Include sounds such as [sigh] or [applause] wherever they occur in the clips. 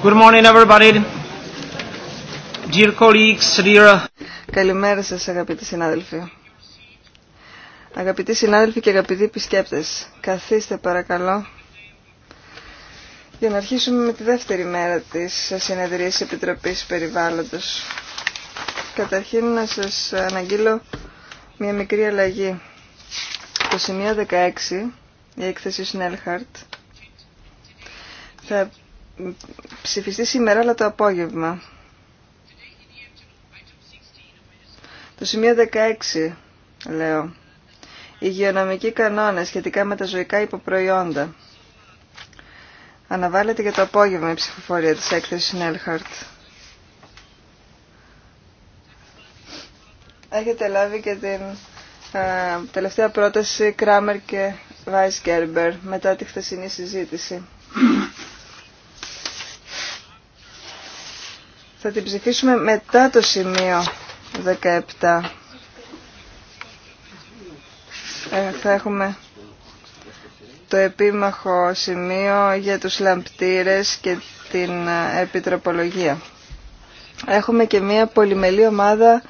Good morning everybody. Dear colleagues, dear... Uh, Καλημέρα σας αγαπητοί συνάδελφοι. Αγαπητοί συνάδελφοι και αγαπητοί επισκέπτες, καθίστε παρακαλώ για να αρχίσουμε με τη δεύτερη μέρα της συνεδρίας Επιτροπής Περιβάλλοντος. Καταρχήν να σας αναγγείλω μια μικρή αλλαγή. Το σημείο 16, η έκθεση Σνέλχαρτ, θα ψηφιστεί σήμερα αλλά το απόγευμα. Το σημείο 16 λέω. Υγειονομικοί κανόνες σχετικά με τα ζωικά υποπροϊόντα. Αναβάλλεται για το απόγευμα η ψηφοφορία της έκθεσης Νέλχαρτ. Έχετε λάβει και την τελευταία πρόταση Κράμερ και Βάις Γκέρμπερ μετά τη χθεσινή συζήτηση. Θα την ψηφίσουμε μετά το σημείο 17. Ε, θα έχουμε το επίμαχο σημείο για τους λαμπτήρες και την ε, επιτροπολογία. Έχουμε και μία πολυμελή ομάδα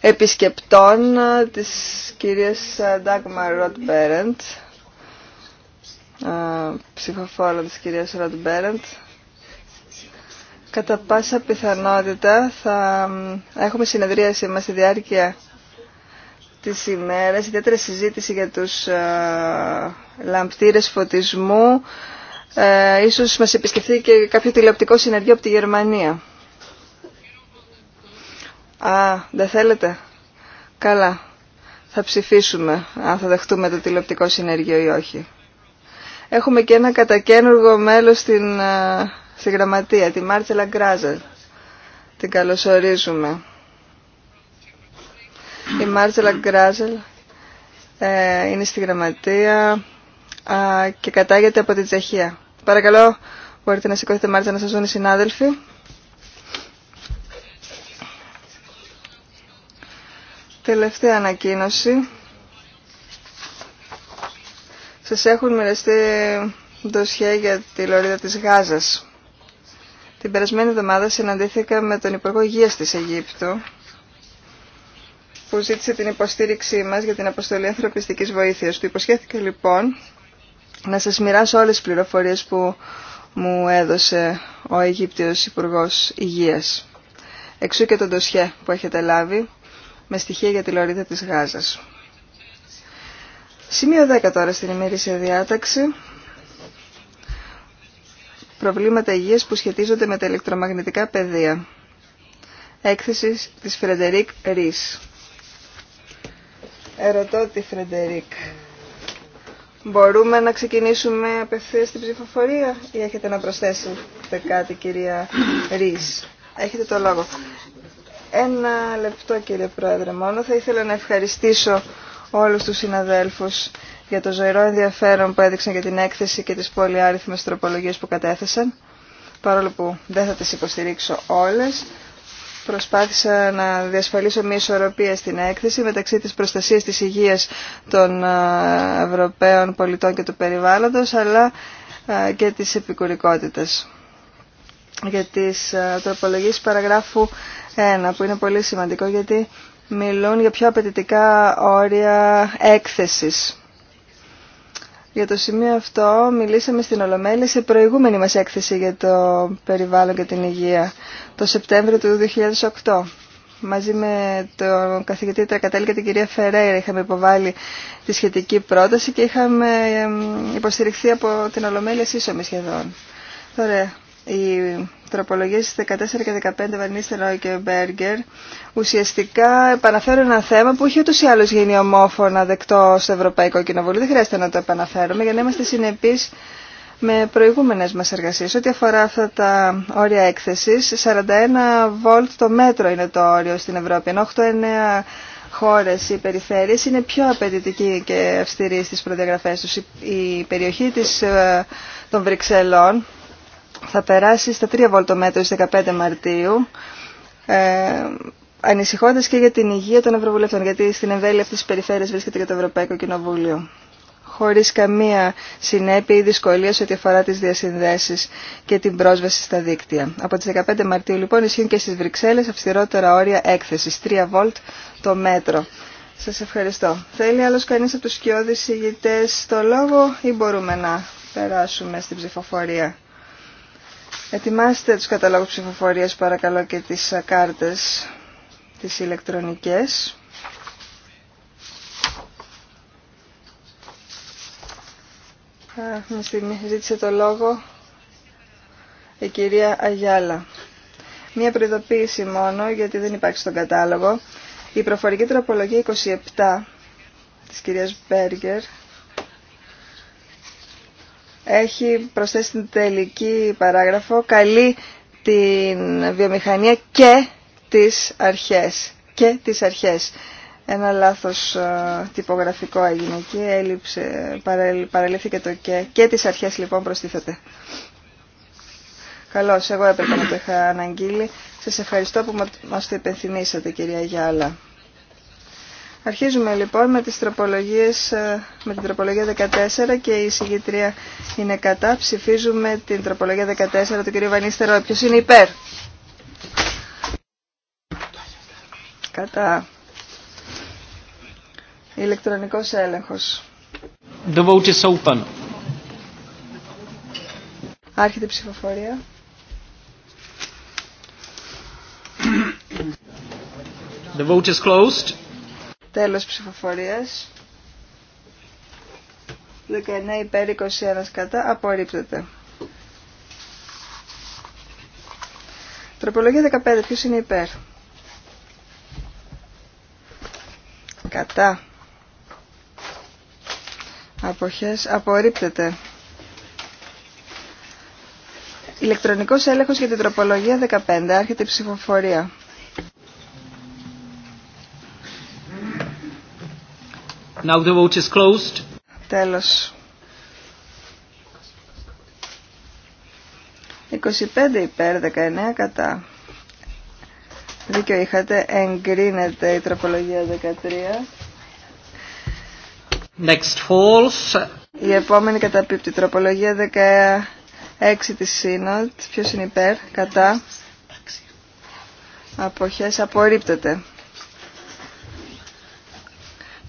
επισκεπτών ε, της κυρίας Ντάγμα Ροτμπέρεντ, ψηφοφόρων της κυρίας Μπέρεντ. Κατά πάσα πιθανότητα θα έχουμε συνεδρίαση μας στη διάρκεια της ημέρας, Ιδιαίτερα συζήτηση για τους ε, λαμπτήρες φωτισμού. Ε, ίσως μας επισκεφθεί και κάποιο τηλεοπτικό συνεργείο από τη Γερμανία. Α, δεν θέλετε. Καλά. Θα ψηφίσουμε αν θα δεχτούμε το τηλεοπτικό συνεργείο ή όχι. Έχουμε και ένα κατακένουργο μέλος στην ε, στη γραμματεία, τη Μάρτσελα Γκράζελ. Την καλωσορίζουμε. Η Μάρτζελα Γκράζελ ε, είναι στη γραμματεία και κατάγεται από την Τσεχία. Παρακαλώ, μπορείτε να σηκώσετε, Μάρτσα να σας δουν οι συνάδελφοι. Τελευταία ανακοίνωση. Σας έχουν μοιραστεί δοσιαί για τη λωρίδα της Γάζας. Την περασμένη εβδομάδα συναντήθηκα με τον Υπουργό Υγείας της Αιγύπτου που ζήτησε την υποστήριξή μας για την αποστολή ανθρωπιστικής βοήθειας. Του υποσχέθηκα λοιπόν να σας μοιράσω όλες τις πληροφορίες που μου έδωσε ο Αιγύπτιος Υπουργός Υγείας. Εξού και τον ντοσιέ που έχετε λάβει με στοιχεία για τη λωρίδα της Γάζας. Σημείο 10 τώρα στην ημερήσια διάταξη προβλήματα υγείας που σχετίζονται με τα ηλεκτρομαγνητικά πεδία. Έκθεση της Φρεντερίκ Ρίς. Ερωτώ τη Φρεντερίκ. Μπορούμε να ξεκινήσουμε απευθείας την ψηφοφορία ή έχετε να προσθέσετε κάτι κυρία Ρίς. Έχετε το λόγο. Ένα λεπτό κύριε Πρόεδρε μόνο. Θα ήθελα να ευχαριστήσω όλους τους συναδέλφους για το ζωηρό ενδιαφέρον που έδειξαν για την έκθεση και τις πολυάριθμες τροπολογίες που κατέθεσαν. Παρόλο που δεν θα τις υποστηρίξω όλες, προσπάθησα να διασφαλίσω μια ισορροπία στην έκθεση μεταξύ της προστασίας της υγείας των ε, Ευρωπαίων πολιτών και του περιβάλλοντος, αλλά ε, και της επικουρικότητας για τις ε, τροπολογίες παραγράφου 1 που είναι πολύ σημαντικό γιατί μιλούν για πιο απαιτητικά όρια έκθεσης για το σημείο αυτό μιλήσαμε στην Ολομέλη σε προηγούμενη μας έκθεση για το περιβάλλον και την υγεία το Σεπτέμβριο του 2008. Μαζί με τον καθηγητή Τρακατέλη και την κυρία Φερέιρα είχαμε υποβάλει τη σχετική πρόταση και είχαμε υποστηριχθεί από την Ολομέλεια σύσσωμη σχεδόν. Τώρα, η τροπολογίες 14 και 15 Βανίστερο και Μπέργκερ ουσιαστικά επαναφέρω ένα θέμα που έχει ούτως ή άλλως γίνει ομόφωνα δεκτό στο Ευρωπαϊκό Κοινοβούλιο. Δεν χρειάζεται να το επαναφέρουμε για να είμαστε συνεπείς με προηγούμενες μας εργασίες. Ό,τι αφορά αυτά τα όρια έκθεσης, 41 βολτ το μέτρο είναι το όριο στην Ευρώπη, ενώ 8-9 χώρες, ή περιφέρειες είναι πιο απαιτητικοί και αυστηροί στις προδιαγραφές τους. Η περιοχή της, ε, των Βρυξελών θα περάσει στα 3 βολτομέτρα στις 15 Μαρτίου, ε, ανησυχώντας και για την υγεία των Ευρωβουλευτών, γιατί στην εμβέλεια αυτής της περιφέρειας βρίσκεται και το Ευρωπαϊκό Κοινοβούλιο χωρίς καμία συνέπεια ή δυσκολία σε ό,τι αφορά τις διασυνδέσεις και την πρόσβαση στα δίκτυα. Από τις 15 Μαρτίου λοιπόν ισχύουν και στις Βρυξέλλες αυστηρότερα όρια έκθεση, 3 βολτ το μέτρο. Σας ευχαριστώ. Θέλει άλλο κανείς από τους σκιώδεις ηγητές το λόγο ή μπορούμε να περάσουμε στην ψηφοφορία. Ετοιμάστε τους καταλόγους ψηφοφορίας παρακαλώ και τις ε, κάρτες τις ηλεκτρονικές. Μια στιγμή ζήτησε το λόγο η κυρία Αγιάλα. Μία προειδοποίηση μόνο, γιατί δεν υπάρχει στον κατάλογο. Η προφορική τροπολογία 27 της κυρίας Μπέργκερ έχει προσθέσει την τελική παράγραφο «Καλή την βιομηχανία και τις αρχές. Και τις αρχές. Ένα λάθος ε, τυπογραφικό έγινε εκεί, έλειψε, παραλήφθηκε το και. Και τις αρχές λοιπόν προστίθεται. Καλώς, εγώ έπρεπε να το είχα αναγγείλει. Σας ευχαριστώ που μας το υπενθυμίσατε κυρία Γιάλα. Αρχίζουμε λοιπόν με, τις τροπολογίες, ε, με την τροπολογία 14 και η συγκητρία είναι κατά. Ψηφίζουμε την τροπολογία 14 του κ. Βανίστερο. Ποιος είναι υπέρ. Κατά. Ηλεκτρονικός έλεγχος. The vote is open. Άρχεται η ψηφοφορία. The vote is closed. Τέλος ψηφοφορίας. 19 υπέρ 21 κατά. Απορρίπτεται. Τροπολογία 15. Ποιος είναι υπέρ. Κατά. Αποχές. Απορρίπτεται. Ηλεκτρονικός έλεγχος για την τροπολογία 15. Άρχεται η ψηφοφορία. Now the vote is closed. Τέλος. 25 υπέρ, 19 κατά. Δίκιο είχατε, εγκρίνεται η τροπολογία 13. Next Η επόμενη καταπίπτει, τροπολογία 16 της Σύνοτ. Ποιος είναι υπέρ, κατά. Αποχές απορρίπτεται.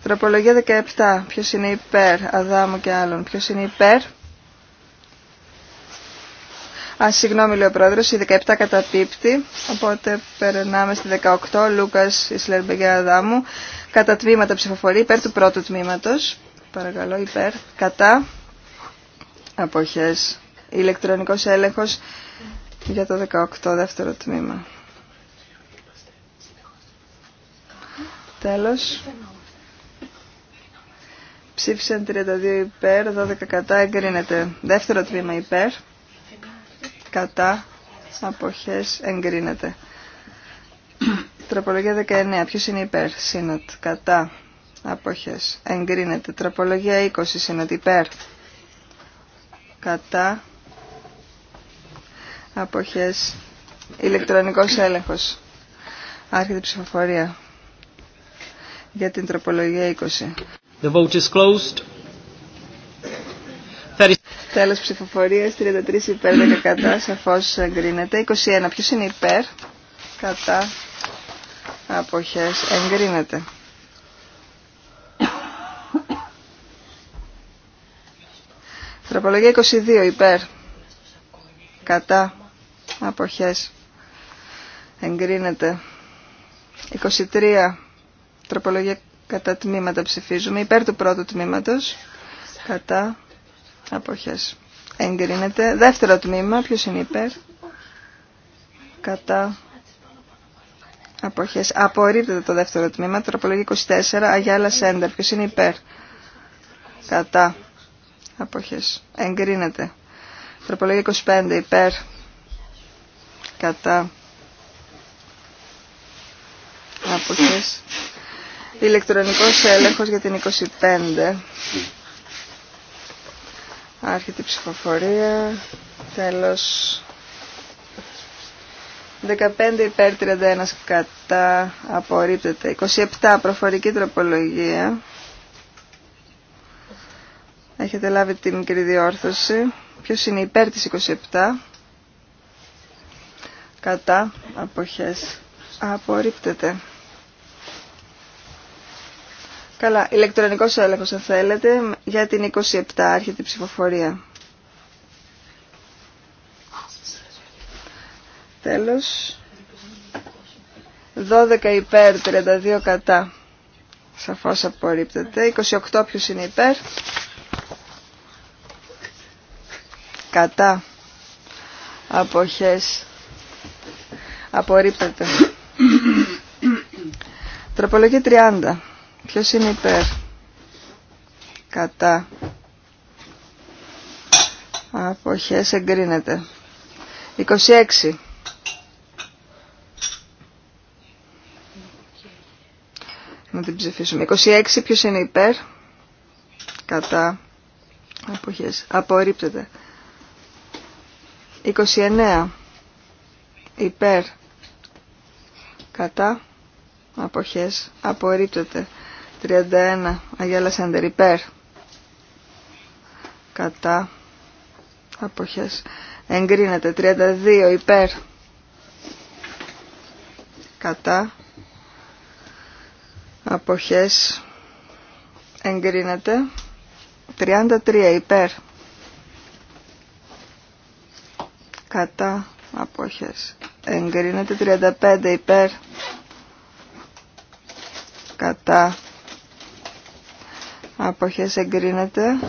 Τροπολογία 17. Ποιος είναι υπέρ Αδάμου και άλλων. Ποιος είναι υπέρ. Α, συγγνώμη λέει ο πρόεδρος, η 17 καταπίπτει, οπότε περνάμε στη 18, Λούκας Ισλερμπεγιά Αδάμου, κατά τμήματα ψηφοφορία, υπέρ του πρώτου τμήματος, παρακαλώ, υπέρ, κατά, αποχές, ηλεκτρονικός έλεγχος για το 18 δεύτερο τμήμα. Τέλος. Ψήφισαν 32 υπέρ, 12 κατά, εγκρίνεται. Δεύτερο τμήμα υπέρ, κατά, αποχές, εγκρίνεται. Τροπολογία 19. Ποιος είναι υπέρ, σύνοτ, κατά, αποχές, εγκρίνεται. Τροπολογία 20, σύνοτ, υπέρ, κατά, αποχές, ηλεκτρονικός έλεγχος. Άρχεται ψηφοφορία για την τροπολογία 20. The vote closed. Τέλος ψηφοφορίας, 33 υπέρ, 10 κατά, σαφώς εγκρίνεται. 21, ποιος είναι υπέρ, κατά, αποχές, εγκρίνεται. Τροπολογία 22, υπέρ, κατά, αποχές, εγκρίνεται. 23, τροπολογία Κατά τμήματα ψηφίζουμε. Υπέρ του πρώτου τμήματος. Κατά αποχές. Εγκρίνεται. Δεύτερο τμήμα. Ποιος είναι υπέρ. Κατά αποχές. Απορρίπτεται το δεύτερο τμήμα. Τροπολογή 24. Αγιάλα Σέντερ. Ποιος είναι υπέρ. Κατά αποχές. Εγκρίνεται. Τροπολογία 25. Υπέρ. Κατά αποχές. Ηλεκτρονικό έλεγχος για την 25. Άρχεται η ψηφοφορία. Τέλος. 15 υπέρ 31 κατά απορρίπτεται. 27 προφορική τροπολογία. Έχετε λάβει την μικρή διόρθωση. Ποιος είναι υπέρ της 27. Κατά αποχές. Απορρίπτεται. Καλά, ηλεκτρονικός έλεγχος αν θέλετε, για την 27 άρχεται η ψηφοφορία. Τέλος. 12 υπέρ, 32 κατά. Σαφώς απορρίπτεται. 28 ποιος είναι υπέρ. Κατά. Αποχές. Απορρίπτεται. Τροπολογία 30. Ποιος είναι υπέρ. Κατά. Αποχές εγκρίνεται. 26. Να την ψηφίσουμε. 26. Ποιος είναι υπέρ. Κατά. Αποχές. Απορρίπτεται. 29. Υπέρ. Κατά. Αποχές. Απορρίπτεται. 31 Αγιάλα Σέντερ υπέρ κατά αποχές εγκρίνεται 32 υπέρ κατά αποχές εγκρίνεται 33 υπέρ κατά αποχές εγκρίνεται 35 υπέρ κατά αποχές εγκρίνεται.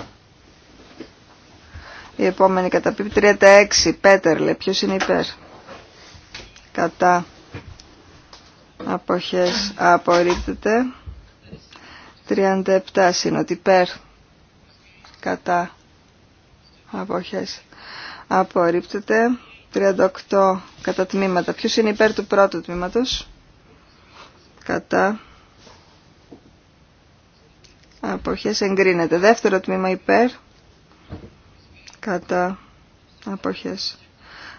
Η επόμενη καταπίπτει 36, Πέτερλε, ποιος είναι υπέρ. Κατά αποχές απορρίπτεται. 37 σύνοτι υπέρ. Κατά αποχές απορρίπτεται. 38 κατά τμήματα. Ποιος είναι υπέρ του πρώτου τμήματος. Κατά αποχές εγκρίνεται. Δεύτερο τμήμα υπέρ, κατά αποχές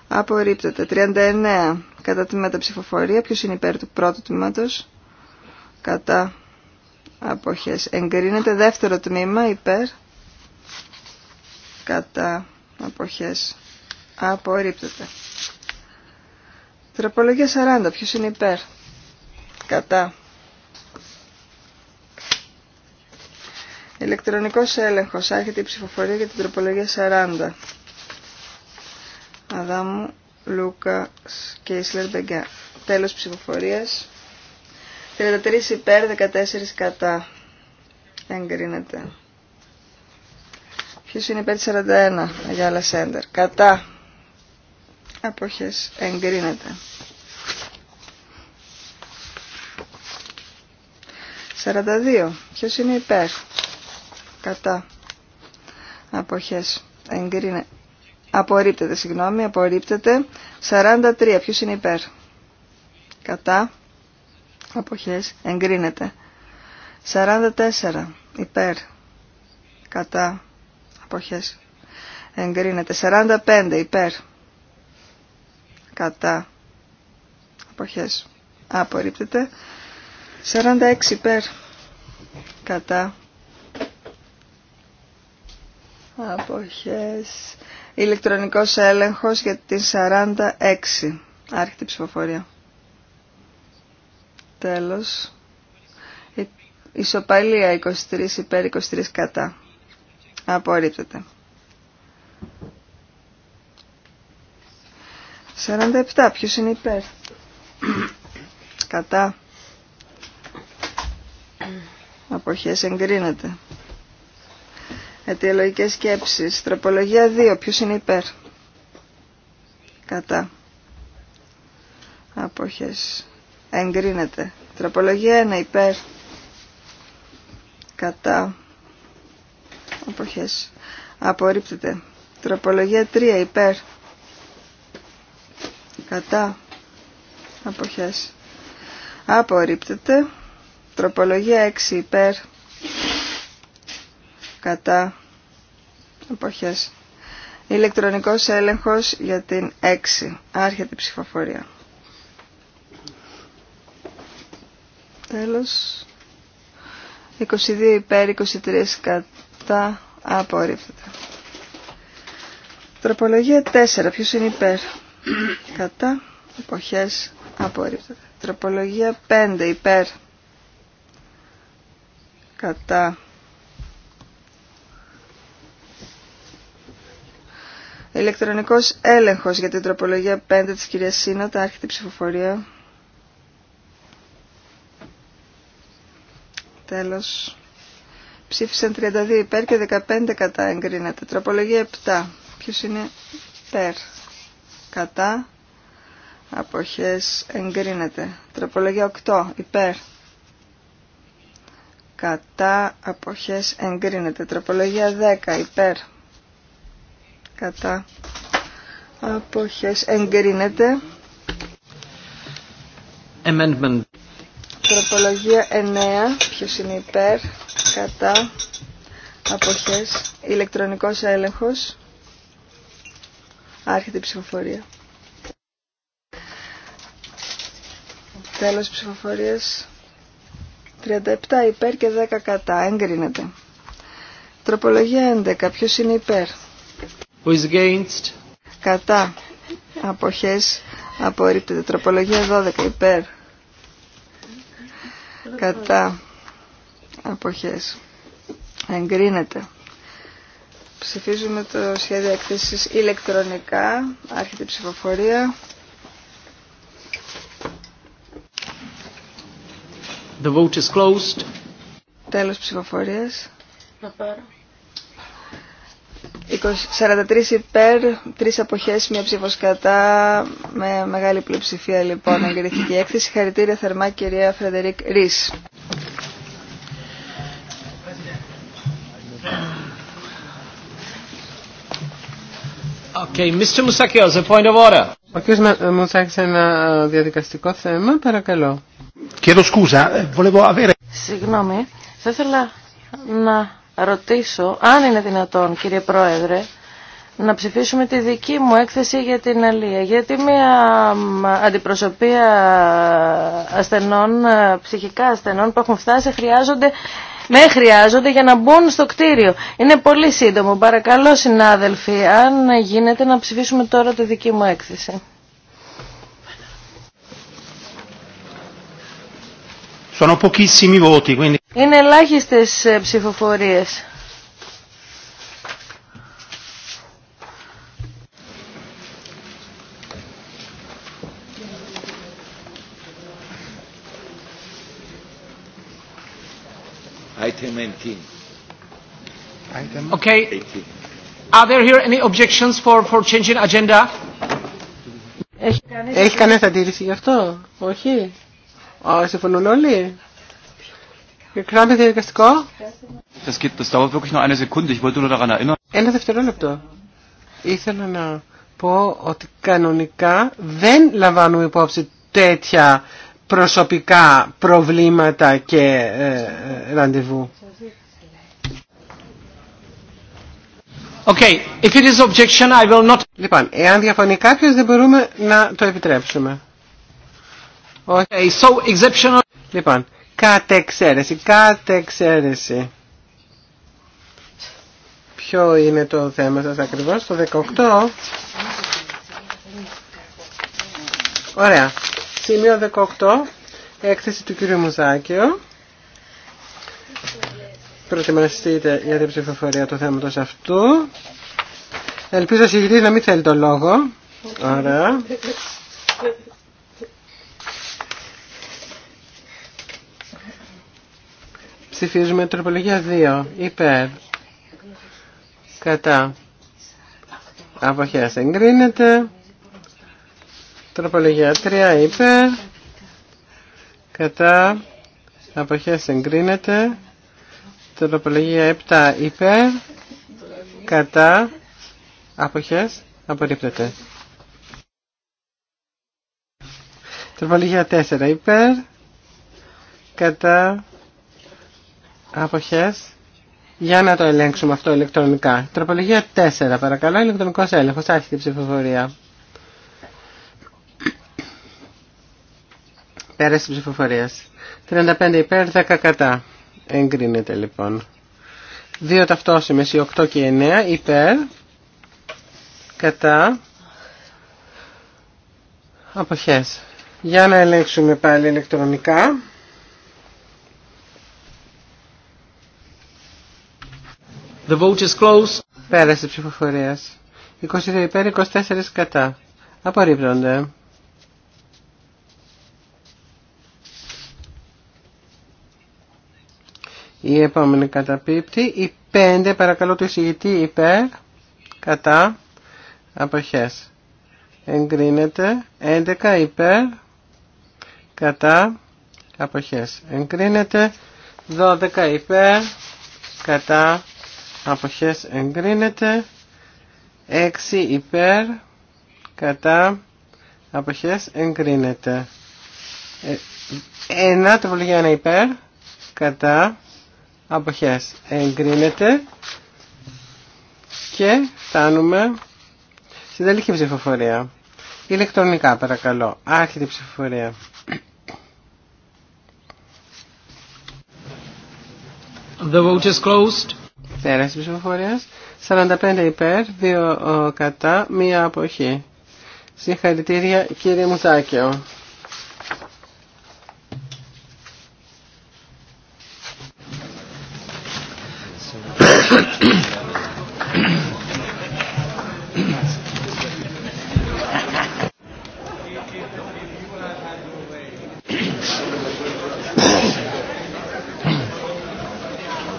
απορρίπτεται. 39 κατά τμήματα ψηφοφορία, ποιος είναι υπέρ του πρώτου τμήματος, κατά αποχές εγκρίνεται. Δεύτερο τμήμα υπέρ, κατά αποχές απορρίπτεται. Τροπολογία 40, ποιος είναι υπέρ, κατά Ηλεκτρονικός έλεγχος. Άρχεται η ψηφοφορία για την τροπολογία 40. Αδάμου, Λούκα και Μπεγκά. Τέλος ψηφοφορίας. 33 υπέρ, 14 κατά. Εγκρίνεται. Ποιος είναι υπέρ 41, Αγιάλα Σέντερ. Κατά. Αποχές. Εγκρίνεται. 42. Ποιος είναι υπέρ κατά αποχές εγκρίνεται. Απορρίπτεται, συγγνώμη, απορρίπτεται. 43, ποιος είναι υπέρ. Κατά, αποχές, εγκρίνεται. 44, υπέρ. Κατά, αποχές, εγκρίνεται. 45, υπέρ. Κατά, αποχές, απορρίπτεται. 46, υπέρ. Κατά, Αποχές. Ηλεκτρονικός έλεγχος για την 46. Άρχεται ψηφοφορία. Τέλος. Ισοπαλία 23 υπέρ 23 κατά. Απορρίπτεται. 47. Ποιος είναι υπέρ. Κατά. Αποχές εγκρίνεται. Αιτιολογικές σκέψεις. Τροπολογία 2. Ποιος είναι υπέρ. Κατά. Αποχές. Εγκρίνεται. Τροπολογία 1. Υπέρ. Κατά. Αποχές. Απορρίπτεται. Τροπολογία 3. Υπέρ. Κατά. Αποχές. Απορρίπτεται. Τροπολογία 6. Υπέρ κατά εποχές. Ηλεκτρονικός έλεγχος για την 6. Άρχεται η ψηφοφορία. Τέλος. 22 υπέρ, 23 κατά, απορρίπτεται. Τροπολογία 4. Ποιος είναι υπέρ. Κατά, εποχές, απορρίπτεται. Τροπολογία 5. Υπέρ. Κατά Ηλεκτρονικός έλεγχος για την τροπολογία 5 της κυρίας Σύνοτα, άρχεται η ψηφοφορία. Τέλος. Ψήφισαν 32 υπέρ και 15 κατά εγκρίνεται. Τροπολογία 7. Ποιος είναι υπέρ. Κατά. Αποχές εγκρίνεται. Τροπολογία 8. Υπέρ. Κατά. Αποχές εγκρίνεται. Τροπολογία 10. Υπέρ κατά αποχές εγκρίνεται. Amendment. Τροπολογία 9. Ποιος είναι υπέρ, κατά, αποχές, ηλεκτρονικός έλεγχος. Άρχεται η ψηφοφορία. Τέλος ψηφοφορίας. 37 υπέρ και 10 κατά. Εγκρίνεται. Τροπολογία 11. Ποιος είναι υπέρ. Who against? Κατά. Αποχές απορρίπτεται. Τροπολογία 12 υπέρ. Κατά. Αποχές. Εγκρίνεται. Ψηφίζουμε το σχέδιο έκθεσης ηλεκτρονικά. Άρχεται η ψηφοφορία. The vote is closed. Τέλος ψηφοφορίας. Να πάρω. 43 υπέρ, 3 αποχές, μια ψήφος κατά, με μεγάλη πλειοψηφία λοιπόν εγκρίθηκε η έκθεση. Χαρητήρια θερμά κυρία Φρεντερίκ Ρίς. Okay, Mr. a point of order. Ο κ. Ε, Μουσάκης, ένα ε, διαδικαστικό θέμα, παρακαλώ. Chiedo scusa, eh, volevo avere... Συγγνώμη, θα ήθελα να ρωτήσω αν είναι δυνατόν κύριε Πρόεδρε να ψηφίσουμε τη δική μου έκθεση για την αλία. Γιατί μια αντιπροσωπεία ασθενών, ε, ψυχικά ασθενών που έχουν φτάσει χρειάζονται με χρειάζονται για να μπουν στο κτίριο. Είναι πολύ σύντομο. Παρακαλώ συνάδελφοι, αν γίνεται να ψηφίσουμε τώρα τη δική μου έκθεση. Sono pochissimi voti, quindi... Είναι ελάχιστες ψηφοφορίες. Item okay. Are there here any objections for, for changing agenda? Έχει κανείς αντίρρηση αυτό, όχι συμφωνούν όλοι. Κράμε διαδικαστικό. Ένα δευτερόλεπτο. Ήθελα να πω ότι κανονικά δεν λαμβάνουμε υπόψη τέτοια προσωπικά προβλήματα και ραντεβού. Λοιπόν, εάν διαφωνεί κάποιος δεν μπορούμε να το επιτρέψουμε. Okay, so exceptional... Λοιπόν, κάθε εξαίρεση, κάθε εξαίρεση. Ποιο είναι το θέμα σας ακριβώς, το 18. Ωραία. Σημείο 18, έκθεση του κύριου Μουζάκιο. Προετοιμαστείτε για την ψηφοφορία του θέματος αυτού. Ελπίζω ο να μην θέλει το λόγο. Ωραία. Ψηφίζουμε τροπολογία 2. Υπέρ. Κατά. Αποχές εγκρίνεται. Τροπολογία 3. Υπέρ. Κατά. Αποχές εγκρίνεται. Τροπολογία 7. Υπέρ. Κατά. Αποχές απορρίπτεται. Τροπολογία 4. Υπέρ. Κατά αποχές. Για να το ελέγξουμε αυτό ηλεκτρονικά. Τροπολογία 4, παρακαλώ, ηλεκτρονικός έλεγχος, η ψηφοφορία. Πέραση ψηφοφορία. 35 υπέρ, 10 κατά. Εγκρίνεται λοιπόν. Δύο ταυτόσημες, οι 8 και 9, υπέρ, κατά, αποχές. Για να ελέγξουμε πάλι ηλεκτρονικά. The vote is closed. Πέρασε ψηφοφορία. 22 υπέρ, 24 κατά. Απορρίπτονται. Η επόμενη καταπίπτει. Η 5 παρακαλώ του εισηγητή υπέρ, κατά, αποχές. Εγκρίνεται. 11 υπέρ, κατά, αποχές. Εγκρίνεται. 12 υπέρ, κατά, αποχές εγκρίνεται 6 υπέρ κατά αποχές εγκρίνεται ε, Ένα τροπολογία ένα υπέρ κατά αποχές εγκρίνεται και φτάνουμε στην τελική ψηφοφορία ηλεκτρονικά παρακαλώ άρχιτη ψηφοφορία The vote is closed. Πέραση τη ψηφοφορία. 45 υπέρ, 2 κατά, 1 αποχή. Συγχαρητήρια κύριε Μουτσάκιο.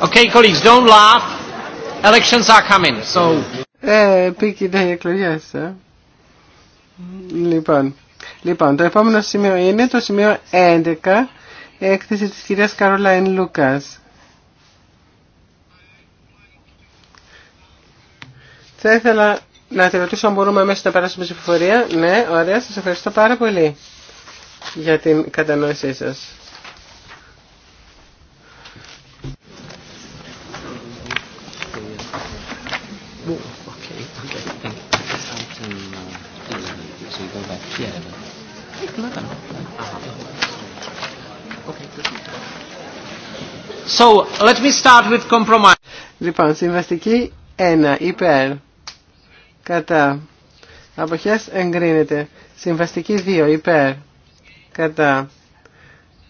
Okay, colleagues, don't laugh. Elections are coming, so... Ε, ε, Λοιπόν. λοιπόν, το επόμενο σημείο είναι το σημείο 11, έκθεση της κυρίας Καρολάιν Λούκας. Θα ήθελα να τη ρωτήσω αν μπορούμε μέσα να περάσουμε ψηφοφορία. Ναι, ωραία, σας ευχαριστώ πάρα πολύ για την κατανόησή σας. So, let me start with compromise. Λοιπόν, συμβαστική 1 υπέρ κατά αποχές εγκρίνεται. Συμβαστική 2 υπέρ κατά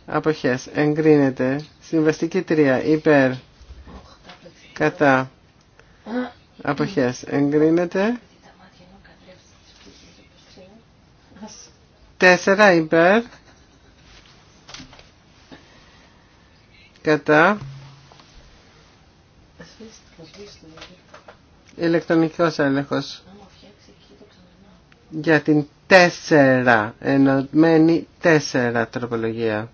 αποχές εγκρίνεται. Συμβαστική 3 υπέρ κατά αποχές εγκρίνεται. 4 υπέρ κατά ηλεκτρονικός έλεγχος για την 4 ενωμένη 4 τροπολογία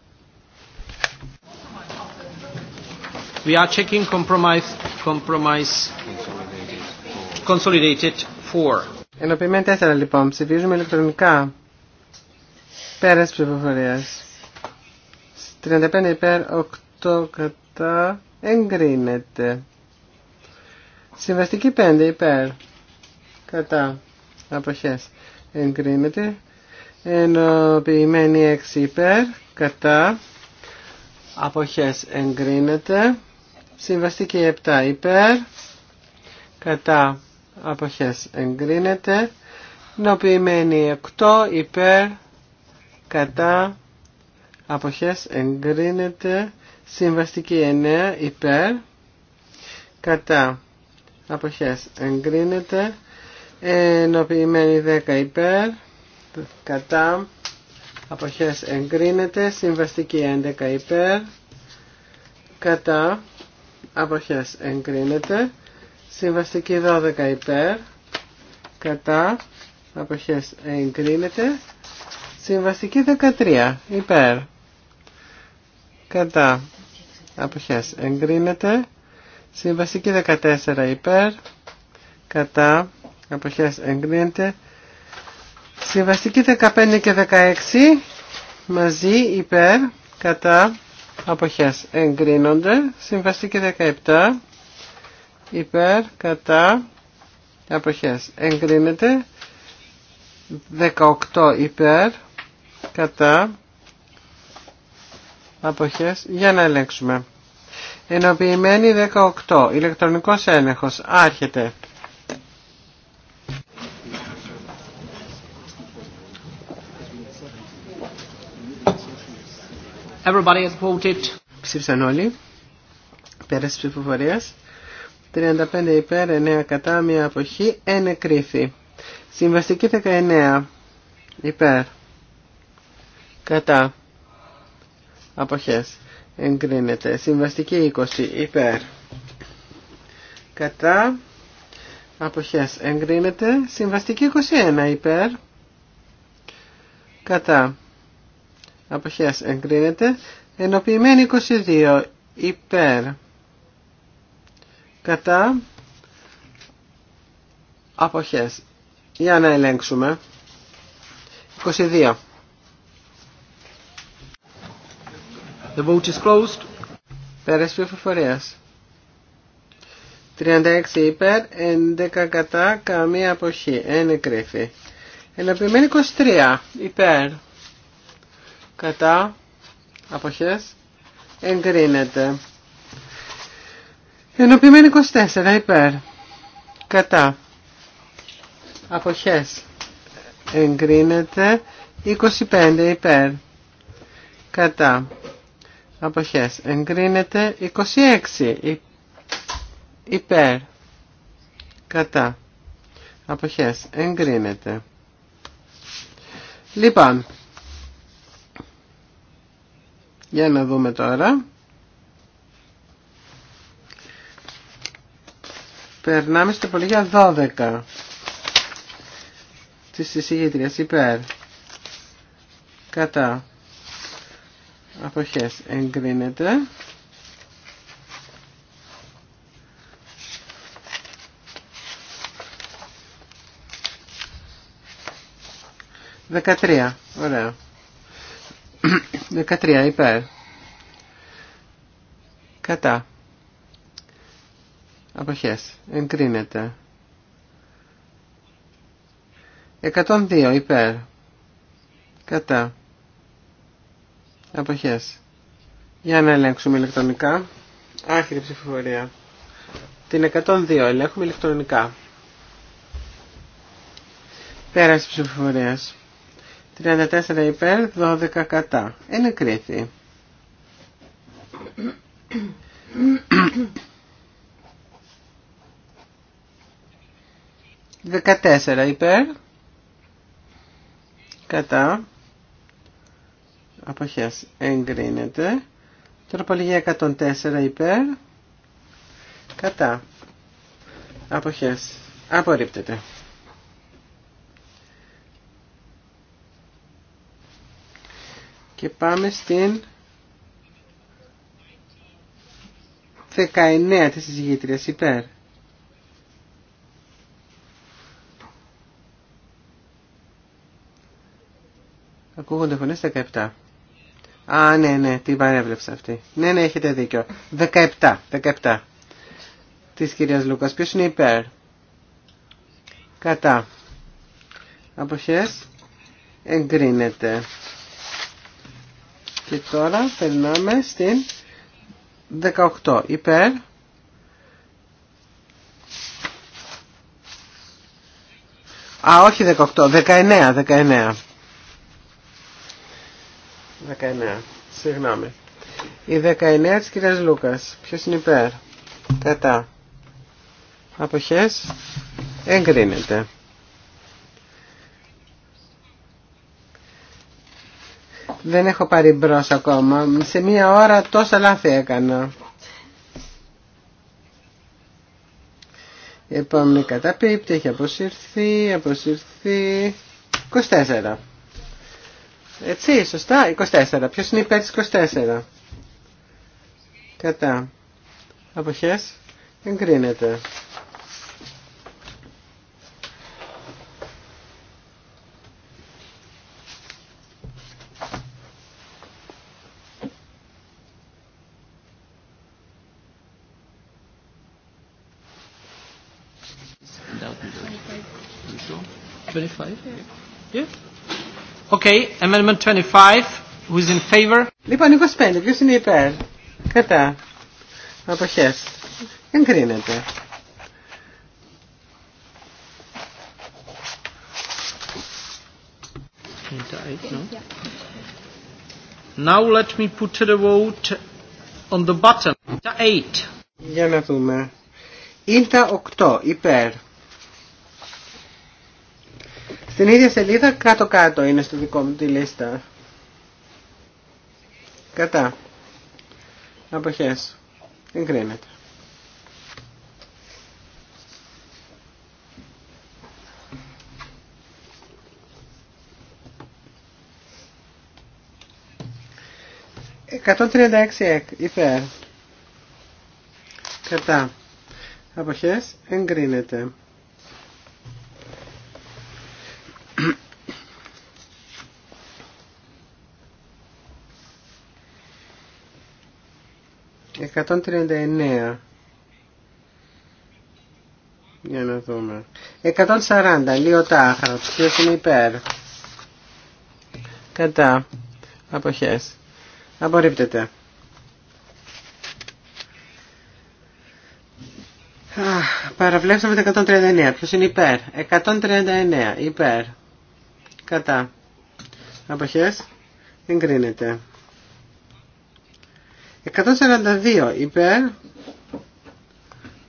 We are checking compromise, compromise consolidated 4. Ενωπημένη 4 λοιπόν. Ψηφίζουμε ηλεκτρονικά. Πέρας ψηφοφορίας. 35 υπέρ κατά εγκρίνεται. Συμβαστική 5 υπέρ κατά αποχές εγκρίνεται. Ενοποιημένη 6 υπέρ κατά αποχές εγκρίνεται. Συμβαστική 7 υπέρ κατά αποχές εγκρίνεται. Ενοποιημένη 8 υπέρ κατά αποχές εγκρίνεται Συμβαστική 9 υπέρ κατά αποχές εγκρίνεται. Ενοποιημένη 10 υπέρ κατά αποχές εγκρίνεται. Συμβαστική 11 υπέρ κατά αποχές εγκρίνεται. Συμβαστική 12 υπέρ κατά αποχές εγκρίνεται. Συμβαστική 13 υπέρ κατά αποχές εγκρίνεται. Συμβαστική 14 υπέρ, κατά, αποχές εγκρίνεται. Συμβαστική 15 και 16 μαζί υπέρ, κατά, αποχές εγκρίνονται. Συμβαστική 17 υπέρ, κατά, αποχές εγκρίνεται. 18 υπέρ, κατά, αποχές για να ελέγξουμε. Ενοποιημένη 18. Ηλεκτρονικός έλεγχος. Άρχεται. Everybody has Ψήφισαν όλοι. Πέρασε ψηφοφορία. 35 υπέρ, 9 κατά, μία αποχή, ενεκρίθη. Συμβαστική 19 υπέρ, κατά, αποχές εγκρίνεται. Συμβαστική 20 υπέρ κατά αποχές εγκρίνεται. Συμβαστική 21 υπέρ κατά αποχές εγκρίνεται. Ενοποιημένη 22 υπέρ κατά αποχές. Για να ελέγξουμε. 22. The vote is closed. Πέρας 36 υπέρ, 11 κατά, καμία αποχή. Ένα κρύφη. Ενωπημένη 23 υπέρ. Κατά. Αποχές. Εγκρίνεται. Ενωπημένη 24 υπέρ. Κατά. Αποχές. Εγκρίνεται. 25 υπέρ. Κατά αποχές εγκρίνεται 26 υπέρ κατά αποχές εγκρίνεται λοιπόν για να δούμε τώρα περνάμε στο πολυγιά 12 της εισηγήτριας υπέρ κατά αποχές εγκρίνεται. Δεκατρία, ωραία. Δεκατρία, υπέρ. Κατά. Αποχές, εγκρίνεται. δύο. υπέρ. Κατά αποχές. Για να ελέγξουμε ηλεκτρονικά. Άχρη ψηφοφορία. Την 102 ελέγχουμε ηλεκτρονικά. Πέραση ψηφοφορίας. 34 υπέρ, 12 κατά. κρίθη. Δεκατέσσερα υπέρ, κατά, αποχές εγκρίνεται. Τροπολογία 104 υπέρ. Κατά. Αποχές. Απορρίπτεται. Και πάμε στην 19 της συζητήτριας υπέρ. Ακούγονται φωνές 17. Α, ναι, ναι, την παρέβλεψα αυτή. Ναι, ναι, έχετε δίκιο. 17, 17. Της κυρίας Λούκας. Ποιος είναι υπέρ. Κατά. Αποχές. Εγκρίνεται. Και τώρα περνάμε στην 18. Υπέρ. Α, όχι 18, 19, 19. 19. Συγγνώμη. Η 19 της κυρίας Λούκας. Ποιος είναι υπέρ. Κατά. Αποχές. Εγκρίνεται. Δεν έχω πάρει μπρος ακόμα. Σε μία ώρα τόσα λάθη έκανα. Η επόμενη καταπίπτει, έχει αποσυρθεί, αποσυρθεί. 24. Έτσι, σωστά. 24. Ποιος είναι υπέρ της 24. Κατά. Αποχές. Εγκρίνεται. Twenty-five. Okay, amendment 25, who in favor. Λοιπόν, 25, ποιος είναι υπέρ. Κατά. Αποχές. Εγκρίνεται. Now let me put the vote on the button. 8. Για να δούμε. Είναι τα 8 υπέρ. Στην ίδια σελίδα κάτω-κάτω είναι στο δικό μου τη λίστα. Κατά. Αποχές. Εγκρίνεται. Εκατόν τριάντα υπέρ. Κατά. Αποχές εγκρίνεται. 139. Για να δούμε. 140. τάχα, Ποιος είναι υπέρ. Κατά. Αποχές. Απορρίπτεται. Παραβλέψαμε το 139. Ποιος είναι υπέρ. 139. Υπέρ. Κατά. Αποχές. Εγκρίνεται. 142 υπέρ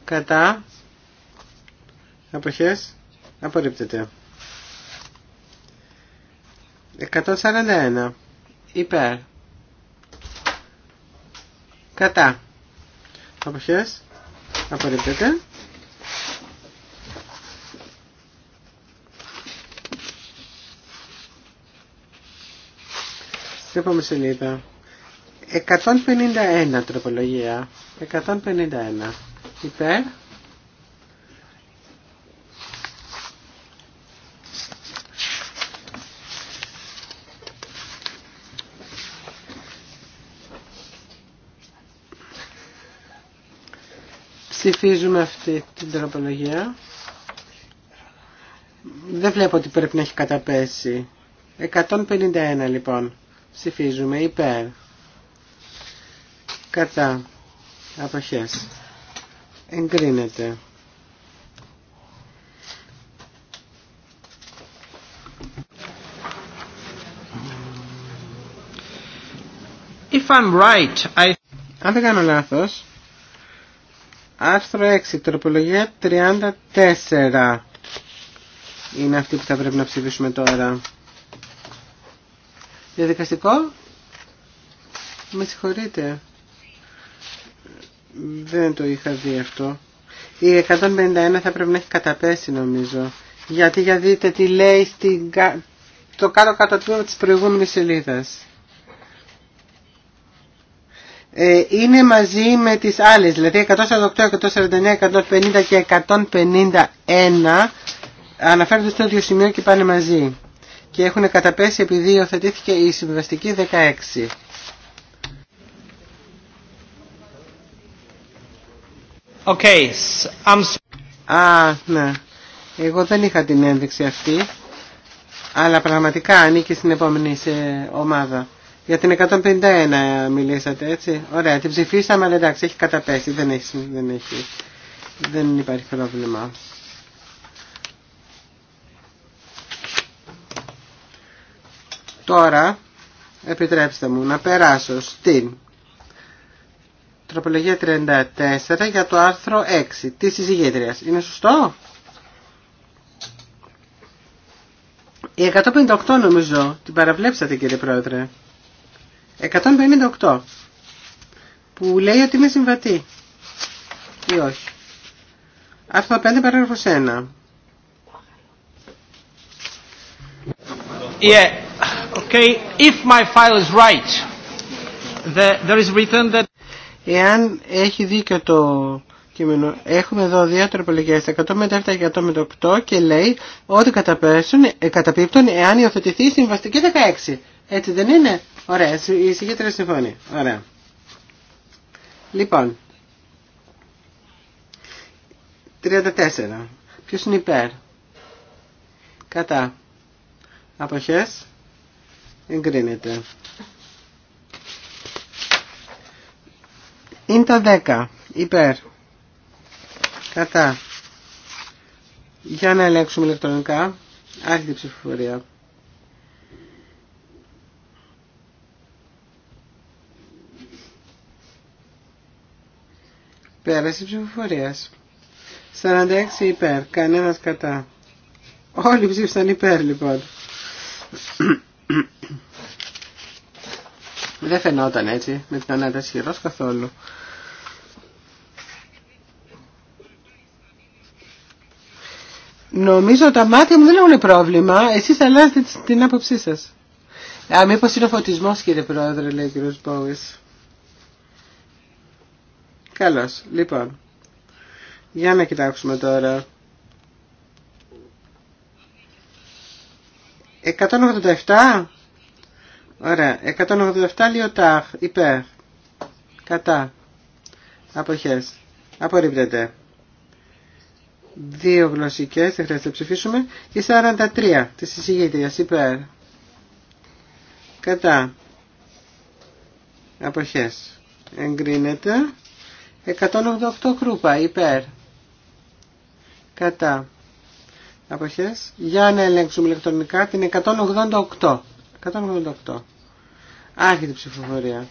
κατά αποχές απορρίπτεται 141 υπέρ κατά αποχές απορρίπτεται 3 σελίδα 151 τροπολογία. 151. Υπέρ. Ψηφίζουμε αυτή την τροπολογία. Δεν βλέπω ότι πρέπει να έχει καταπέσει. 151 λοιπόν. Ψηφίζουμε υπέρ κατά αποχές εγκρίνεται. If I'm right, Αν δεν κάνω λάθος, άρθρο 6, τροπολογία 34 είναι αυτή που θα πρέπει να ψηφίσουμε τώρα. Διαδικαστικό, με συγχωρείτε. Δεν το είχα δει αυτό. Η 151 θα πρέπει να έχει καταπέσει νομίζω. Γιατί για δείτε τι λέει στην, το κάτω-κάτω τμήμα της προηγούμενης σελίδας. Ε, είναι μαζί με τις άλλες, δηλαδή 148, 149, 150 και 151 αναφέρονται στο ίδιο σημείο και πάνε μαζί. Και έχουν καταπέσει επειδή υιοθετήθηκε η συμβιβαστική 16. Okay, I'm... Α, ναι. Εγώ δεν είχα την ένδειξη αυτή, αλλά πραγματικά ανήκει στην επόμενη σε ομάδα. Για την 151 ε, μιλήσατε, έτσι. Ωραία, την ψηφίσαμε, αλλά εντάξει, έχει καταπέσει, δεν έχει, δεν έχει, δεν υπάρχει πρόβλημα. Τώρα, επιτρέψτε μου να περάσω στην Τροπολογία 34 για το άρθρο 6 της συζυγήτριας. Είναι σωστό? Η 158 νομίζω. Την παραβλέψατε κύριε Πρόεδρε. 158. Που λέει ότι είμαι συμβατή. Ή όχι. Άρθρο 5 παράγραφος 1. Yeah. Okay. If my file is right, there is written that Εάν έχει δίκιο το κείμενο, έχουμε εδώ δύο τροπολογίες, 100 με 7 και 100 με 8 και λέει ότι ε, καταπίπτουν εάν υιοθετηθεί η συμβαστική 16. Έτσι δεν είναι. Ωραία, η συγκέντρια συμφωνεί. Ωραία. Λοιπόν, 34. Ποιος είναι υπέρ. Κατά. Αποχές. Εγκρίνεται. Είναι τα 10. Υπέρ. Κατά. Για να ελέγξουμε ηλεκτρονικά. Άρχιτε ψηφοφορία. Πέρασε ψηφοφορία. 46 υπέρ. Κανένα κατά. Όλοι ψήφισαν υπέρ λοιπόν. Δεν φαινόταν έτσι με την ανάταση χειρός καθόλου. Νομίζω τα μάτια μου δεν έχουν πρόβλημα. Εσείς αλλάζετε την άποψή σας. Α, μήπως είναι ο φωτισμός κύριε Πρόεδρε, λέει ο κύριος Καλώς. Λοιπόν, για να κοιτάξουμε τώρα. 187. Ωραία. 187 λιωτάχ. Υπέρ. Κατά. Αποχές. Απορρίπτεται δύο γλωσσικές, δεν χρειάζεται να ψηφίσουμε. Η 43 της εισηγήτριας υπέρ. Κατά. Αποχές. Εγκρίνεται. 188 κρούπα υπέρ. Κατά. Αποχές. Για να ελέγξουμε ηλεκτρονικά την 188. 188. Άρχεται η ψηφοφορία.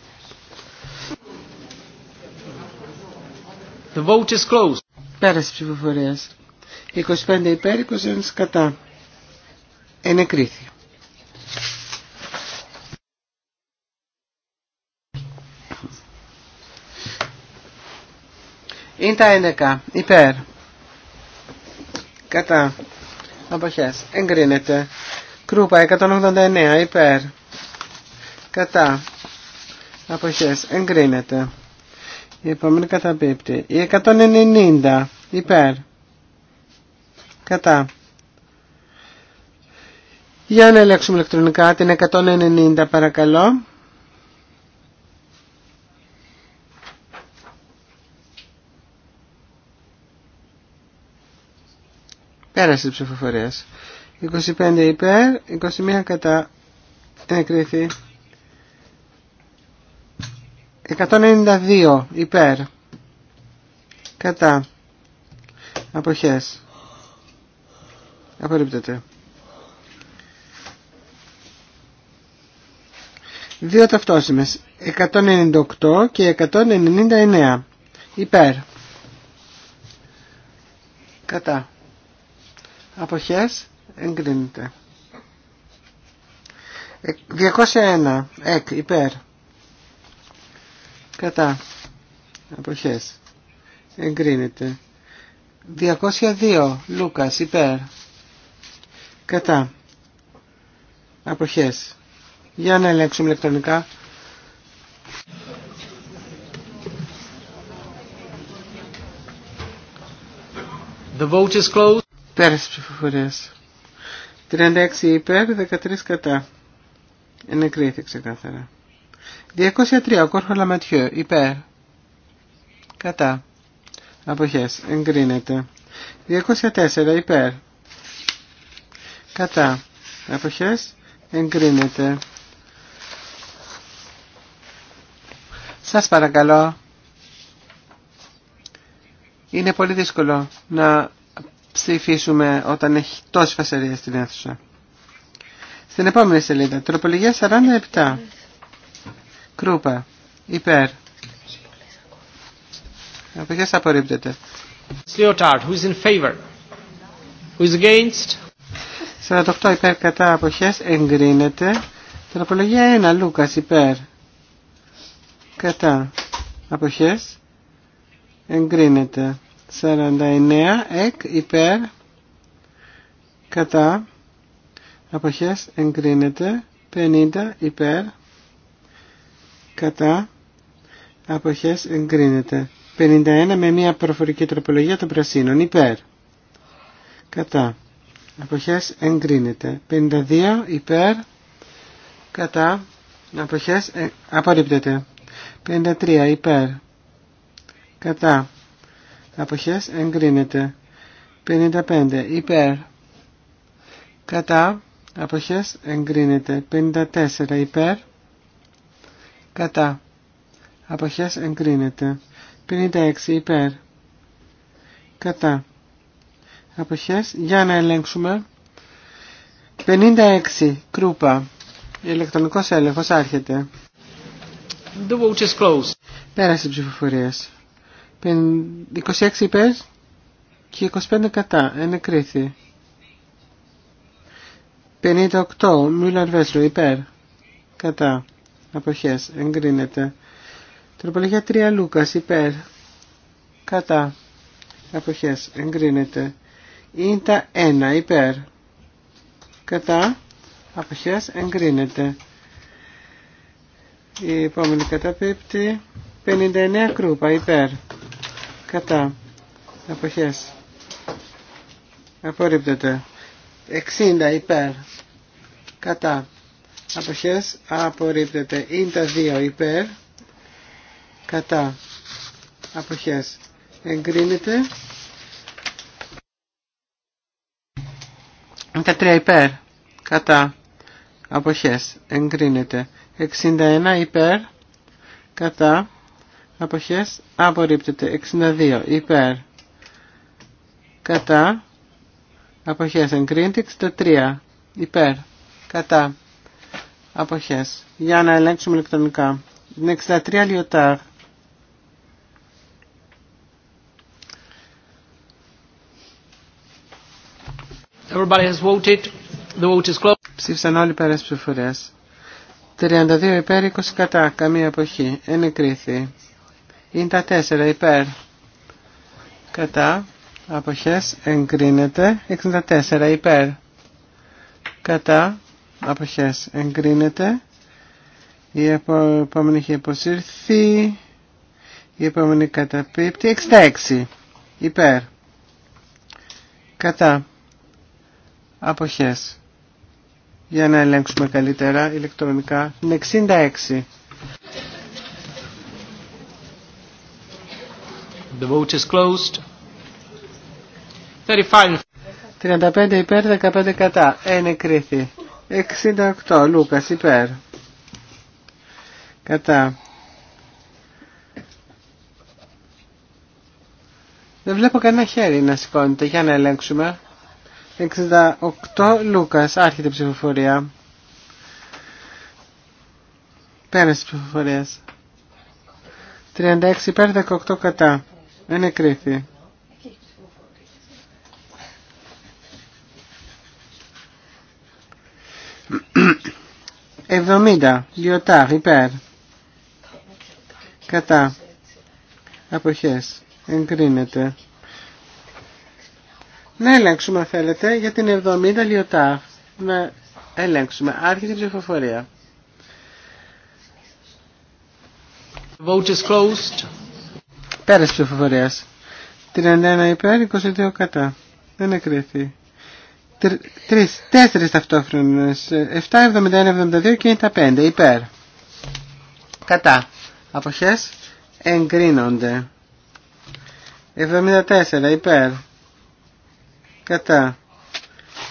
The vote is closed. Πέραση ψηφοφορίας. 25 υπέρ, 21 κατά. Ενεκρίθη. Είναι τα 11. Υπέρ. Κατά. Αποχέ. Εγκρίνεται. Κρούπα 189. Υπέρ. Κατά. Αποχέ. Εγκρίνεται. Η επόμενη καταπίπτει. Η 190 υπέρ κατά για να ελέγξουμε ηλεκτρονικά την 190 παρακαλώ πέρασε της ψηφοφορία. 25 υπέρ 21 κατά εκρήθη 192 υπέρ κατά Αποχές. Απορρίπτεται. Δύο ταυτόσημες. 198 και 199. Υπέρ. Κατά. Αποχές. Εγκρίνεται. 201. Εκ. Υπέρ. Κατά. Αποχές. Εγκρίνεται. 202 Λούκας υπέρ κατά αποχές για να ελέγξουμε ηλεκτρονικά The vote is closed. Πέρασε ψηφοφορίας 36 υπέρ 13 κατά ενεκρίθη ξεκάθαρα 203 ο Κόρχολα Ματιού, υπέρ κατά Αποχές. Εγκρίνεται. 204 υπέρ. Κατά. Αποχές. Εγκρίνεται. Σας παρακαλώ. Είναι πολύ δύσκολο να ψηφίσουμε όταν έχει τόση φασαρία στην αίθουσα. Στην επόμενη σελίδα. Τροπολογία 47. Κρούπα. Υπέρ. Αποχές απορρίπτεται. Leotard, who is in favor? Who is against? 48 υπέρ κατά απόχέ, εγκρίνεται. Τροπολογία 1, Λούκα υπέρ. Κατά απόχέ, εγκρίνεται. 49, εκ υπέρ. Κατά απόχέ, εγκρίνεται. 50 υπέρ. Κατά απόχέ, εγκρίνεται. 51 με μια προφορική τροπολογία των πρασίνων υπέρ. Κατά. Αποχές εγκρίνεται. 52 υπέρ. Κατά. Αποχές ε, απορρίπτεται. 53 υπέρ. Κατά. Αποχές εγκρίνεται. 55 υπέρ. Κατά. Αποχές εγκρίνεται. 54 υπέρ. Κατά. Αποχές εγκρίνεται. 56 υπέρ. Κατά. Αποχές. Για να ελέγξουμε. 56 κρούπα. Ηλεκτρονικός έλεγχος άρχεται. The vote is closed. Πέρασε 26 υπέρ και 25 κατά. Ενεκρίθη. 58. Μούλαρ υπέρ. Κατά. Αποχές. Εγκρίνεται. Τροπολογία 3 λούκα υπέρ. Κατά. Εποχέ. Εγκρίνεται. Ίντα 1 υπέρ. Κατά. αποχέ, Εγκρίνεται. Η επόμενη καταπίπτει. 59 κρούπα υπέρ. Κατά. Αποχέ. Απορρίπτεται. 60 υπέρ. Κατά. Αποχές. Απορρίπτεται. τα 2 υπέρ κατά αποχές εγκρίνεται 13 υπέρ κατά αποχές εγκρίνεται 61 υπέρ κατά αποχές απορρίπτεται 62 υπέρ κατά αποχές εγκρίνεται 63 υπέρ κατά αποχές για να ελέγξουμε ηλεκτρονικά 63 λιωτάρ Everybody has voted. The vote is closed. Ψήφισαν όλοι πέρας ψηφορές. 32 υπέρ, 20 κατά, καμία αποχή. Ενεκρίθη. Είναι τα 4 υπέρ. Κατά. Αποχές εγκρίνεται. 64 υπέρ. Κατά. Αποχές εγκρίνεται. Η επόμενη είχε υποσύρθει. Η επόμενη καταπίπτει. 66 υπέρ. Κατά αποχές. Για να ελέγξουμε καλύτερα ηλεκτρονικά Είναι 66. The vote is closed. 35. υπέρ, 15 κατά. κρίθη. 68. Λούκας υπέρ. Κατά. Δεν βλέπω κανένα χέρι να σηκώνεται. Για να ελέγξουμε. 68 Λούκας, άρχεται η ψηφοφορία. Πέρασε τη ψηφοφορία. 36 υπέρ 18 κατά. εκρήθη. Εβδομήντα. Γιωτάρ υπέρ. Κατά. Αποχές. Εγκρίνεται. Να ελέγξουμε αν θέλετε για την 70 λιωτά. Να ελέγξουμε. Άρχεται η ψηφοφορία. Vote is closed. ψηφοφορίας. 31 υπέρ, 22 κατά. Δεν εκρήθη. Τρεις, τέσσερις ταυτόχρονες. 7, 71, 72 και τα 5 υπέρ. Κατά. Αποχές εγκρίνονται. 74 υπέρ κατά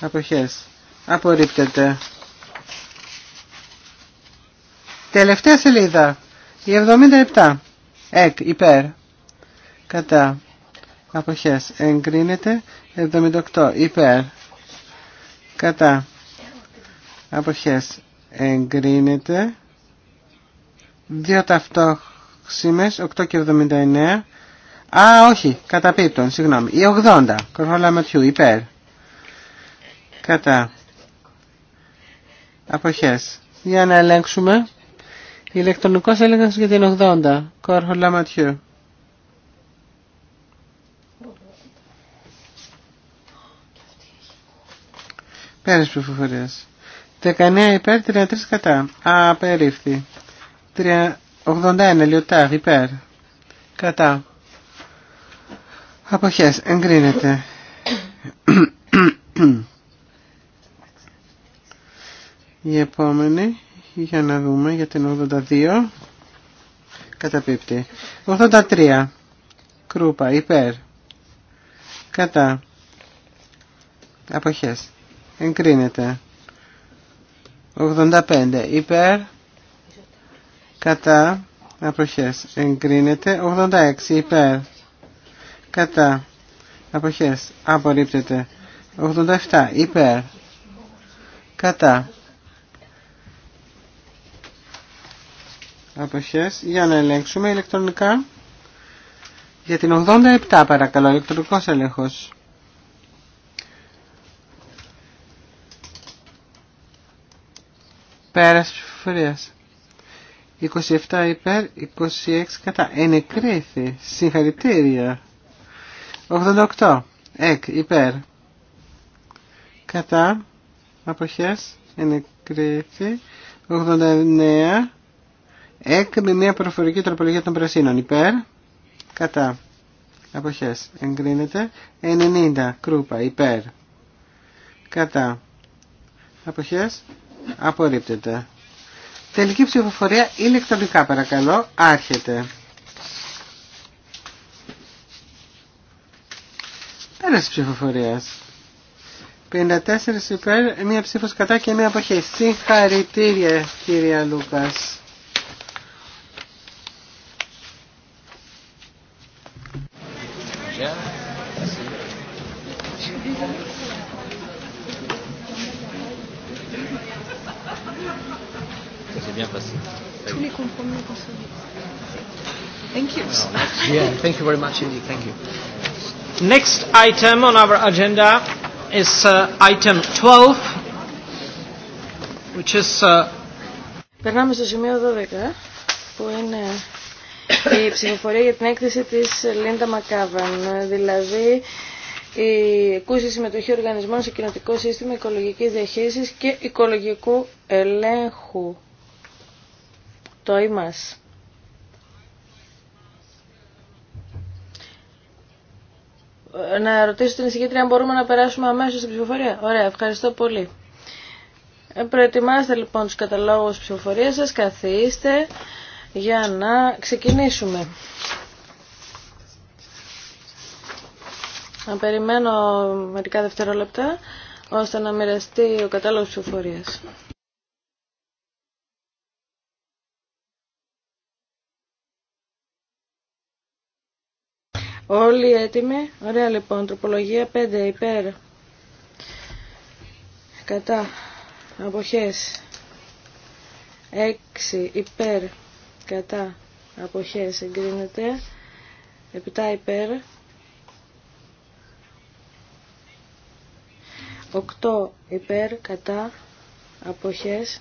αποχές απορρίπτεται τελευταία σελίδα η 77 εκ υπέρ κατά αποχές εγκρίνεται 78 υπέρ κατά αποχές εγκρίνεται δύο ταυτόχρονα 8 και 79 Α, όχι, καταπίπτων, συγγνώμη. Η 80, κορφόλα ματιού, υπέρ. Κατά. Αποχές. Για να ελέγξουμε. Ηλεκτρονικός έλεγχος για την 80, κορφόλα ματιού. Πέρας πληροφορίες. 19 υπέρ, 33 κατά. Α, περίφθη. 81 λιωτάρ υπέρ. Κατά. Αποχές. Εγκρίνεται. η επόμενη, για να δούμε, για την 82. Καταπίπτει. 83. Κρούπα. Υπέρ. Κατά. Αποχές. Εγκρίνεται. 85. Υπέρ. Κατά. Αποχές. Εγκρίνεται. 86. Υπέρ κατά αποχές απορρίπτεται 87 υπέρ κατά αποχές για να ελέγξουμε ηλεκτρονικά για την 87 παρακαλώ ηλεκτρονικός έλεγχος πέρας ψηφοφορίας 27 υπέρ 26 κατά ενεκρίθη συγχαρητήρια 88. Εκ υπέρ. Κατά. Αποχές. Ενεκρίθη. 89. Εκ με μια προφορική τροπολογία των πρασίνων. Υπέρ. Κατά. Αποχές. Εγκρίνεται. 90. Κρούπα. Υπέρ. Κατά. Αποχές. Απορρίπτεται. Τελική ψηφοφορία ηλεκτρονικά παρακαλώ. Άρχεται. πέρας ψηφοφορίε. 54 υπέρ, μία ψήφο κατά και μία αποχή. Συγχαρητήρια κυρία Λούκα. Thank you. Yeah, Thank you very much indeed. Thank you. Next item on our agenda is uh, item 12, which is... Uh, Περνάμε στο σημείο 12, που είναι η ψηφοφορία για την έκθεση της Λίντα Μακάβαν, δηλαδή η κούση συμμετοχή οργανισμών σε κοινοτικό σύστημα οικολογικής διαχείρισης και οικολογικού ελέγχου. Το είμαστε. να ρωτήσω την εισηγήτρια αν μπορούμε να περάσουμε αμέσως στην ψηφοφορία. Ωραία, ευχαριστώ πολύ. Ε, προετοιμάστε λοιπόν τους καταλόγους ψηφοφορίας σας, καθίστε για να ξεκινήσουμε. Να περιμένω μερικά δευτερόλεπτα ώστε να μοιραστεί ο κατάλογος ψηφοφορίας. Όλοι έτοιμοι. Ωραία λοιπόν. Τροπολογία 5 υπέρ. Κατά. Αποχές. 6 υπέρ. Κατά. Αποχές εγκρίνεται. 7 υπέρ. 8 υπέρ. Κατά. Αποχές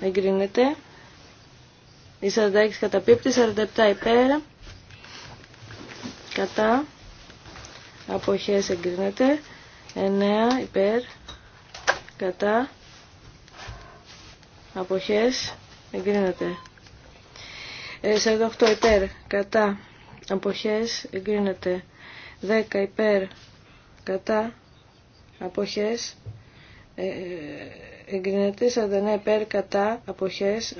εγκρίνεται. Η 46 καταπίπτει. 47 υπέρ κατά αποχές εγκρίνεται 9 υπέρ κατά αποχές εγκρίνεται 48 ε, υπέρ κατά αποχές εγκρίνεται 10 υπέρ κατά αποχές ε, εγκρίνεται 49 υπέρ κατά αποχές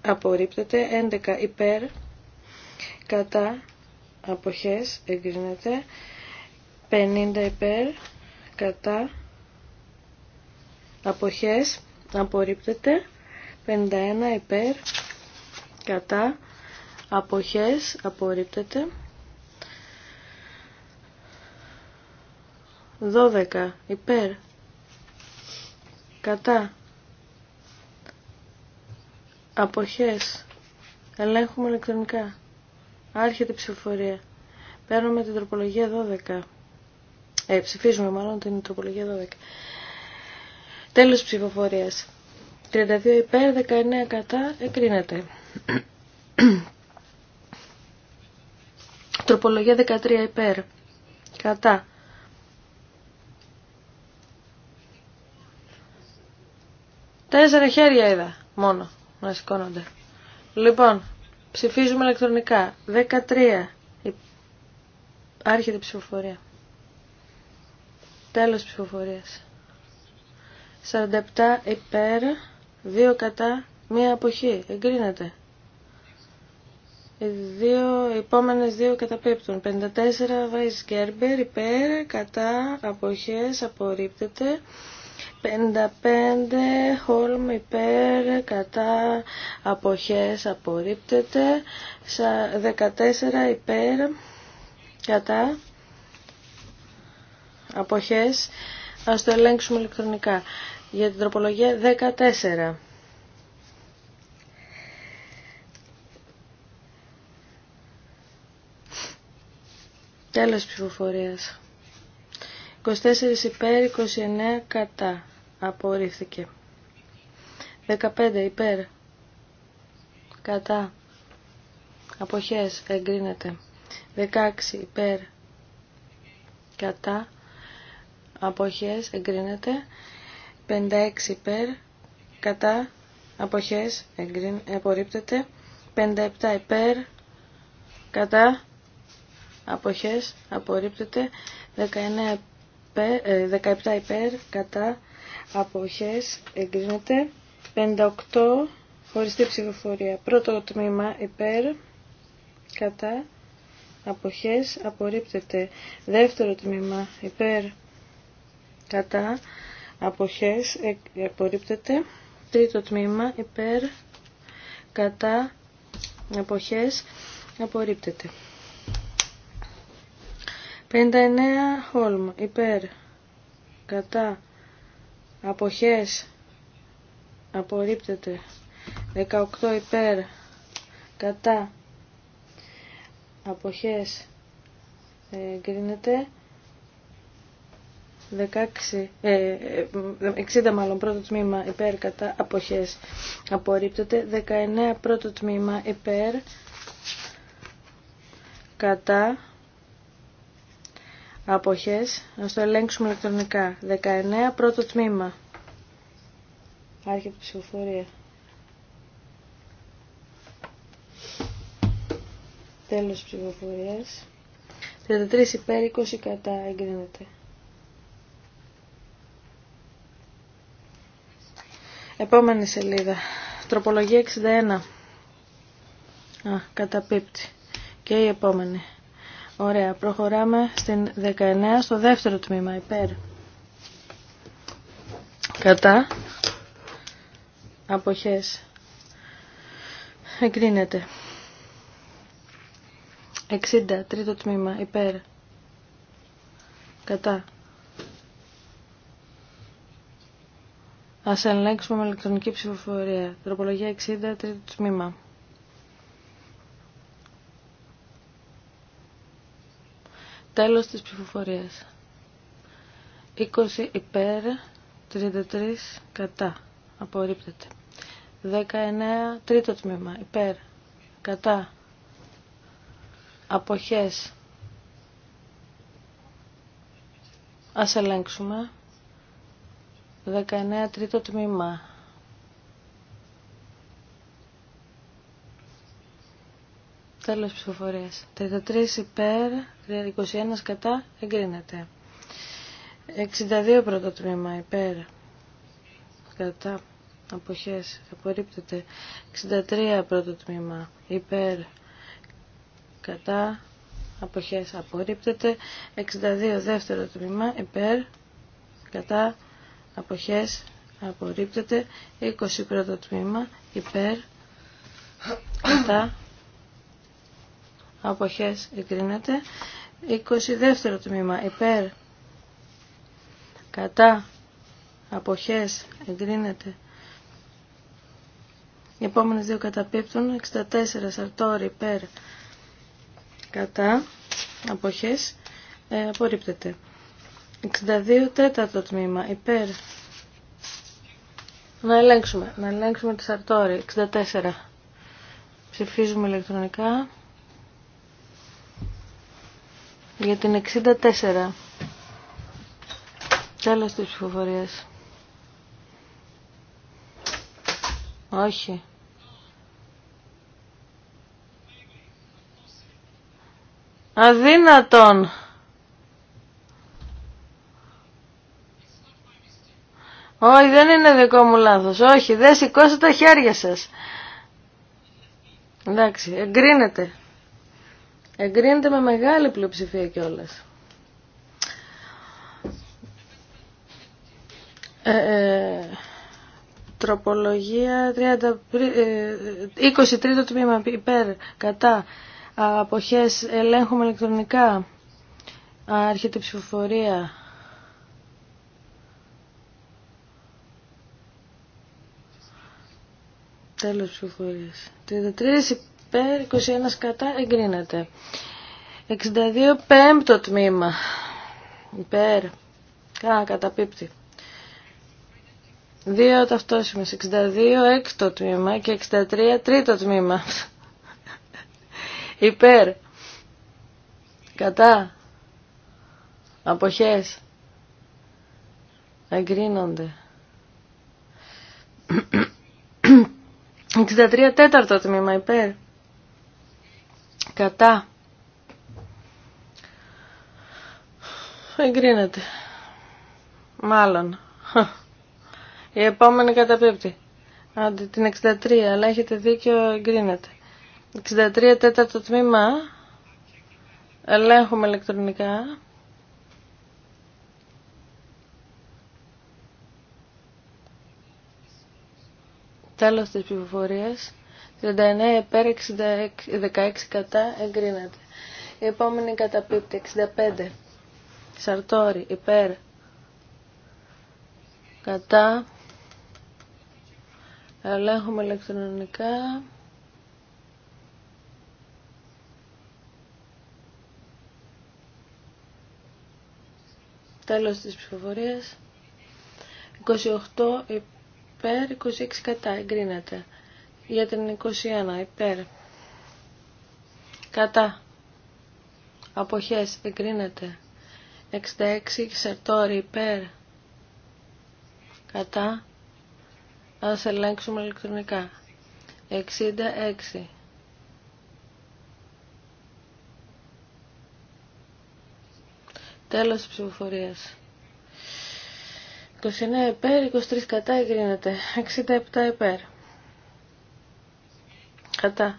απορρίπτεται 11 υπέρ κατά αποχές εγκρίνεται 50 υπέρ κατά αποχές απορρίπτεται 51 υπέρ κατά αποχές απορρίπτεται 12 υπέρ κατά αποχές ελέγχουμε ηλεκτρονικά Άρχεται η ψηφοφορία. Παίρνουμε την τροπολογία 12. Ε, ψηφίζουμε μάλλον την τροπολογία 12. Τέλος ψηφοφορίας. 32 υπέρ, 19 κατά, εκρίνεται. [clears throat] Τροπολογία 13 υπέρ, κατά. Τέσσερα χέρια είδα μόνο να σηκώνονται. Λοιπόν, Ψηφίζουμε ηλεκτρονικά. 13. Άρχεται η ψηφοφορία. Τέλος ψηφοφορίας. 47 υπέρ, 2 κατά, μία αποχή. Εγκρίνεται. Οι δύο, οι επόμενες δύο καταπίπτουν. 54 βάζει Γκέρμπερ υπέρ, κατά, αποχές, απορρίπτεται. 55 χόλμ υπέρ κατά αποχές απορρίπτεται 14 υπέρ κατά αποχές ας το ελέγξουμε ηλεκτρονικά για την τροπολογία 14 Τέλος ψηφοφορίας. 24 υπέρ, 29 κατά απορρίφθηκε. 15 υπέρ κατά αποχές εγκρίνεται. 16 υπέρ κατά αποχές εγκρίνεται. 56 υπέρ κατά αποχές εγκρίν, απορρίπτεται. 57 υπέρ κατά αποχές απορρίπτεται. 19 17 ε, υπέρ κατά αποχές εγκρίνεται 58 χωριστή ψηφοφορία πρώτο τμήμα υπέρ κατά αποχές απορρίπτεται δεύτερο τμήμα υπέρ κατά αποχές ε, απορρίπτεται τρίτο τμήμα υπέρ κατά αποχές απορρίπτεται 59 χόλμ υπέρ κατά αποχές απορρίπτεται 18 υπέρ κατά αποχές εγκρίνεται 16, 60 ε, ε, μάλλον πρώτο τμήμα υπέρ κατά αποχές απορρίπτεται 19 πρώτο τμήμα υπέρ κατά αποχές. να το ελέγξουμε ηλεκτρονικά. 19 πρώτο τμήμα. Άρχεται η ψηφοφορία. Τέλος ψηφοφορίας. 33 υπέρ 20 κατά εγκρίνεται. Επόμενη σελίδα. Τροπολογία 61. Α, καταπίπτει. Και η επόμενη. Ωραία, προχωράμε στην 19 στο δεύτερο τμήμα, υπέρ. Κατά. Αποχές. Εγκρίνεται. 60, τρίτο τμήμα, υπέρ. Κατά. Ας ελέγξουμε με ηλεκτρονική ψηφοφορία. Τροπολογία 60, τρίτο τμήμα. Τέλος της ψηφοφορίας. 20 υπέρ, 33 κατά. Απορρίπτεται. 19 τρίτο τμήμα υπέρ, κατά. Αποχές. Ας ελέγξουμε. 19 τρίτο τμήμα. Τέλος ψηφοφορίας. 33 υπέρ, 21 κατά, εγκρίνεται. 62 πρώτο τμήμα υπέρ, κατά, αποχές, απορρίπτεται. 63 πρώτο τμήμα υπέρ, κατά, αποχές, απορρίπτεται. 62 δεύτερο τμήμα υπέρ, κατά, αποχές, απορρίπτεται. 20 πρώτο τμήμα υπέρ, κατά, αποχές εγκρίνεται. 22ο τμήμα υπέρ κατά αποχές εγκρίνεται. Οι επόμενες δύο καταπίπτουν 64 σαρτόρι υπέρ κατά αποχές ε, απορρίπτεται. 62 τέταρτο τμήμα υπέρ να ελέγξουμε, να ελέγξουμε τη σαρτόρι 64 ψηφίζουμε ηλεκτρονικά για την 64. Τέλος της ψηφοφορίας. Όχι. Αδύνατον. Όχι, δεν είναι δικό μου λάθος. Όχι, δεν σηκώσετε τα χέρια σας. Εντάξει, εγκρίνεται. Εγκρίνεται με μεγάλη πλειοψηφία κιόλα. Ε, ε, τροπολογία 23ο ε, τμήμα υπέρ, κατά, αποχές, ελέγχουμε ηλεκτρονικά, άρχεται η ψηφοφορία. Τέλος ψηφοφορίας. 33 υπέρ, 21 κατά, εγκρίνεται. 62 πέμπτο τμήμα. Υπέρ. κά καταπίπτει. Δύο ταυτόσημες. 62 έκτο τμήμα και 63 τρίτο τμήμα. [laughs] Υπέρ. Κατά. Αποχές. Εγκρίνονται. 63 [clears throat] τέταρτο τμήμα υπέρ. Κατά. Εγκρίνεται. Μάλλον. Η επόμενη καταπίπτει. Άντε την 63, αλλά έχετε δίκιο, εγκρίνεται. 63 τέταρτο τμήμα. Ελέγχουμε ηλεκτρονικά. Τέλος της πληροφορίας 39 υπέρ 16 κατά εγκρίνεται. Η επόμενη καταπίπτει 65. Σαρτόρι υπέρ κατά. Ελέγχουμε ηλεκτρονικά. Τέλος της ψηφοφορίας. 28 υπέρ, 26 κατά εγκρίνεται για την 21 υπέρ κατά αποχές εγκρίνεται 66 σερτόρι υπέρ κατά ας ελέγξουμε ηλεκτρονικά 66 Τέλος της ψηφοφορίας. 29 υπέρ, 23 κατά εγκρίνεται, 67 υπέρ. Κατά.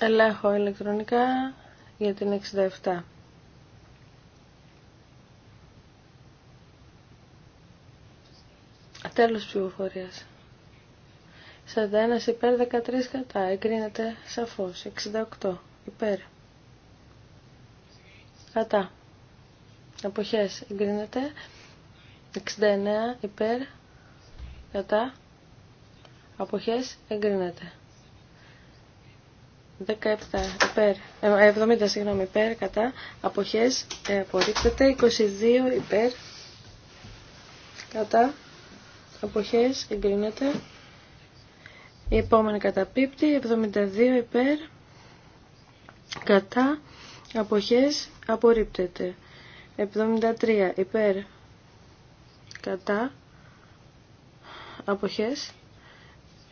Ελέγχω ηλεκτρονικά για την 67. Τέλος ψηφοφορίας. 41 υπέρ 13 κατά. Εγκρίνεται σαφώς. 68 υπέρ. Κατά. Αποχές εγκρίνεται. 69 υπέρ. Κατά αποχές εγκρίνεται. 17 υπέρ, 70 ε, συγγνώμη υπέρ κατά αποχές ε, απορρίπτεται 22 υπέρ κατά αποχές εγκρίνεται η επόμενη καταπίπτει 72 υπέρ κατά αποχές απορρίπτεται 73 υπέρ κατά αποχές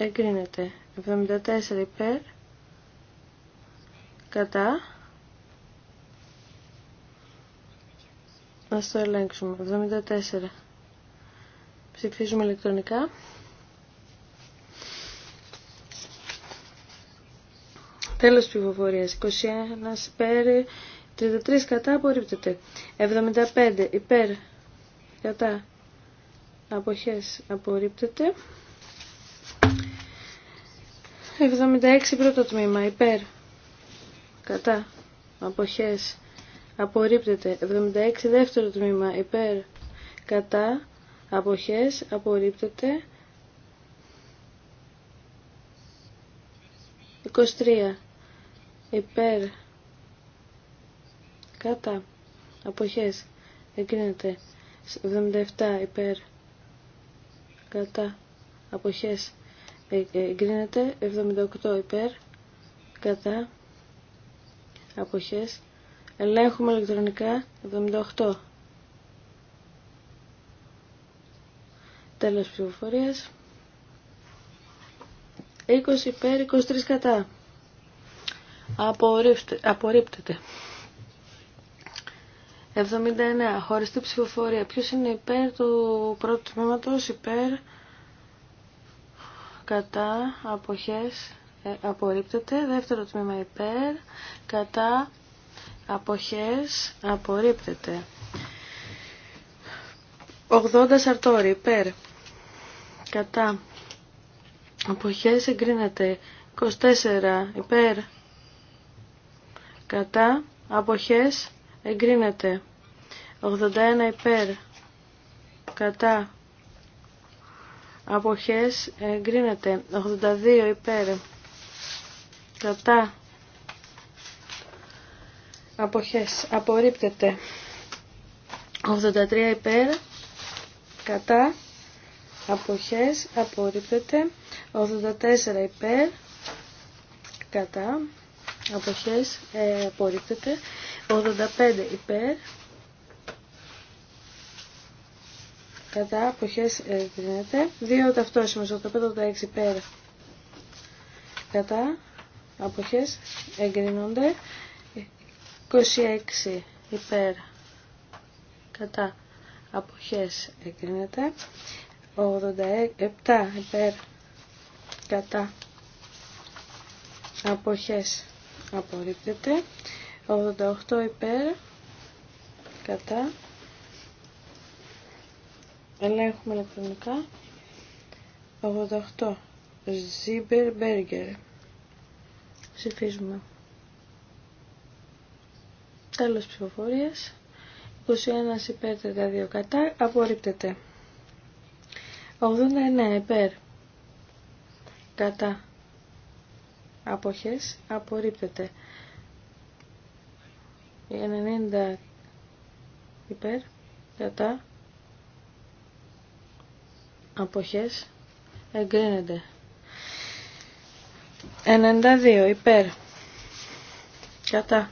εγκρίνεται 74 υπέρ κατά να το ελέγξουμε 74 ψηφίζουμε ηλεκτρονικά τέλος υποφορίας 21 υπέρ 33 κατά απορρίπτεται 75 υπέρ κατά αποχές απορρίπτεται 76 πρώτο τμήμα υπέρ κατά αποχές απορρίπτεται 76 δεύτερο τμήμα υπέρ κατά αποχές απορρίπτεται 23 υπέρ κατά αποχές εγκρίνεται 77 υπέρ κατά αποχές ε, ε, εγκρίνεται 78 υπέρ κατά αποχές ελέγχουμε ηλεκτρονικά 78 τέλος ψηφοφορίας 20 υπέρ 23 κατά απορρίπτεται 79 χωριστή ψηφοφορία ποιος είναι υπέρ του πρώτου τμήματος υπέρ κατά αποχές ε, απορρίπτεται. Δεύτερο τμήμα υπέρ κατά αποχές απορρίπτεται. 80 σαρτόρι υπέρ κατά αποχές εγκρίνεται. 24 υπέρ κατά αποχές εγκρίνεται. 81 υπέρ κατά αποχές εγκρίνεται 82 υπέρ κατά αποχές απορρίπτεται 83 υπέρ κατά αποχές απορρίπτεται 84 υπέρ κατά αποχές ε, απορρίπτεται 85 υπέρ κατά αποχές εγκρίνεται. 2 ταυτόσιμες 85-86 υπέρ κατά αποχές εγκρίνονται. 26 υπέρ κατά αποχές εγκρίνεται. 87 υπέρ κατά αποχές απορρίπτεται. 88 υπέρ κατά Ελέγχουμε ηλεκτρονικά. 88. Ζίμπερ Μπέργκερ. Ψηφίζουμε. Τέλος ψηφοφορίας. 21 υπέρ 32 κατά. Απορρίπτεται. 89 υπέρ. Κατά. Αποχές. Απορρίπτεται. 90 υπέρ. Κατά αποχές εγκρίνεται. 92 υπέρ κατά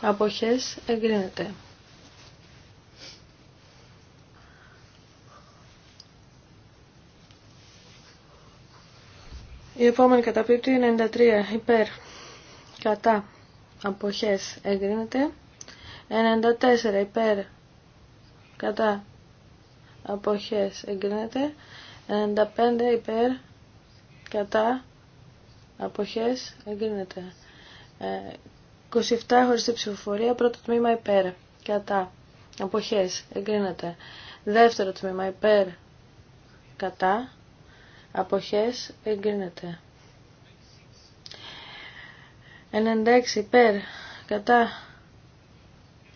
αποχές εγκρίνεται. Η επόμενη καταπίπτει 93 υπέρ κατά αποχές εγκρίνεται. 94 υπέρ κατά αποχές εγκρίνεται 95 υπέρ κατά αποχές εγκρίνεται 27 ε, χωρίς ψηφοφορία πρώτο τμήμα υπέρ κατά αποχές εγκρίνεται δεύτερο τμήμα υπέρ κατά αποχές εγκρίνεται 96 υπέρ κατά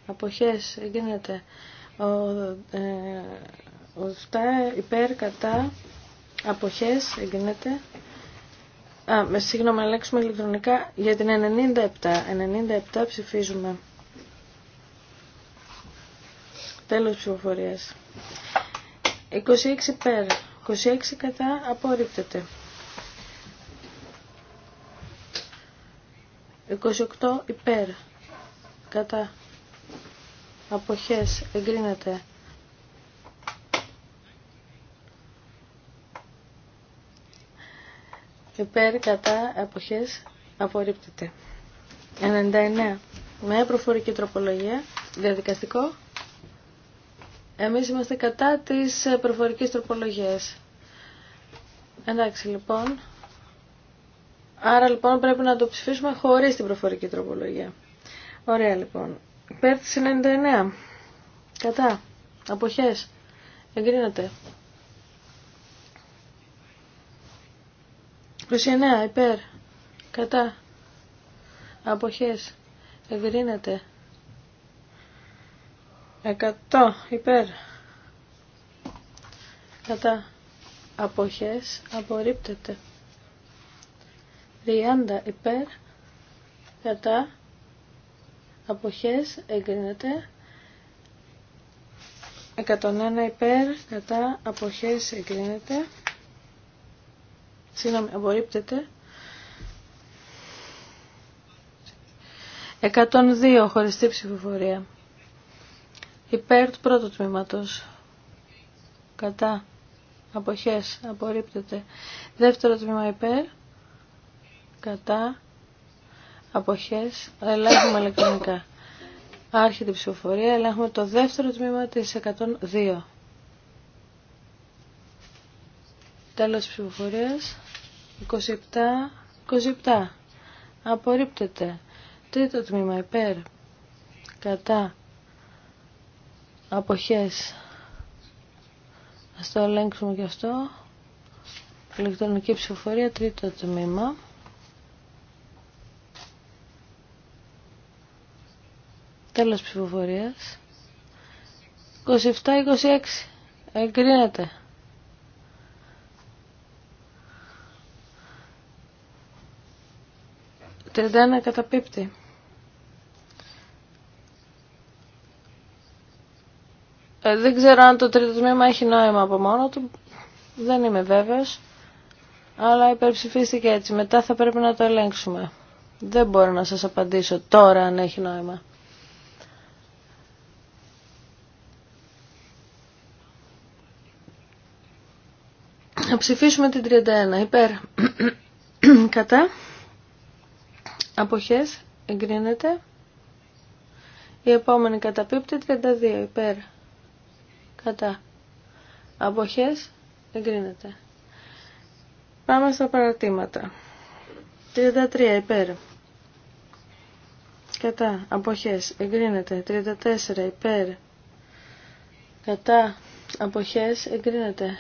αποχές εγκρίνεται ο, ε, 7 υπέρ κατά αποχές εγκρίνεται. Α, με συγγνώμη, αλλάξουμε ηλεκτρονικά για την 97. 97 ψηφίζουμε. Τέλος ψηφοφορίας. 26 υπέρ. 26 κατά απορρίπτεται. 28 υπέρ. Κατά. Αποχές εγκρίνεται. υπέρ κατά αποχές απορρίπτεται. 99. Με προφορική τροπολογία, διαδικαστικό. Εμείς είμαστε κατά της ε, προφορικής τροπολογίας. Εντάξει λοιπόν. Άρα λοιπόν πρέπει να το ψηφίσουμε χωρίς την προφορική τροπολογία. Ωραία λοιπόν. Υπέρ της 99. Κατά. Αποχές. Εγκρίνεται. 29 υπέρ. Κατά. Αποχές. Ευρύνεται. 100 υπέρ. Κατά. Αποχές. Απορρίπτεται. 30 υπέρ. Κατά. Αποχές. Εγκρίνεται. 101 υπέρ. Κατά. Αποχές. Εγκρίνεται. Συγγνώμη, απορρίπτεται. 102 χωριστή ψηφοφορία. Υπέρ του πρώτου τμήματος. Κατά. Αποχές. Απορρίπτεται. Δεύτερο τμήμα υπέρ. Κατά. Αποχές. Ελέγχουμε ηλεκτρονικά. Άρχεται η ψηφοφορία. Ελέγχουμε το δεύτερο τμήμα της 102. Τέλος ψηφοφορίας. 27, 27. Απορρίπτεται. Τρίτο τμήμα υπέρ. Κατά. Αποχές. Ας το ελέγξουμε και αυτο ελεκτρονικη Ηλεκτρονική ψηφοφορία, τρίτο τμήμα. Τέλος ψηφοφορίας. 27-26. Εγκρίνεται. 31 καταπίπτει. Ε, δεν ξέρω αν το τρίτο τμήμα έχει νόημα από μόνο του. Δεν είμαι βέβαιος. Αλλά υπερψηφίστηκε έτσι. Μετά θα πρέπει να το ελέγξουμε. Δεν μπορώ να σας απαντήσω τώρα αν έχει νόημα. Να ψηφίσουμε την 31. Υπέρ. [clears throat] Κατά. Αποχές εγκρίνεται. Η επόμενη καταπίπτει 32 υπέρ. Κατά. Αποχές εγκρίνεται. Πάμε στα παρατήματα. 33 υπέρ. Κατά. Αποχές εγκρίνεται. 34 υπέρ. Κατά. Αποχές εγκρίνεται.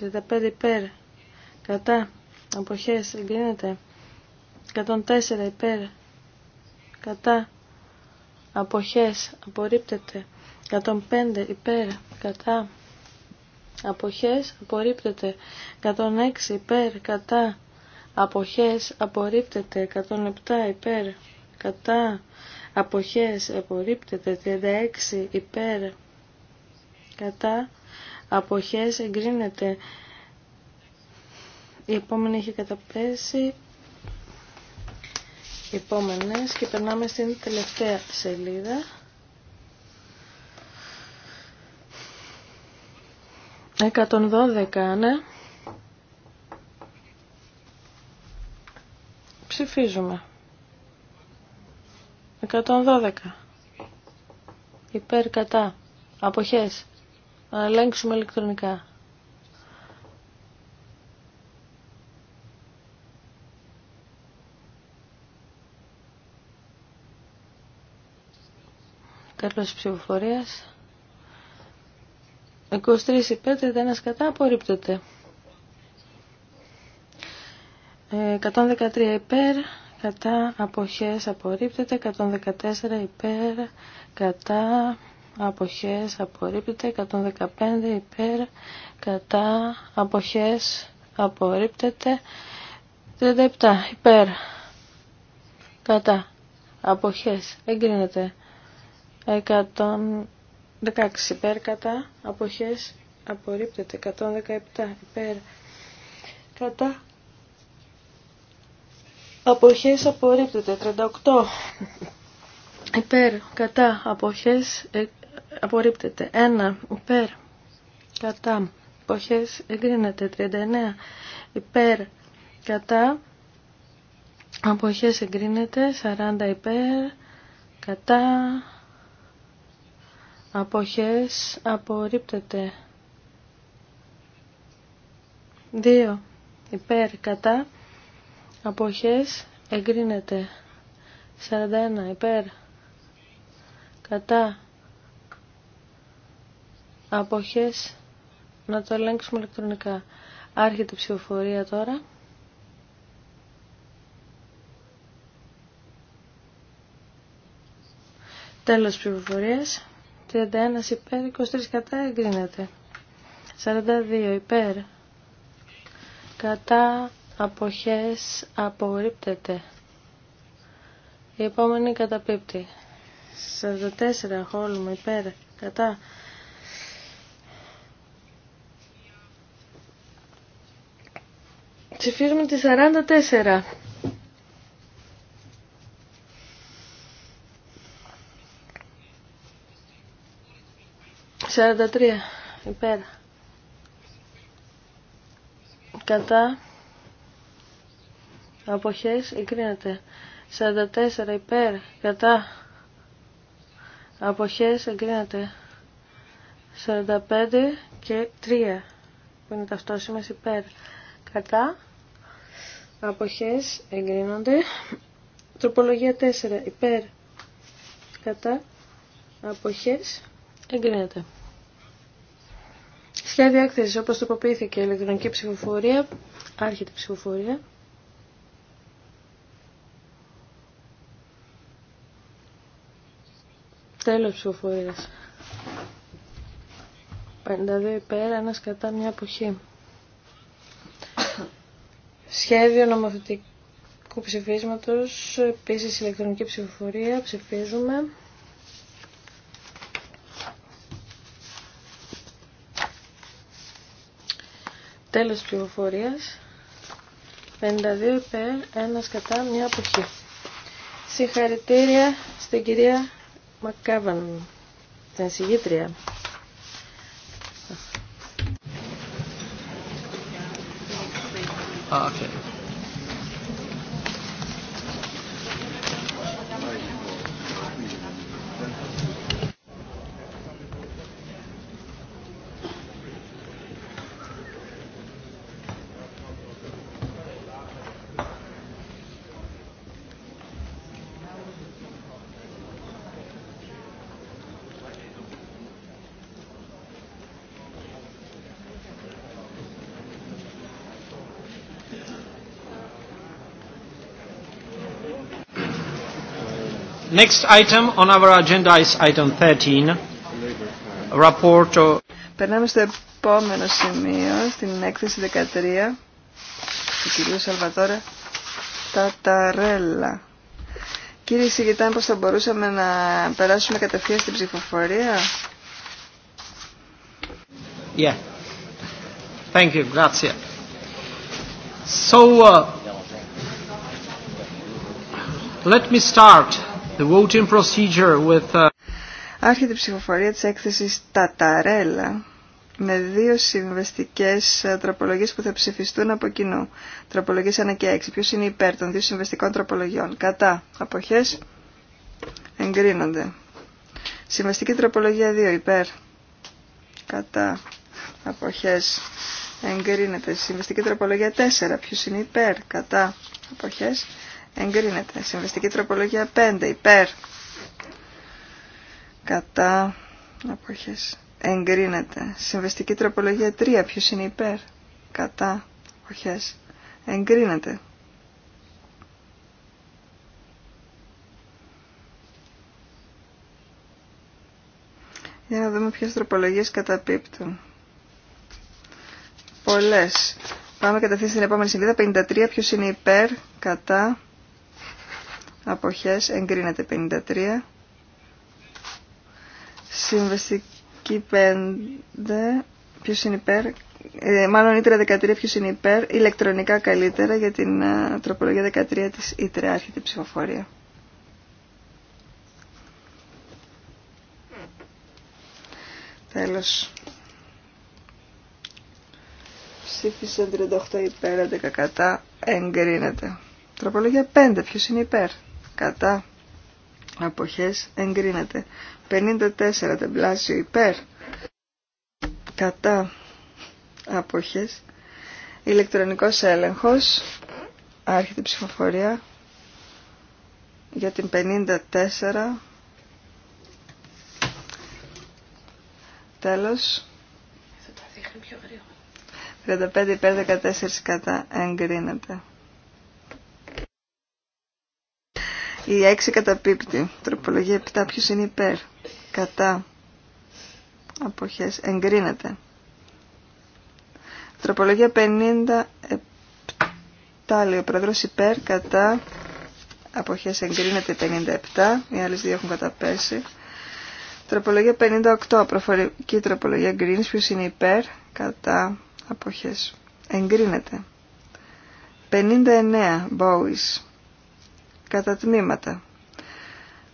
35 υπέρ. Κατά. Αποχές εγκρίνεται. 104 υπέρ κατά αποχές απορρίπτεται 105 υπέρ κατά αποχές απορρίπτεται 106 υπέρ κατά αποχές απορρίπτεται 107 υπέρ κατά αποχές απορρίπτεται 36 υπέρ κατά αποχές εγκρίνεται η επόμενη έχει καταπέσει επόμενες και περνάμε στην τελευταία σελίδα. 112, δώδεκα, ναι. Ψηφίζουμε. 112. δώδεκα. Υπέρ κατά. Αποχές. Να ηλεκτρονικά. Τέλος ψηφοφορίας. 23 υπέρ, 31 κατά, απορρίπτεται. 113 ε, υπέρ, κατά, αποχές, απορρίπτεται. 114 υπέρ, κατά, αποχές, απορρίπτεται. 115 υπέρ, κατά, αποχές, απορρίπτεται. 37 υπέρ, κατά, αποχές, εγκρίνεται. 116 υπέρ κατά αποχές απορρίπτεται 117 υπέρ κατά αποχές απορρίπτεται 38 υπέρ κατά αποχές ε, απορρίπτεται 1 υπέρ κατά αποχές εγκρίνεται 39 υπέρ κατά αποχές εγκρίνεται 40 υπέρ κατά Αποχές απορρίπτεται. Δύο. Υπέρ κατά. Αποχές εγκρίνεται. 41. Υπέρ κατά. Αποχές να το ελέγξουμε ηλεκτρονικά. Άρχεται ψηφοφορία τώρα. Τέλος ψηφοφορίας. 31 υπέρ, 23 κατά εγκρίνεται. 42 υπέρ, κατά αποχές απορρίπτεται. Η επόμενη καταπίπτει. 44 χόλμα υπέρ, κατά. Ψηφίζουμε τη 44. 43 υπέρ κατά αποχές εγκρίνεται 44 υπέρ κατά αποχές εγκρίνεται 45 και 3 που είναι ταυτόσιμες υπέρ κατά αποχές εγκρίνονται τροπολογία 4 υπέρ κατά αποχές εγκρίνεται Σχέδιο έκθεση όπω τοποποιήθηκε η ηλεκτρονική ψηφοφορία, άρχεται ψηφοφορία. Τέλο ψηφοφορία. 52 υπέρ, ένα κατά μια αποχή. Σχέδιο νομοθετικού ψηφίσματος, επίσης ηλεκτρονική ψηφοφορία, ψηφίζουμε. Τέλος πληροφορία 52 υπέρ, 1 κατά, μια αποχή. Συγχαρητήρια στην κυρία Μακάβαν, την συγγήτρια. Okay. Next item on our agenda is item 13. Report Περνάμε στο επόμενο σημείο, στην έκθεση 13 του κυρίου Σαλβατόρε Ταταρέλα. Κύριε Σιγητάν, πώς θα μπορούσαμε να περάσουμε κατευθείαν στην ψηφοφορία. Yeah. Thank you. Grazie. So, uh, let me start The voting procedure with... Uh, Άρχεται η ψηφοφορία της έκθεσης Ταταρέλα με δύο συμβεστικές ε, τροπολογίες που θα ψηφιστούν από κοινού. Τροπολογίες 1 και 6. Ποιος είναι υπέρ των δύο συμβαστικών τροπολογιών. Κατά. Αποχές. Εγκρίνονται. Συμβαστική τροπολογία 2. Υπέρ. Κατά. Αποχές. Εγκρίνεται. Συμβαστική τροπολογία 4. Ποιος είναι υπέρ. Κατά. Αποχές εγκρίνεται. Συμβαστική τροπολογία 5 υπέρ κατά αποχές εγκρίνεται. Συμβαστική τροπολογία 3 ποιος είναι υπέρ κατά αποχές εγκρίνεται. Για να δούμε ποιες τροπολογίες καταπίπτουν. Πολλές. Πάμε κατευθείαν στην επόμενη σελίδα. 53. Ποιος είναι υπέρ, κατά, αποχές εγκρίνεται 53 συμβαστική 5 ποιος είναι υπέρ ε, μάλλον ήτρα 13 ποιος είναι υπέρ ηλεκτρονικά καλύτερα για την ε, τροπολογία 13 της ήτρα άρχεται ψηφοφορία Τέλος. Ψήφισε. 38 υπέρ, 11 κατά, εγκρίνεται. Τροπολογία 5, ποιος είναι υπέρ κατά αποχές εγκρίνεται 54 τεμπλάσιο υπέρ κατά αποχές ηλεκτρονικός έλεγχος άρχεται ψηφοφορία για την 54 τέλος 35 υπέρ 14 κατά εγκρίνεται Η 6 καταπίπτει. Τροπολογία 7. Ποιος είναι υπέρ. Κατά. Αποχές. Εγκρίνεται. Τροπολογία 50. Λέει ο πρόεδρος υπέρ. Κατά. Αποχές εγκρίνεται 57. Οι άλλες δύο έχουν καταπέσει. Τροπολογία 58. Προφορική τροπολογία Greens. Ποιος είναι υπέρ. Κατά. Αποχές. Εγκρίνεται. 59. Bowies κατά τμήματα.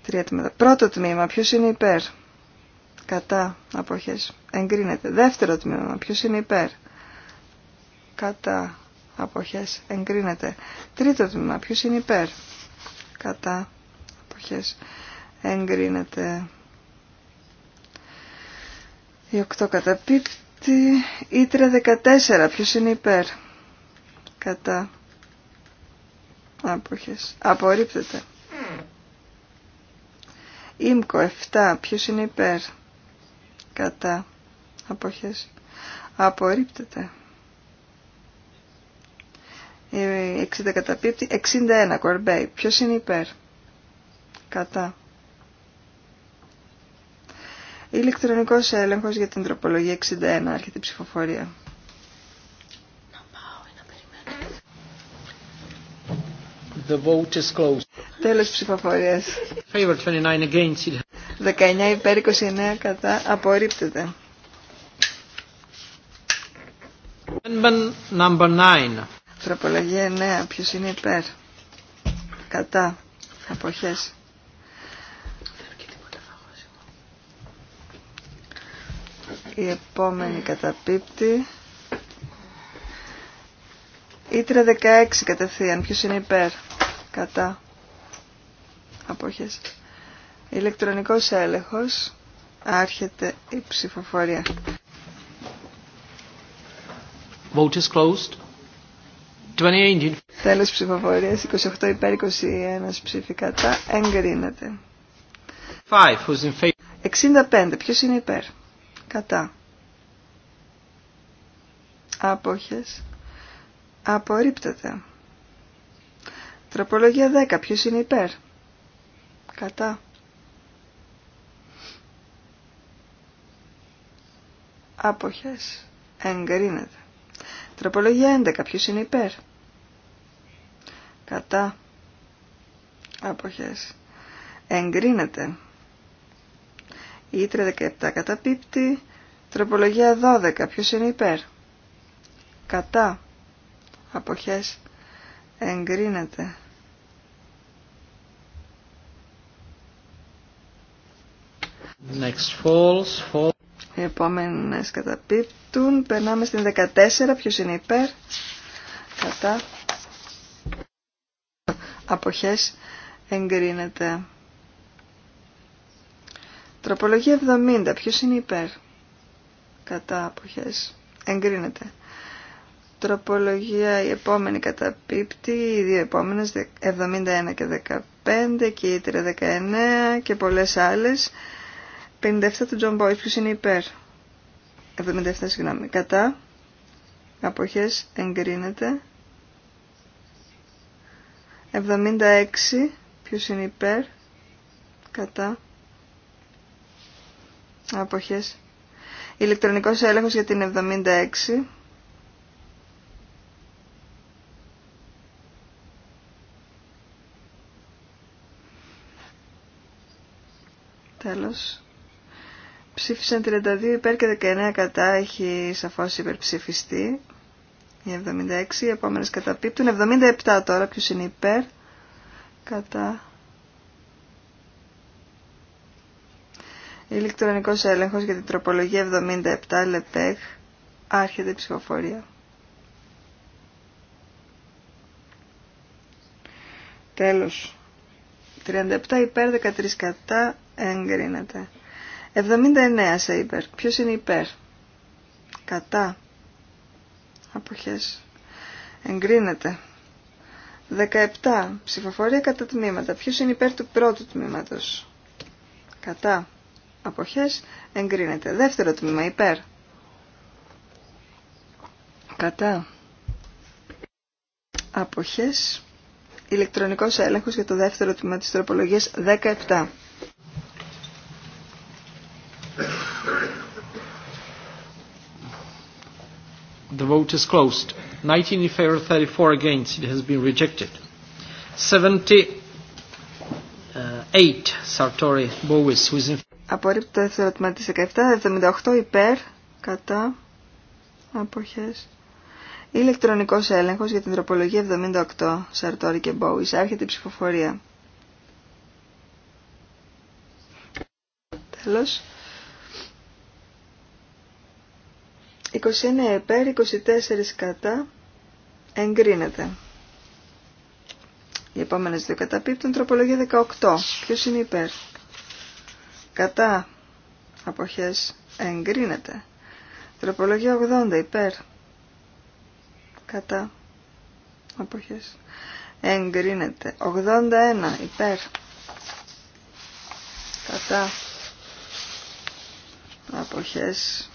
Τρία τμήματα. Πρώτο τμήμα, ποιο είναι υπέρ. Κατά αποχές. Εγκρίνεται. Δεύτερο τμήμα, ποιο είναι υπέρ. Κατά αποχές. Εγκρίνεται. Τρίτο τμήμα, ποιο είναι υπέρ. Κατά αποχές. Εγκρίνεται. Η οκτώ καταπίπτει. Ήτρε 14, Ποιο είναι υπέρ. Κατά Αποχές. Απορρίπτεται. Ήμκο 7. Ποιος είναι υπέρ. Κατά. Αποχές. Απορρίπτεται. 60 ε, 61. Κορμπέι. Ποιος είναι υπέρ. Κατά. Ηλεκτρονικός έλεγχος για την τροπολογία 61. Άρχεται η ψηφοφορία. The vote is closed. Τέλος ψηφοφορίας. 29 against. 19 υπέρ 29 κατά απορρίπτεται. Number 9. Τροπολογία 9. Ποιος είναι υπέρ. Κατά. Αποχές. Η επόμενη καταπίπτει. Ήτρα 16 κατευθείαν. Ποιος είναι υπέρ κατά αποχές. Ηλεκτρονικός έλεγχος. Άρχεται η ψηφοφορία. Vote is closed. 28. Τέλος ψηφοφορίας. 28 υπέρ 21 ψήφι κατά. Εγκρίνεται. 65. Ποιος είναι υπέρ. Κατά. Άποχες. Απορρίπτεται. Τροπολογία 10. Ποιος είναι υπέρ. Κατά. Άποχες. Εγκρίνεται. Τροπολογία 11. Ποιος είναι υπέρ. Κατά. Άποχες. Εγκρίνεται. Ήτρε 17 καταπίπτει. Τροπολογία 12. Ποιος είναι υπέρ. Κατά. Αποχές εγκρίνεται. Οι επόμενες καταπίπτουν. Περνάμε στην 14. Ποιος είναι υπέρ. Κατά. Αποχές εγκρίνεται. Τροπολογία 70. Ποιος είναι υπέρ. Κατά αποχές. Εγκρίνεται. Τροπολογία η επόμενη καταπίπτει. Οι δύο επόμενες 71 και 15 και η 19 και πολλές άλλες. 57 του John Boy. Ποιος είναι υπέρ. 77 συγγνώμη. Κατά. Αποχές εγκρίνεται. 76. Ποιος είναι υπέρ. Κατά. Αποχές. Ηλεκτρονικός έλεγχος για την 76. Τέλος. Ψήφισαν 32 υπέρ και 19 κατά, έχει σαφώς υπερψηφιστεί. Η 76, οι επόμενες καταπίπτουν. 77 τώρα, ποιος είναι υπέρ, κατά. Ηλεκτρονικός έλεγχος για την τροπολογία 77 λεπέχ, άρχεται η ψηφοφορία. Τέλος. 37 υπέρ, 13 κατά, εγκρίνεται. 79 σε υπέρ. Ποιος είναι υπέρ. Κατά. Αποχές. Εγκρίνεται. 17. Ψηφοφορία κατά τμήματα. Ποιος είναι υπέρ του πρώτου τμήματος. Κατά. Αποχές. Εγκρίνεται. Δεύτερο τμήμα. Υπέρ. Κατά. Αποχές. Ηλεκτρονικός έλεγχος για το δεύτερο τμήμα της τροπολογίας 17. The vote is closed. 19 in favor, 34 against. It has been rejected. 78 uh, Sartori Bowis. Who is in... Απορρίπτω το δεύτερο τμήμα της 17, 78 υπέρ, κατά, αποχές. Ηλεκτρονικός έλεγχος για την τροπολογία 78, Σαρτόρι και Μπόις. Άρχεται η ψηφοφορία. Τέλος. 29 υπέρ, 24 κατά, εγκρίνεται. Οι επόμενες δύο καταπίπτουν, τροπολογία 18. Ποιος είναι υπέρ. Κατά, αποχές, εγκρίνεται. Τροπολογία 80 υπέρ. Κατά, αποχές, εγκρίνεται. 81 υπέρ. Κατά, αποχές,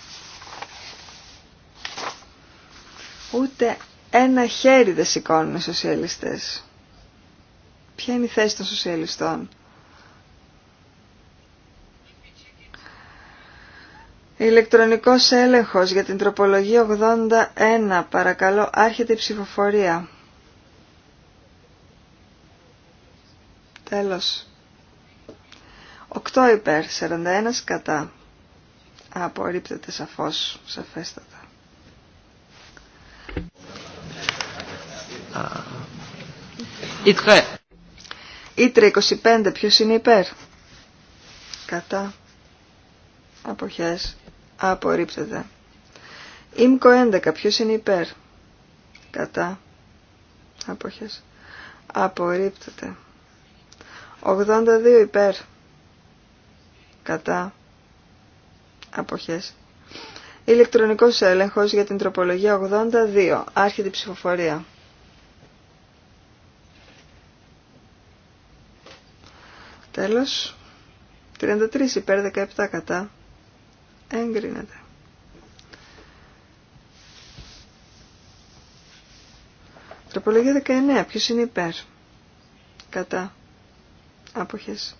Ούτε ένα χέρι δεν σηκώνουν οι σοσιαλιστές. Ποια είναι η θέση των σοσιαλιστών. Ηλεκτρονικός έλεγχος για την τροπολογία 81. Παρακαλώ, άρχεται η ψηφοφορία. Τέλος. 8 υπέρ, 41 κατά. Απορρίπτεται σαφώς, σαφέστατα. Ήτρε. Ήτρε 25. Ποιος είναι υπέρ. Κατά. Αποχές. Απορρίπτεται. Ήμκο 11. Ποιος είναι υπέρ. Κατά. Αποχές. Απορρίπτεται. 82 υπέρ. Κατά. Αποχές. Ηλεκτρονικός έλεγχος για την τροπολογία 82. Άρχεται ψηφοφορία. Τέλος. 33 υπέρ 17 κατά. Εγκρίνεται. Τροπολογία 19. Ποιος είναι υπέρ. Κατά. Άποχες.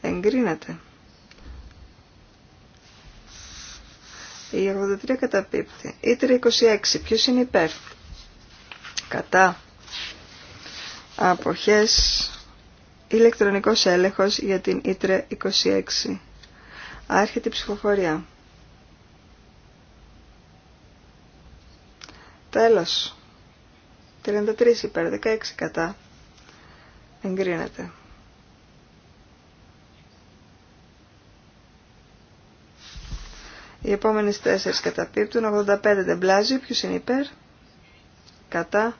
Εγκρίνεται. Η 83 καταπίπτει. Η 326. Ποιος είναι υπέρ. Κατά. Αποχές. Ηλεκτρονικός έλεγχος για την Ήτρε 26. Άρχεται η ψηφοφορία. Τέλος. 33 υπέρ, 16 κατά. Εγκρίνεται. Οι επόμενες τέσσερις καταπίπτουν. 85 δεν μπλάζει. Ποιος είναι υπέρ. Κατά.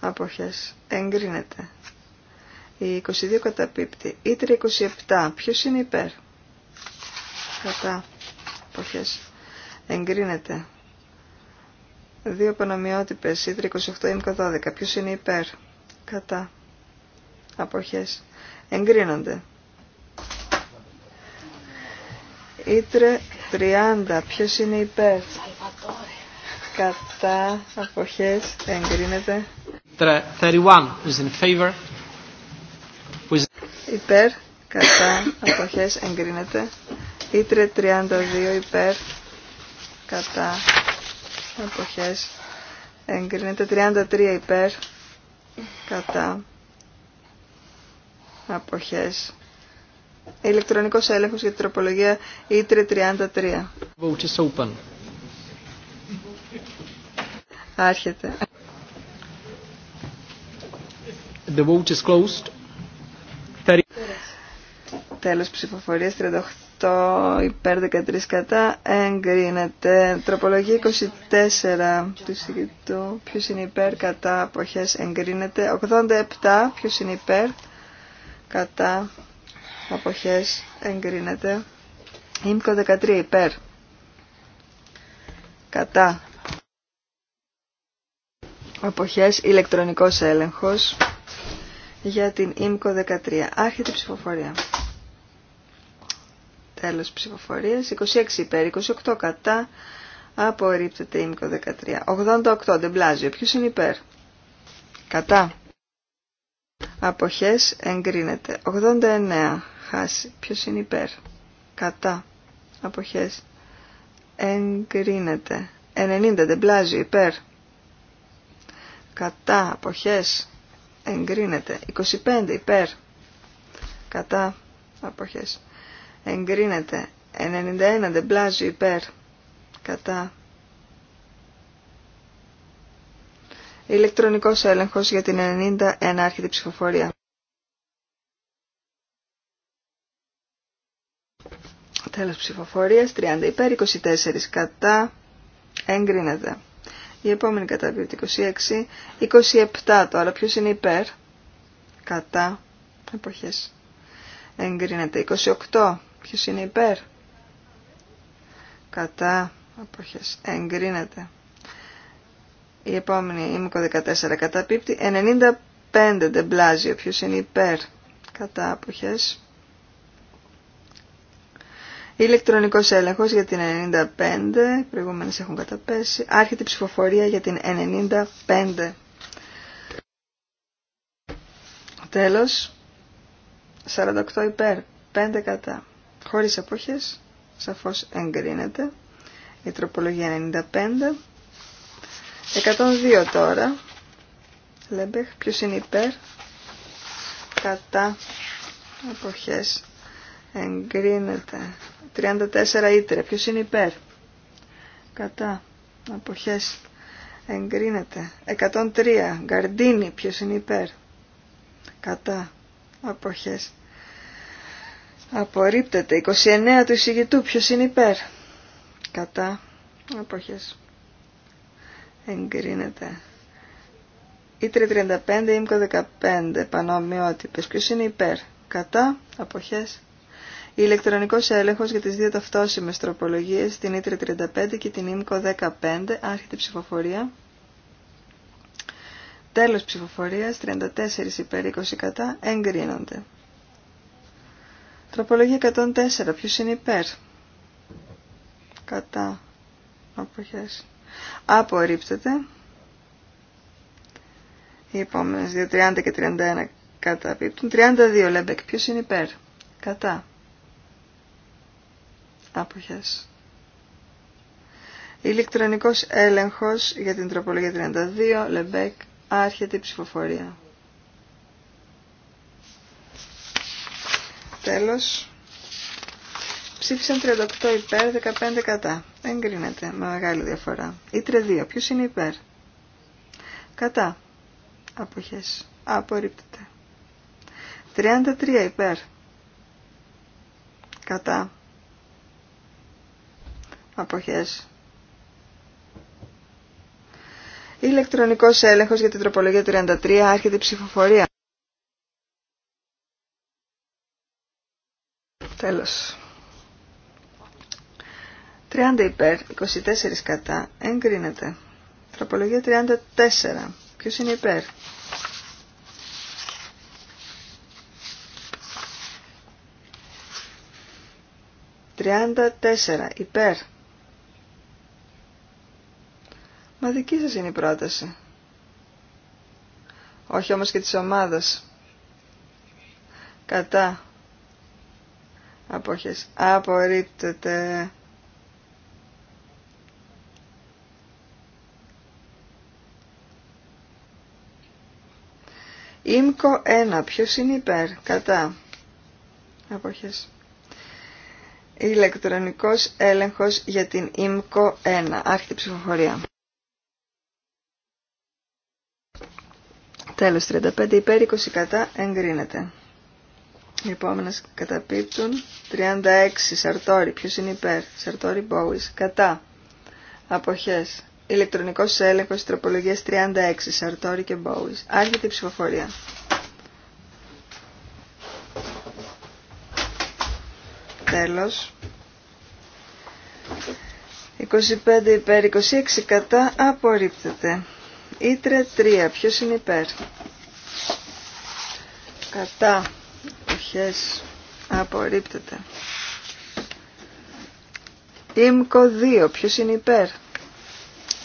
Αποχές. Εγκρίνεται. Οι 22 καταπίπτει. Η 27. Ποιος είναι υπέρ. Κατά. Αποχές. Εγκρίνεται. Δύο πανομοιότυπες, Η 28 ή 12. Ποιος είναι υπέρ. Κατά. Αποχές. Εγκρίνονται. Ήτρε 30. Ποιος είναι υπέρ. Κατά αποχές εγκρίνεται. 31 is in favor. Υπέρ. Κατά αποχές εγκρίνεται. Ήτρε 32 υπέρ. Κατά αποχές εγκρίνεται. 33 υπέρ. Κατά αποχές Ηλεκτρονικός έλεγχος για την τροπολογία Ήτρε 33. Άρχεται. The vote is closed. Τέλος ψηφοφορίας 38 υπέρ 13 κατά εγκρίνεται. Τροπολογία 24 του συγκεκριτού. Ποιος είναι υπέρ κατά αποχές εγκρίνεται. 87 ποιος είναι υπέρ κατά αποχές εγκρίνεται. μκο 13 υπέρ. Κατά. Αποχές ηλεκτρονικός έλεγχος για την ΙΜΚΟ 13. Άρχεται η ψηφοφορία. Τέλος ψηφοφορίας. 26 υπέρ, 28 κατά. Απορρίπτεται ΙΜΚΟ 13. 88 δεν πλάζει. Ποιος είναι υπέρ. Κατά. Αποχές εγκρίνεται. 89. Χάσει. Ποιος είναι υπέρ. Κατά. Αποχές εγκρίνεται. 90. Δεμπλάζιο. Υπέρ. Κατά. Αποχές εγκρίνεται. 25. Υπέρ. Κατά. Αποχές εγκρίνεται. 91. Δεμπλάζιο. Υπέρ. Κατά. Ηλεκτρονικός έλεγχος για την 91 άρχιτη ψηφοφορία. Τέλος ψηφοφορίας, 30 υπέρ, 24 κατά, εγκρίνεται. Η επόμενη καταβίωτη, 26, 27 τώρα, ποιος είναι υπέρ, κατά, εποχές, εγκρίνεται. 28, ποιος είναι υπέρ, κατά, εποχές, εγκρίνεται. Η επόμενη, η ΜΚΟ 14 καταπίπτει. 95 Ο Ποιος είναι υπέρ κατά αποχές. Ηλεκτρονικός έλεγχος για την 95. Οι προηγούμενες έχουν καταπέσει. Άρχεται η ψηφοφορία για την 95. Τέλος. 48 υπέρ. 5 κατά. Χωρίς αποχές. Σαφώς εγκρίνεται. Η τροπολογία 95. 102 τώρα. Λέμπεχ, ποιος είναι υπέρ. Κατά αποχές εγκρίνεται. 34 ήτρε, ποιος είναι υπέρ. Κατά αποχές εγκρίνεται. 103 γκαρντίνι, ποιος είναι υπέρ. Κατά αποχές απορρίπτεται. 29 του εισηγητού, ποιος είναι υπέρ. Κατά αποχές εγκρίνεται. Ήτρε 35, ΙΜΚΟ 15, πανομοιότυπες. Ποιος είναι υπέρ, κατά, αποχές. Ηλεκτρονικός έλεγχος για τις δύο ταυτόσιμες τροπολογίες, την Ήτρε 35 και την ΙΜΚΟ 15, άρχεται ψηφοφορία. Τέλος ψηφοφορίας, 34 υπέρ 20 κατά, εγκρίνονται. Τροπολογία 104, ποιος είναι υπέρ, κατά, αποχές. Απορρίπτεται. Οι επόμενε 2, 30 και 31 καταπίπτουν. 32 Λέμπεκ. Ποιος είναι υπέρ. Κατά. Άποχες. Ηλεκτρονικός έλεγχος για την τροπολογία 32 Λεμπεκ. Ποιο ειναι υπερ κατα Αποχέ. ηλεκτρονικος ελεγχος για την τροπολογια 32 λεμπεκ αρχεται η ψηφοφορία. Τέλος. Ψήφισαν 38 υπέρ, 15 κατά. Εγκρίνεται με μεγάλη διαφορά. Ή 2. Ποιος είναι υπέρ. Κατά. Αποχές. Απορρίπτεται. 33 υπέρ. Κατά. Αποχές. Ηλεκτρονικός έλεγχος για την τροπολογία 33. Άρχεται ψηφοφορία. Τέλος. 30 υπέρ, 24 κατά, εγκρίνεται. Τροπολογία 34. Ποιος είναι υπέρ. Τριάντα τέσσερα. Υπέρ. Μα δική σας είναι η πρόταση. Όχι όμως και της ομάδας. Κατά. Απόχες. Απορρίπτεται. Ήμκο 1. Ποιος είναι υπέρ. Κατά. Αποχές. Ηλεκτρονικός έλεγχος για την Ήμκο 1. Άρχεται ψηφοφορία. Τέλος 35 υπέρ 20 κατά εγκρίνεται. Οι επόμενες καταπίπτουν. 36 Σαρτόρι. Ποιος είναι υπέρ. Σαρτόρι Μπόουις. Κατά. Αποχές ηλεκτρονικό έλεγχο τροπολογία 36, Σαρτόρι και Μπόουις. Άρχεται η ψηφοφορία. Τέλος. 25 υπέρ, 26 κατά, απορρίπτεται. Ήτρε 3, ποιος είναι υπέρ. Κατά, οχές, απορρίπτεται. Ήμκο 2, ποιος είναι υπέρ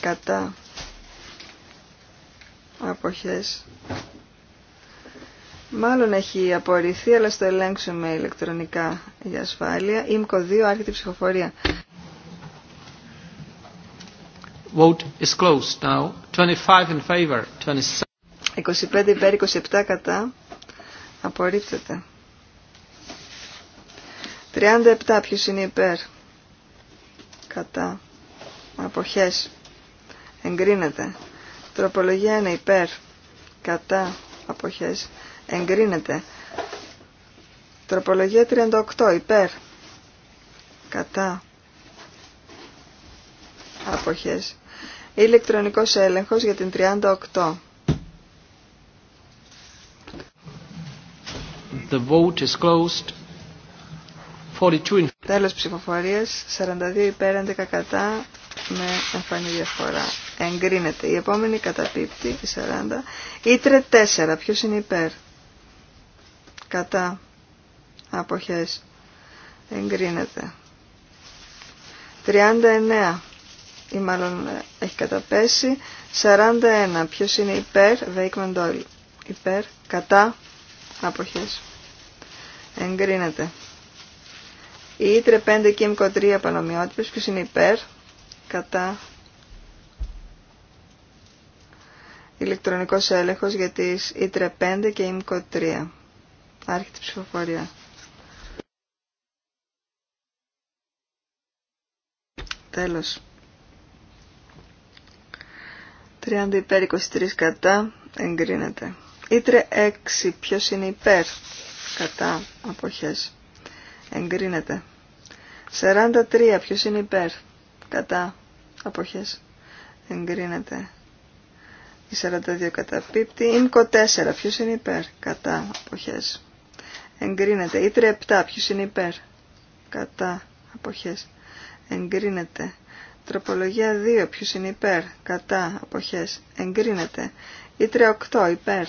κατά αποχές μάλλον έχει απορριφθεί αλλά στο ελέγξουμε ηλεκτρονικά για ασφάλεια ΙΜΚΟ 2 άρχεται η ψηφοφορία Vote is closed now. 25 in favor, 27. 25 υπέρ, 27 κατά. Απορρίπτεται. 37 ποιος είναι υπέρ. Κατά. Αποχές εγκρίνεται. Τροπολογία είναι υπέρ, κατά, αποχές, εγκρίνεται. Τροπολογία 38 υπέρ, κατά, αποχές. Ηλεκτρονικός έλεγχος για την 38. The vote is closed. 42 Τέλος ψηφοφορίας, 42 υπέρ, 11 κατά, με εμφανή διαφορά εγκρίνεται. Η επόμενη καταπίπτει, η 40. Ήτρε 4, ποιος είναι υπέρ. Κατά. Αποχές. Εγκρίνεται. 39. Ή μάλλον ε, έχει καταπέσει. 41. Ποιος είναι υπέρ. Βέικμεν Ντόιλ. Υπέρ. Κατά. Αποχές. Εγκρίνεται. Η Ήτρε 5 και η 3 πανομοιότυπες. Ποιος είναι υπέρ. Κατά. ηλεκτρονικός έλεγχος για τις ΙΤΡΕ 5 και ΙΜΚΟ 3. Άρχεται ψηφοφορία. Τέλος. 30 υπέρ 23 κατά εγκρίνεται. Ήτρε 6. Ποιος είναι υπέρ κατά αποχές. Εγκρίνεται. 43. Ποιος είναι υπέρ κατά αποχές. Εγκρίνεται. Η 42 καταπίπτει. Ήμκο 4. Ποιο είναι υπέρ. Κατά. απόχέ. Εγκρίνεται. Η 37. Ποιο είναι υπέρ. Κατά. απόχέ. Εγκρίνεται. Τροπολογία 2. Ποιο είναι υπέρ. Κατά. αποχέ. Εγκρίνεται. Η 38. Υπέρ.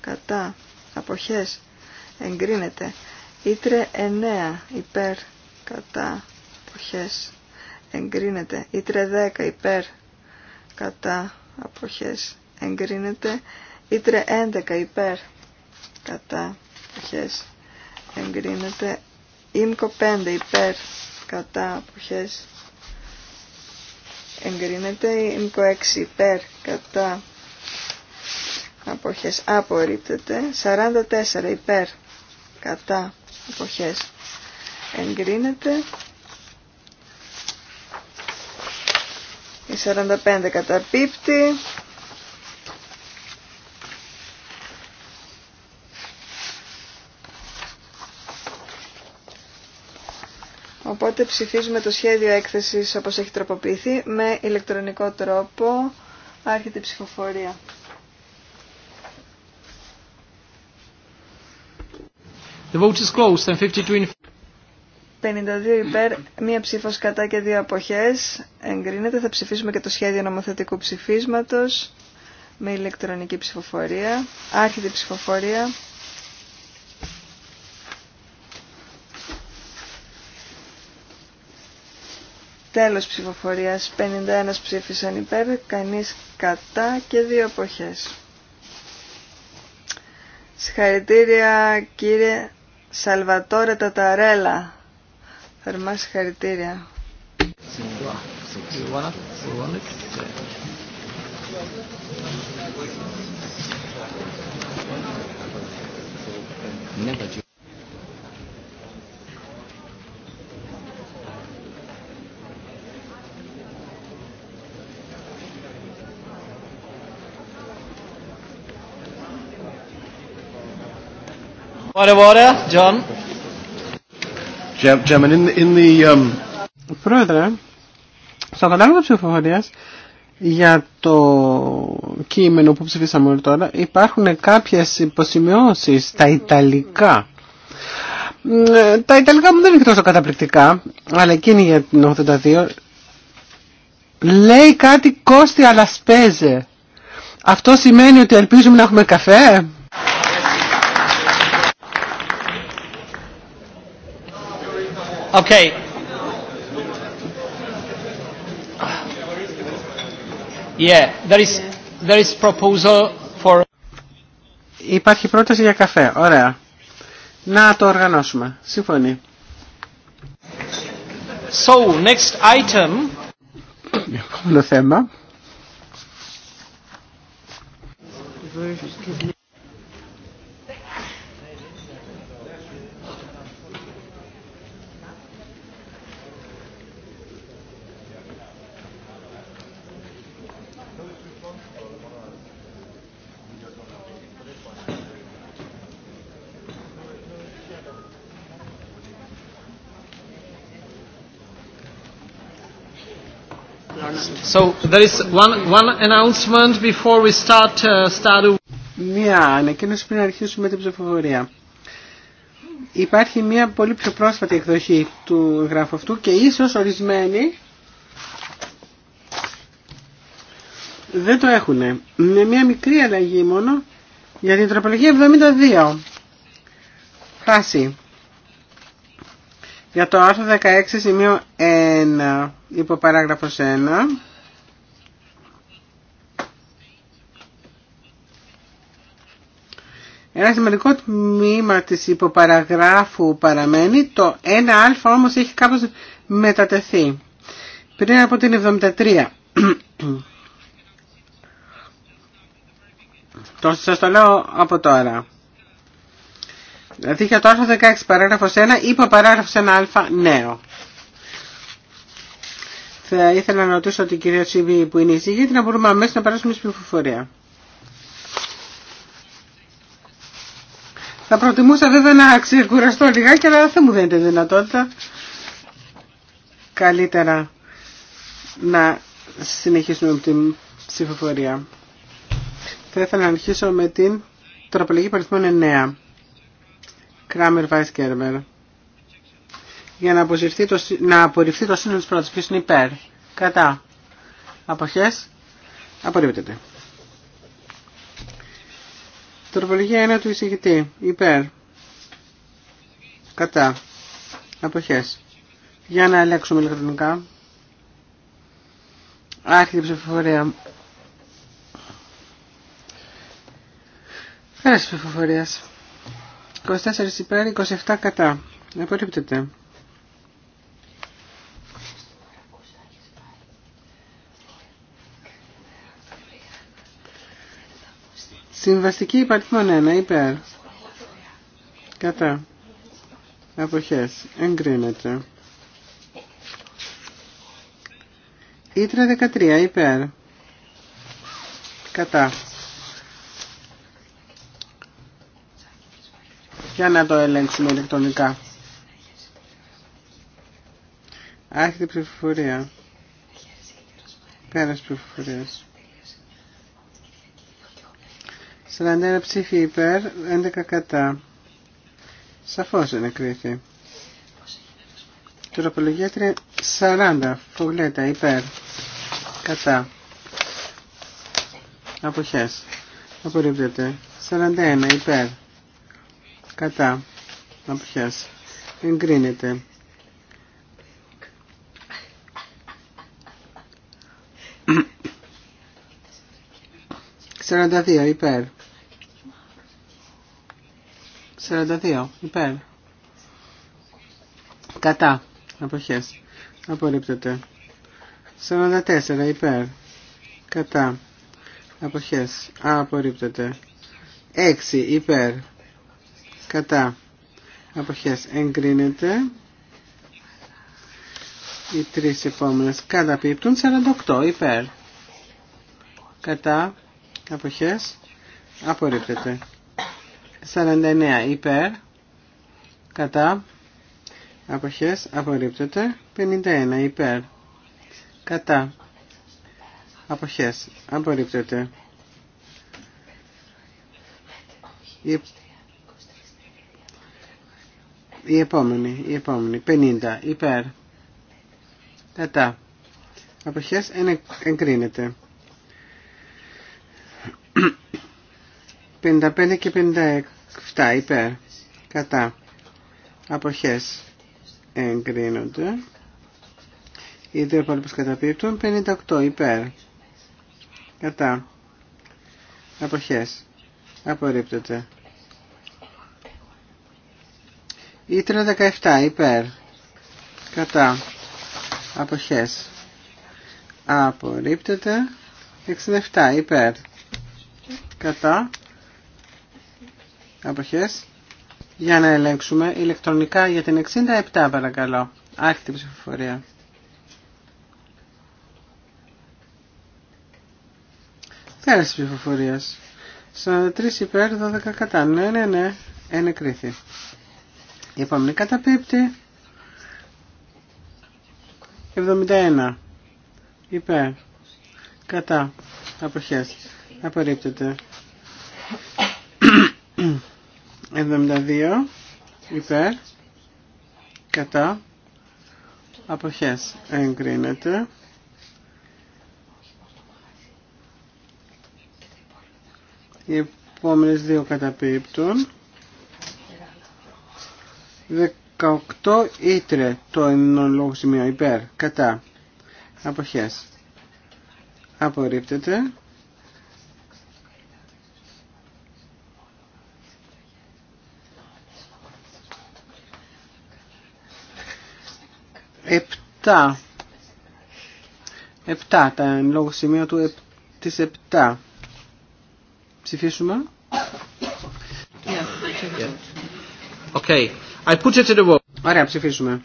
Κατά. Αποχέ. Εγκρίνεται. Η 9. Υπέρ. Κατά. Αποχέ. Εγκρίνεται. Η 10. Υπέρ. Κατά αποχές εγκρίνεται. Ήτρε 11 υπέρ κατά αποχές εγκρίνεται. Ήμκο 5 υπέρ κατά αποχές εγκρίνεται. Ήμκο 6 υπέρ κατά αποχές απορρίπτεται. 44 υπέρ κατά αποχές εγκρίνεται. Η 45 καταπίπτει. Οπότε ψηφίζουμε το σχέδιο έκθεσης όπως έχει τροποποιηθεί με ηλεκτρονικό τρόπο. Άρχεται η ψηφοφορία. The vote is closed 52 52 υπέρ, μία ψήφος κατά και δύο αποχές. Εγκρίνεται. Θα ψηφίσουμε και το σχέδιο νομοθετικού ψηφίσματος με ηλεκτρονική ψηφοφορία. Άρχιδη ψηφοφορία. Τέλος ψηφοφορίας. 51 ψήφισαν υπέρ, κανείς κατά και δύο αποχές. Συγχαρητήρια κύριε Σαλβατόρε Ταταρέλα. Θερμά συγχαρητήρια. Var det var John? in the, in the, um, Πρόεδρε, στο κατάλογο ψηφοφορία για το κείμενο που ψηφίσαμε όλοι τώρα υπάρχουν κάποιε υποσημειώσεις στα Ιταλικά. Τα Ιταλικά μου δεν είναι τόσο καταπληκτικά, αλλά εκείνη για την 82 λέει κάτι κόστη αλλά σπέζε. Αυτό σημαίνει ότι ελπίζουμε να έχουμε καφέ. Okay. Yeah, there is, there is proposal for... Υπάρχει πρόταση για καφέ. Ωραία. Να το οργανώσουμε. Συμφωνεί. So, next item. Επόμενο θέμα. So there is one, one announcement before we start, uh, start... Μια ανακοίνωση πριν αρχίσουμε την ψηφοφορία. Υπάρχει μια πολύ πιο πρόσφατη εκδοχή του γράφου αυτού και ίσως ορισμένοι δεν το έχουν. Με μια μικρή αλλαγή μόνο για την τροπολογία 72. Φάση. Για το άρθρο 16 σημείο 1 υποπαράγραφος 1 Ένα σημαντικό τμήμα της υποπαραγράφου παραμένει, το 1α όμως έχει κάπως μετατεθεί. Πριν από την 73. [clears throat] το σας το λέω από τώρα. Δηλαδή για το άρθρο 16 παράγραφος 1, υποπαράγραφος 1α νέο. Θα ήθελα να ρωτήσω την κυρία Τσίβη που είναι η εισηγήτρια να μπορούμε αμέσως να περάσουμε στην ψηφοφορία. Θα προτιμούσα βέβαια να ξεκουραστώ λιγάκι, αλλά δεν μου δίνεται δυνατότητα. Καλύτερα να συνεχίσουμε με την ψηφοφορία. Θα ήθελα να αρχίσω με την τροπολογική παριθμών 9. Κράμερ Βάις Κέρμερ. Για να, απορριφθεί το, σύνολο της πρώτης. Ποιος είναι υπέρ. Κατά. Αποχές. Απορρίπτεται. Τροπολογία 1 του εισηγητή. Υπέρ. Κατά. Αποχές. Για να ελέγξουμε ηλεκτρονικά. Άρχιτε ψηφοφορία. Πέρασε ψηφοφορία. 24 υπέρ, 27 κατά. Απορρίπτεται. Συμβαστική υπαριθμόν 1 υπέρ. Κατά. Αποχές. Εγκρίνεται. Ήτρα 13 υπέρ. Κατά. Για να το ελέγξουμε ηλεκτρονικά. Άρχεται η ψηφοφορία. Πέρας ψηφοφορίας. 41 ψήφοι υπέρ, 11 κατά. Σαφώ δεν εκρήθη. Τροπολογία 40 φοβλέτα υπέρ, κατά. Αποχέ. Απορρίπτεται. 41 υπέρ, κατά. Αποχές. Εγκρίνεται. Σαράντα δύο υπέρ. 42 υπέρ. Κατά. Αποχές. Απορρίπτεται. 44 υπέρ. Κατά. Αποχές. Απορρίπτεται. 6 υπέρ. Κατά. Αποχές. Εγκρίνεται. Οι τρεις επόμενες καταπίπτουν. 48 υπέρ. Κατά. Αποχές. Απορρίπτεται. 49 υπέρ κατά αποχές απορρίπτεται 51 υπέρ κατά αποχές απορρίπτεται η... η επόμενη, η επόμενη, 50, υπέρ, κατά, αποχές εγκρίνεται. 55 και 57 υπέρ. Κατά. Αποχές εγκρίνονται. Οι δύο υπόλοιπες καταπίπτουν. 58 υπέρ. Κατά. Αποχές. Απορρίπτεται. Ήτρα 17 υπέρ. Κατά. Αποχές. Απορρίπτεται. 67 υπέρ. Κατά αποχές. Για να ελέγξουμε ηλεκτρονικά για την 67 παρακαλώ. Άρχιτε ψηφοφορία. Τέλος της ψηφοφορίας. 43 υπέρ 12 κατά. Ναι, ναι, ναι. Ενεκρίθη. Η επόμενη καταπίπτει. 71. Υπέρ. Κατά. Αποχές. Απορρίπτεται. 72 υπέρ κατά αποχές εγκρίνεται Οι επόμενες δύο καταπίπτουν. 18 ήτρε το ενολόγο σημείο υπέρ, κατά, αποχές. Απορρίπτεται. 7. τα εν λόγω σημεία του της 7. Ψηφίσουμε. Yeah. Okay. I put it to the Ωραία, ψηφίσουμε.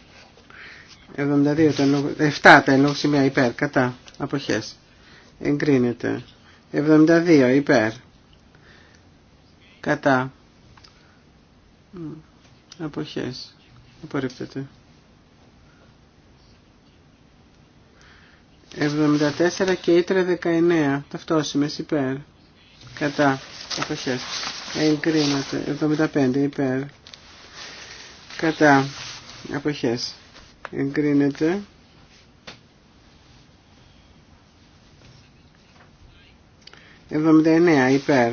72, το λόγω. 7 τα εν λόγω σημεία υπέρ, κατά, αποχές. Εγκρίνεται. 72 υπέρ. Κατά. Αποχές. Απορρίπτεται. 74 και ήτρε 19 ταυτόσημες υπέρ κατά Αποχέ. εγκρίνεται 75 υπέρ κατά Αποχέ. εγκρίνεται 79 υπέρ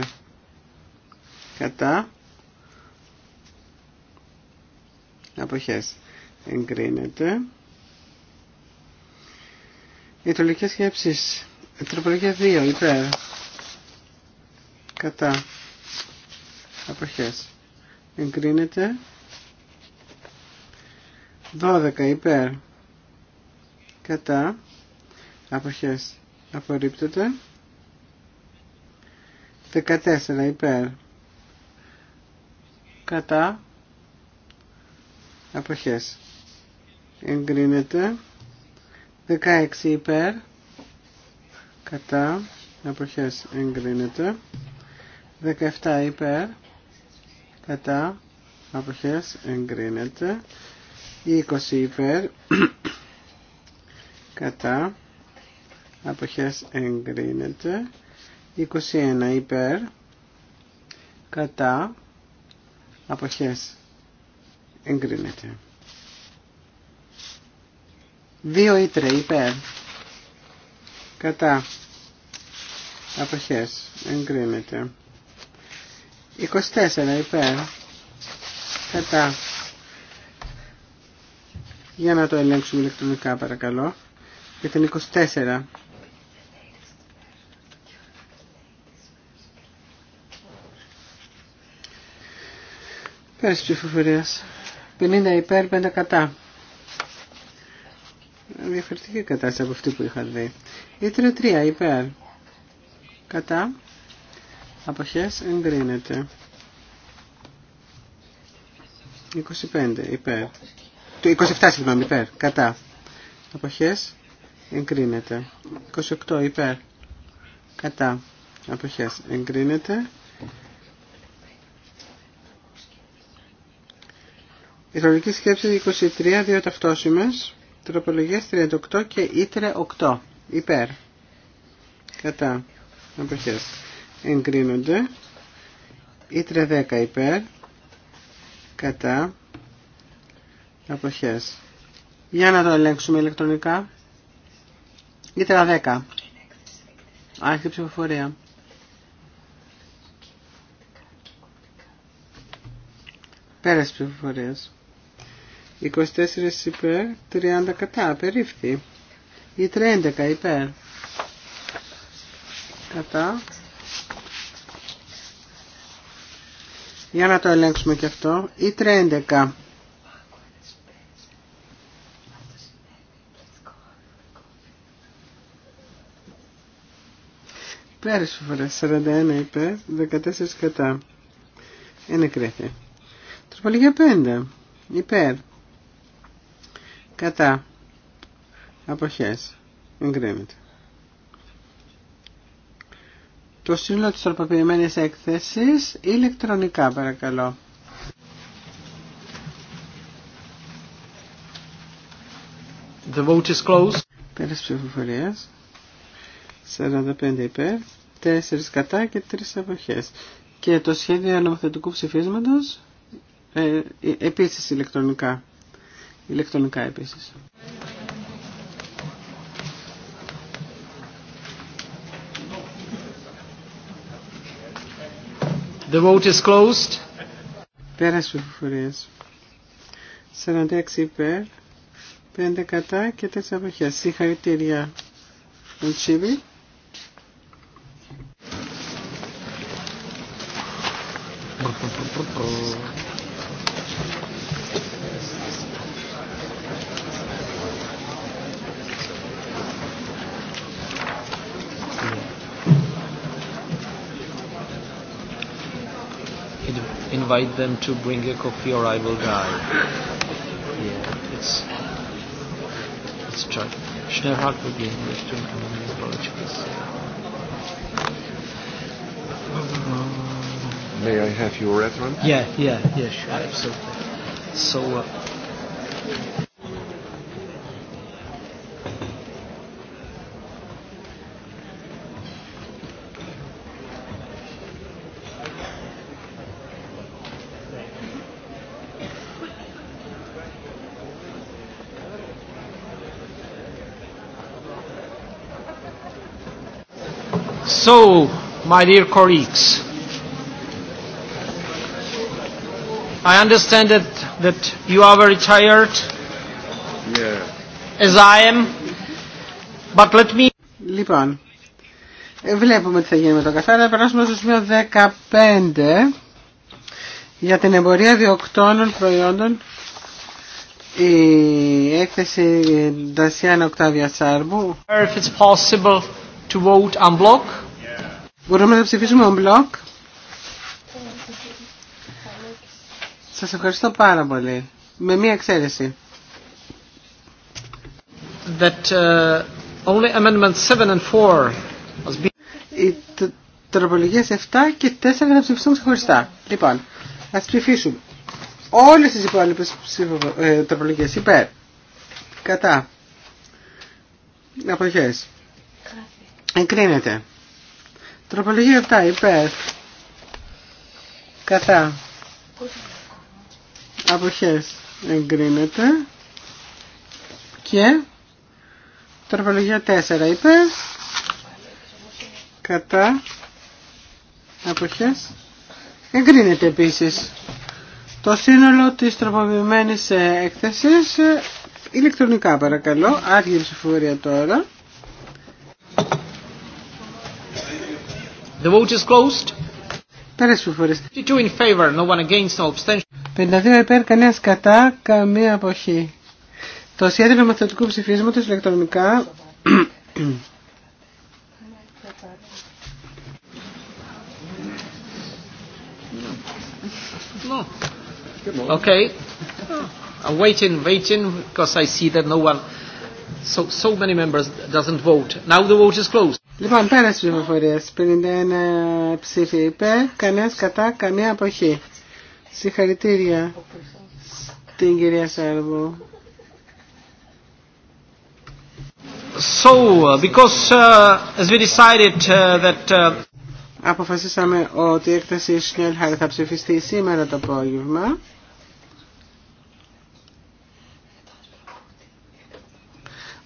κατά αποχές εγκρίνεται Ιτολικέ σκέψει. Τροπολογία 2. Υπέρ. Κατά. Αποχέ. Εγκρίνεται. 12. Υπέρ. Κατά. Αποχέ. Απορρίπτεται. 14. Υπέρ. Κατά. Αποχέ. Εγκρίνεται. 16 υπέρ κατά αποχές εγκρίνεται 17 υπέρ κατά αποχέ εγκρίνεται 20 υπέρ κατά αποχές εγκρίνεται 21 [clears throat] υπέρ κατά αποχές εγκρίνεται Δύο τρία υπέρ. Κατά. Αποχές. Εγκρίνεται. 24 υπέρ. Κατά. Για να το ελέγξουμε ηλεκτρονικά παρακαλώ. Για την 24. Πέρασε ψηφοφορίας. 50 υπέρ, 5 κατά διαφορετική κατάσταση από αυτή που είχα δει. Ήτρε 3 υπέρ. Κατά. Αποχές εγκρίνεται. 25 υπέρ. 27 συγγνώμη υπέρ. Κατά. Αποχές εγκρίνεται. 28 υπέρ. Κατά. Αποχές εγκρίνεται. Η χρονική σκέψη 23, δύο ταυτόσημες τροπολογίες 38 και ήτρε 8 υπέρ κατά αποχές εγκρίνονται ήτρε 10 υπέρ κατά αποχές για να το ελέγξουμε ηλεκτρονικά ήτρε 10 Άρχιψη ψηφοφορία πέρας ψηφοφορίας 24 υπέρ, 30 κατά, περίφθη. Ή 30 υπέρ. Κατά. Για να το ελέγξουμε και αυτό. Ή 30. Πέρυσι φορά 41 υπέρ, 14 κατά. κρίθη. Τροπολογία 5. Υπέρ. Κατά. Αποχές. Εγκρίνεται. Το σύνολο της τροποποιημένης έκθεσης ηλεκτρονικά παρακαλώ. The vote is closed. Πέρας ψηφοφορίας. 45 υπέρ, 4 κατά και 3 αποχές. Και το σχέδιο νομοθετικού ψηφίσματος ε, ε επίσης ηλεκτρονικά ηλεκτρονικά επίσης. The vote is closed. οι 46 υπέρ, 5 κατά και 4 αποχές. Συγχαρητήρια. Μουτσίβη. invite them to bring a coffee or I will die. Yeah, it's it's true. Schnellhardt would be to May I have your reference? Yeah, yeah, yeah, sure, absolutely. So. Uh, So, my dear colleagues, I understand that, that you are very tired, yeah. as I am, but let me... Λοιπόν, ε, βλέπουμε τι θα γίνει με το καφέ, αλλά περάσουμε στο σημείο 15 για την εμπορία διοκτώνων προϊόντων η έκθεση Ντασιάν Οκτάβια Σάρμπου. If it's possible to vote on block. Μπορούμε να ψηφίσουμε ο μπλοκ. Σας ευχαριστώ πάρα πολύ. Με μία εξαίρεση. That, uh, only and Οι τροπολογίες 7 και 4 θα ψηφιστούν ξεχωριστά. Λοιπόν, ας ψηφίσουμε όλες τις υπόλοιπες ε, τροπολογίες υπέρ. Κατά. Αποχές. Εγκρίνεται. Τροπολογία 7 υπέρ. Κατά. Αποχές εγκρίνεται. Και τροπολογία 4 υπέρ. Κατά. Αποχές εγκρίνεται επίσης. Το σύνολο της τροποποιημένης ε, έκθεσης ε, ηλεκτρονικά παρακαλώ. Άρχιε ψηφοφορία τώρα. The vote is closed. Πέρασε ψηφοφορίες. in favor, no one against, no abstention. 52 υπέρ, κανένας κατά, καμία αποχή. Το σχέδιο νομοθετικού ψηφίσματος ηλεκτρονικά No. Okay. I'm waiting, waiting, because I see that no one, so so many members doesn't vote. Now the vote is closed. Λοιπόν, πέρα στις ψηφοφορίες. 51 ψήφοι είπε. κανένας κατά, καμία αποχή. Συγχαρητήρια στην κυρία Σέρβου. So, uh, because uh, as we decided uh, that... Uh... Αποφασίσαμε ότι η έκταση Σνέλχαρ θα ψηφιστεί σήμερα το απόγευμα.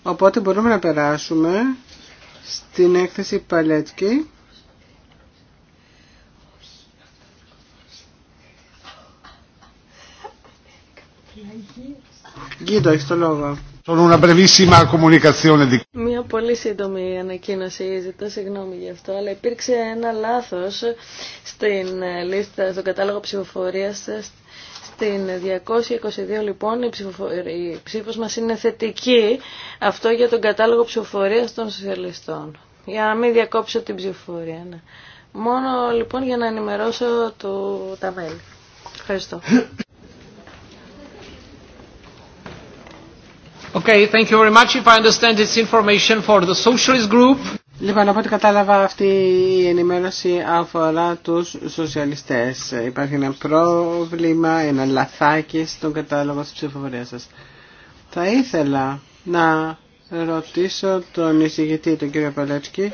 Οπότε μπορούμε να περάσουμε στην έκθεση Παλέτκη. Γκίτο, έχει το λόγο. Μια πολύ σύντομη ανακοίνωση, ζητώ συγγνώμη γι' αυτό, αλλά υπήρξε ένα λάθος στην ε, λίστα, στον κατάλογο ψηφοφορίας ε, στην 222 λοιπόν η, ψηφο... η ψήφος μας είναι θετική. Αυτό για τον κατάλογο ψηφοφορίας των σοσιαλιστών. Για να μην διακόψω την ψηφοφορία. Ναι. Μόνο λοιπόν για να ενημερώσω το... τα μέλη. Ευχαριστώ. Okay, thank you very much. If I understand it's information for the socialist group. Λοιπόν, από ό,τι κατάλαβα αυτή η ενημέρωση αφορά τους σοσιαλιστές. Υπάρχει ένα πρόβλημα, ένα λαθάκι στον κατάλογο της ψηφοφορίας σας. Θα ήθελα να ρωτήσω τον εισηγητή, τον κύριο Παλέτσκι.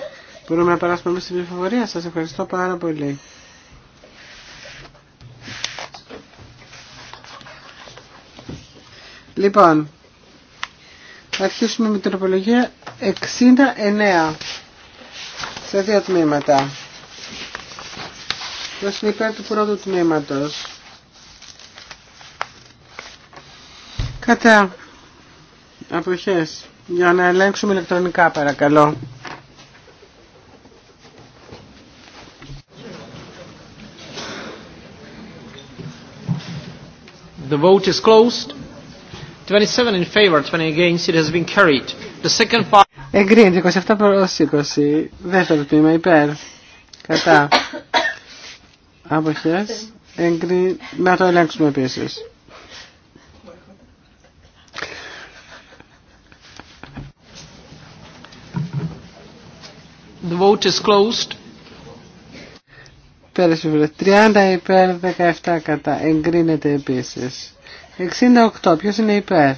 Μπορούμε να περάσουμε στην ψηφοφορία. Σας ευχαριστώ πάρα πολύ. Λοιπόν, θα αρχίσουμε με την τροπολογία 69 σε δύο τμήματα. Το σνίπερ του πρώτου τμήματος. Κατά αποχές. Για να ελέγξουμε ηλεκτρονικά παρακαλώ. The vote is closed. 27 in favor, 20 against. It has been carried. The second part. Εγκρίνεται 27 προς 20. Δεύτερο τμήμα υπέρ. Κατά. Αποχές. Εγκρίνεται. Να το ελέγξουμε επίση. The vote is closed. Πέρασε 30 υπέρ, 17 κατά. Εγκρίνεται επίση. 68. Ποιο είναι υπέρ.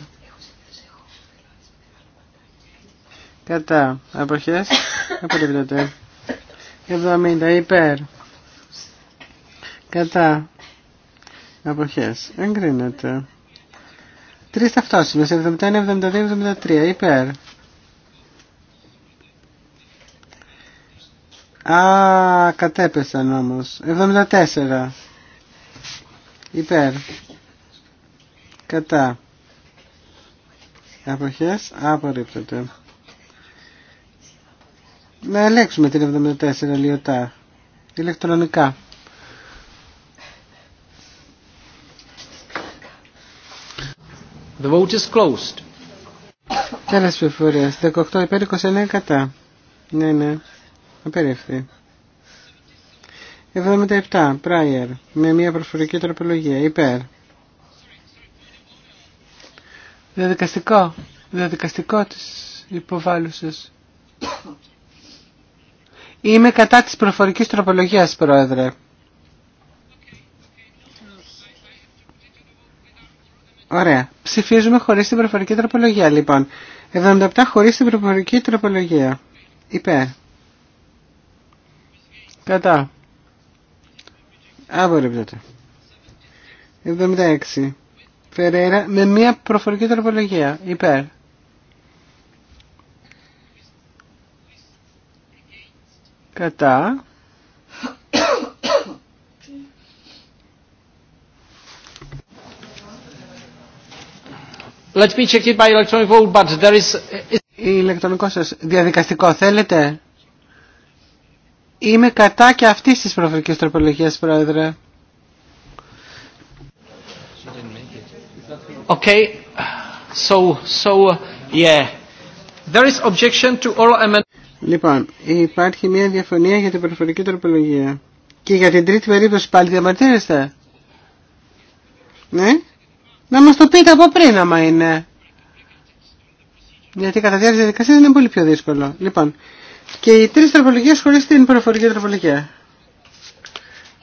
Κατά. Αποχές. Απορρίπτεται. 70 υπέρ. Κατά. Αποχές. Εγκρίνεται. Τρει ταυτόσημε. 71, 72, 73. Υπέρ. Α, κατέπεσαν όμως. 74. Υπέρ. Κατά. Αποχές. Απορρίπτεται να ελέγξουμε την 74 λιωτά ηλεκτρονικά. The vote is closed. Τέλος 18 υπέρ 29 κατά. Ναι, ναι. Απερίφθη. 77. Πράιερ. Με μια προφορική τροπολογία. Υπέρ. Διαδικαστικό. Διαδικαστικό της υποβάλλουσας. Είμαι κατά της προφορικής τροπολογίας, Πρόεδρε. Ωραία. Ψηφίζουμε χωρίς την προφορική τροπολογία, λοιπόν. 77 χωρίς την προφορική τροπολογία. Υπέρ. Κατά. Απορρίπτεται. 76. Φερέρα με μία προφορική τροπολογία. Υπέρ. Κατά. me check it by electronic vote, but there is... Ηλεκτρονικό σας διαδικαστικό θέλετε. Είμαι κατά και αυτής της προφορικής τροπολογίας, Πρόεδρε. Okay, so, so, yeah. There is objection to oral amendment. Λοιπόν, υπάρχει μια διαφωνία για την προφορική τροπολογία. Και για την τρίτη περίπτωση πάλι διαμαρτύρεστε. Ναι. Να μας το πείτε από πριν άμα είναι. Γιατί κατά διάρκεια διαδικασία είναι πολύ πιο δύσκολο. Λοιπόν, και οι τρεις τροπολογίες χωρίς την προφορική τροπολογία.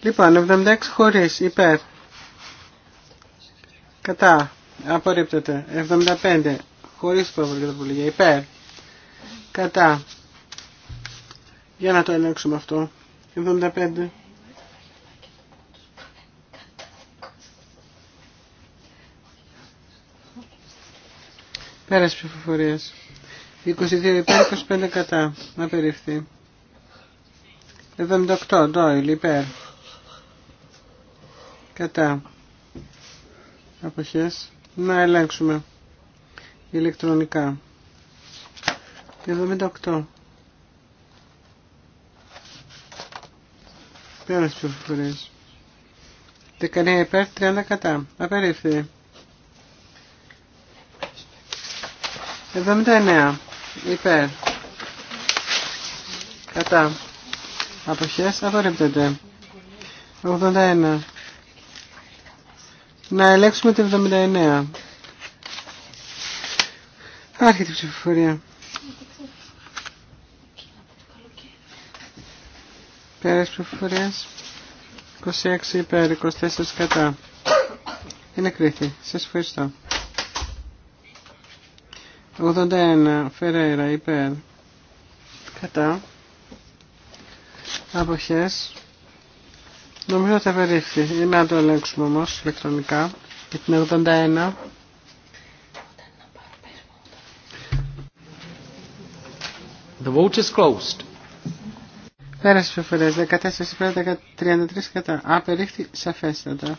Λοιπόν, 76 χωρίς, υπέρ. Κατά, απορρίπτεται. 75 χωρίς προφορική τροπολογία, υπέρ. Κατά, για να το ελέγξουμε αυτό. 75. Πέρας ψηφοφορίας. 22 υπέρ, 25 κατά. Να περίφθει. 78, Ντόιλ, υπέρ. Κατά. Αποχές. Να ελέγξουμε. Ηλεκτρονικά. 78. Πέρας ψηφοφορίας. 19 υπέρ, 30 κατά. Απερίφθη. 79 υπέρ. Κατά. Αποχέ απορρίπτεται. 81. Να ελέγξουμε την 79. Άρχεται η ψηφοφορία. Πέρας πληροφορίας 26 υπέρ, 24 κατά. Είναι κρίθη. Σας ευχαριστώ. 81 Φεραίρα υπέρ. Κατά. Αποχέ. Νομίζω ότι απερίφθη. είναι να το ελέγξουμε όμω ηλεκτρονικά. Για την 81. The vote is closed. Πέρασε στις 14 υπέρ, 33 κατά. Απερίφθη σαφέστατα.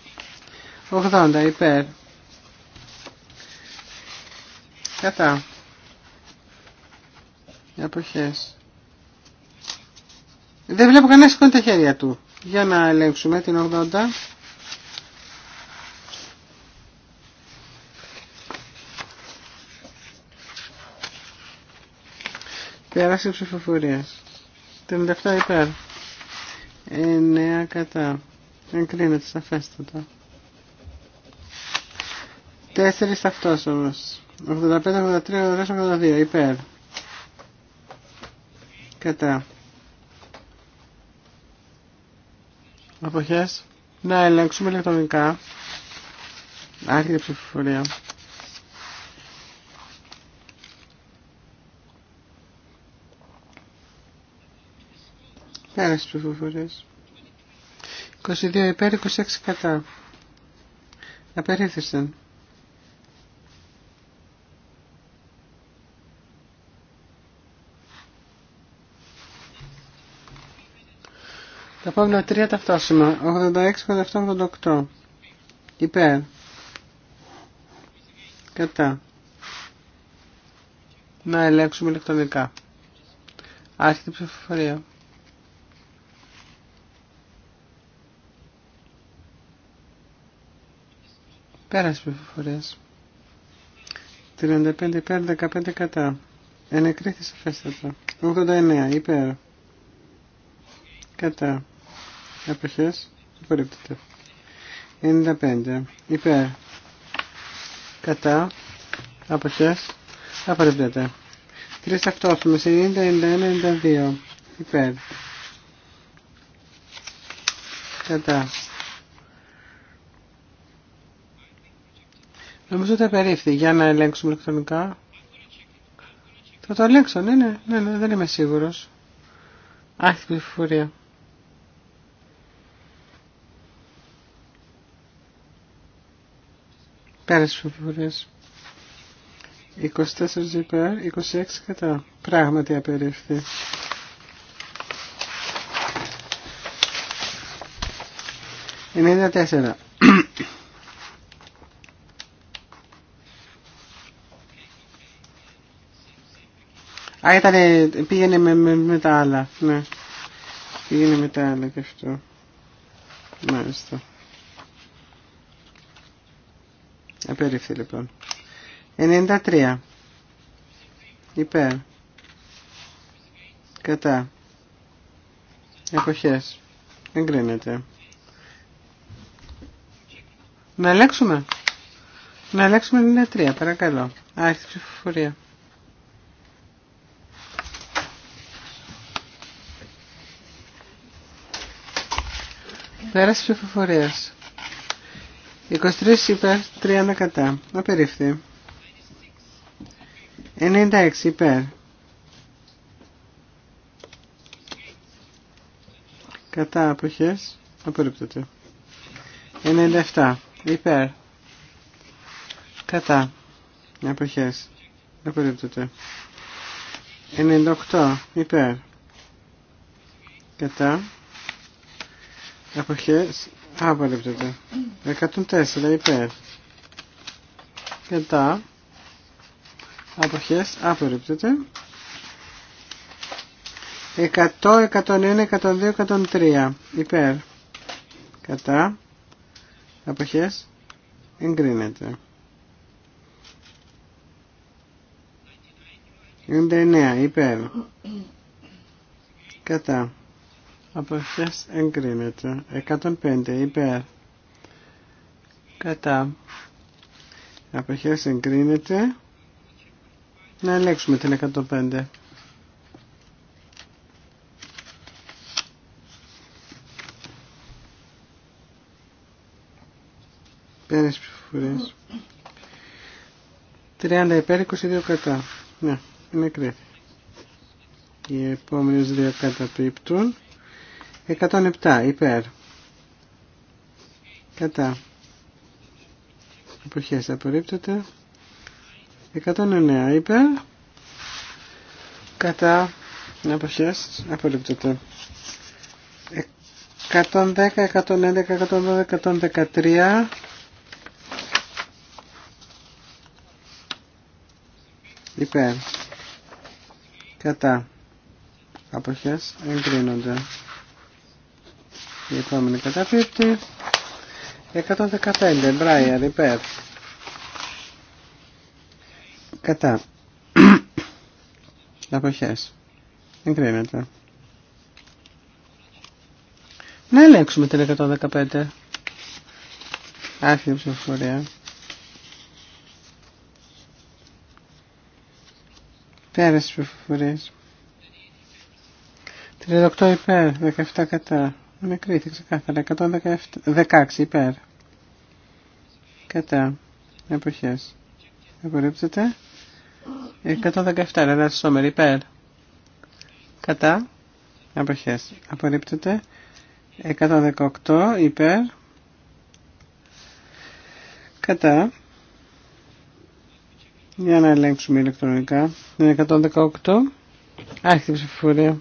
80 υπέρ. Κατά. Αποχές. Δεν βλέπω κανένα σηκώνει τα χέρια του. Για να ελέγξουμε την 80. Πέρασε ψηφοφορίας. 57 υπέρ. 9 κατά. Εγκρίνεται σαφέστατα. 4 ταυτός όμω. 85, 83, 82 υπέρ. Κατά. Αποχές. Να ελέγξουμε ηλεκτρονικά. Άρχεται ψηφοφορία. ψηφοφορία. 22 υπέρ, 26 κατά. Απερίφθησαν. Τα επόμενα τρία ταυτόσημα. 86, 87, 88. Υπέρ. Κατά. Να ελέγξουμε ηλεκτρονικά. Άρχεται η ψηφοφορία. Πέρας φορέ 35 υπέρ, 15 κατά. Ενεκρίθη σαφέστατα. 89 υπέρ. Κατά. Αποχές. Απορρίπτεται. 95 υπέρ. Κατά. Αποχέ. Απορρίπτεται. 3 αυτόφημες. 90, 91, 92. Υπέρ. Κατά. Νομίζω ότι απερίφθη. Για να ελέγξουμε ηλεκτρονικά. Θα το ελέγξω, ναι, ναι, ναι, ναι δεν είμαι σίγουρος. Άχι πληροφορία. Πέρασε πληροφορίες. 24 υπέρ, 26 κατά. Πράγματι απερίφθη. Είναι 94. Α, ήταν, πήγαινε με, με, με, τα άλλα, ναι. Πήγαινε με τα άλλα και αυτό. Μάλιστα. Απερίφθη λοιπόν. 93. Υπέρ. Κατά. Εποχές. Εγκρίνεται. Να ελέγξουμε. Να ελέγξουμε 93, παρακαλώ. Άρχισε η ψηφοφορία. Πέραση ψηφοφορία. 23 υπέρ, 30 κατά. Απερίφθη. 96 υπέρ. Κατά αποχές. Απορρίπτωται. 97 υπέρ. Κατά. Αποχές. Απορρίπτωται. 98 υπέρ. Κατά. Αποχές απορρίπτεται. 104 υπέρ. Κατά. Αποχές απορρίπτεται. 100, 101, 102, 103 υπέρ. Κατά. Αποχές εγκρίνεται. 99 υπέρ. Κατά αυτές εγκρίνεται. 105 υπέρ. Κατά. αυτές εγκρίνεται. Να ελέγξουμε την 105. Πέρες ψηφορές. 30 υπέρ, 22 κατά. Ναι, είναι κρύφη. Οι επόμενες δύο καταπίπτουν. 107 υπέρ. Κατά. Εποχές απορρίπτεται. 109 υπέρ. Κατά. Εποχές απορρίπτεται. 110, 111, 112, 113. Υπέρ. Κατά. Αποχές εγκρίνονται. Η επόμενη καταπίπτει. 115. Μπράιερ υπέρ. Κατά. Αποχές. Εγκρίνεται. Να ελέγξουμε την 115. Άρχιε ψηφοφορία. Πέρασε ψηφοφορίες. 38 υπέρ, 17 κατά. Ανακρίθηκε ξεκάθαρα. 116 υπέρ. Κατά. Εποχές. Απορρίπτεται. 117 Ρενά Σόμερ υπέρ. Κατά. εποχές. Απορρίπτεται. 118 υπέρ. Κατά. Για να ελέγξουμε ηλεκτρονικά. 118. Άρχιτε ψηφοφορία.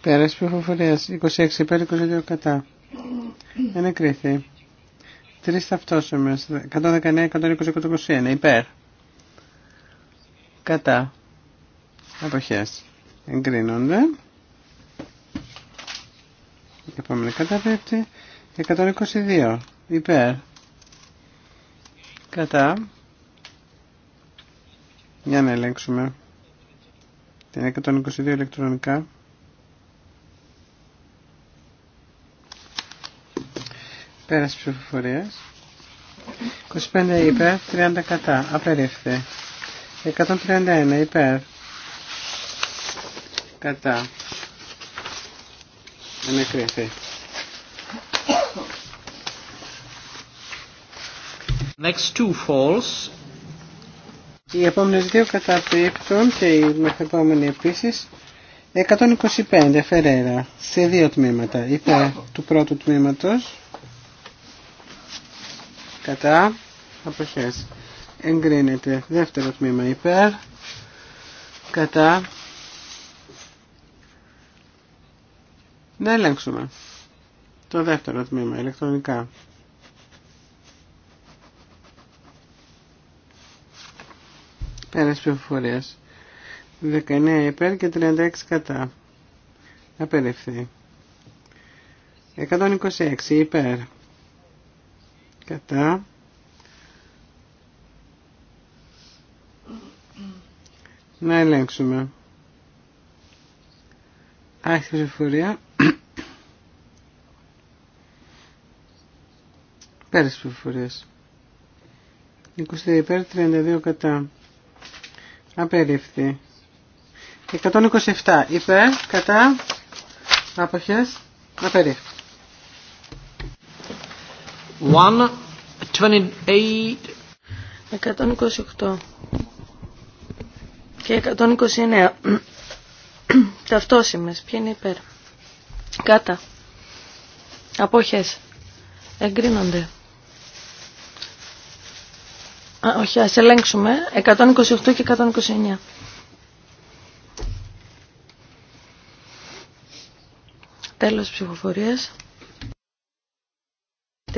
Πέρας πληροφορία 26 υπέρ 22 κατά. Ενεκρίθη. Τρεις ταυτόσημε. 119, 120, 121 υπέρ. Κατά. Αποχέ. Εγκρίνονται. πάμε επόμενη καταπέπτει. 122 υπέρ. Κατά. Για να ελέγξουμε. Την 122 ηλεκτρονικά. τη ψηφοφορία. 25 υπέρ, 30 κατά. Απερίφθη. 131 υπέρ. Κατά. Ανεκρίθη. Next two falls. Οι επόμενες δύο καταπίπτουν και οι μεθεπόμενοι επίσης. 125 Φερέρα σε δύο τμήματα. Υπέρ του πρώτου τμήματος κατά αποχές εγκρίνεται δεύτερο τμήμα υπέρ κατά να ελέγξουμε το δεύτερο τμήμα ηλεκτρονικά πέρας πληροφορίας 19 υπέρ και 36 κατά απεριφθεί 126 υπέρ κατά να ελέγξουμε άρχισε φορεία. πέρασε πληροφορίες 20 υπέρ 32 κατά απέριφθη 127 υπέρ κατά αποχές απερίφθη 128 και 129 [clears throat] ταυτόσημες Ποιοι είναι υπέρ κάτα απόχες εγκρίνονται Α, όχι ας ελέγξουμε 128 και 129 Τέλος ψηφοφορίας.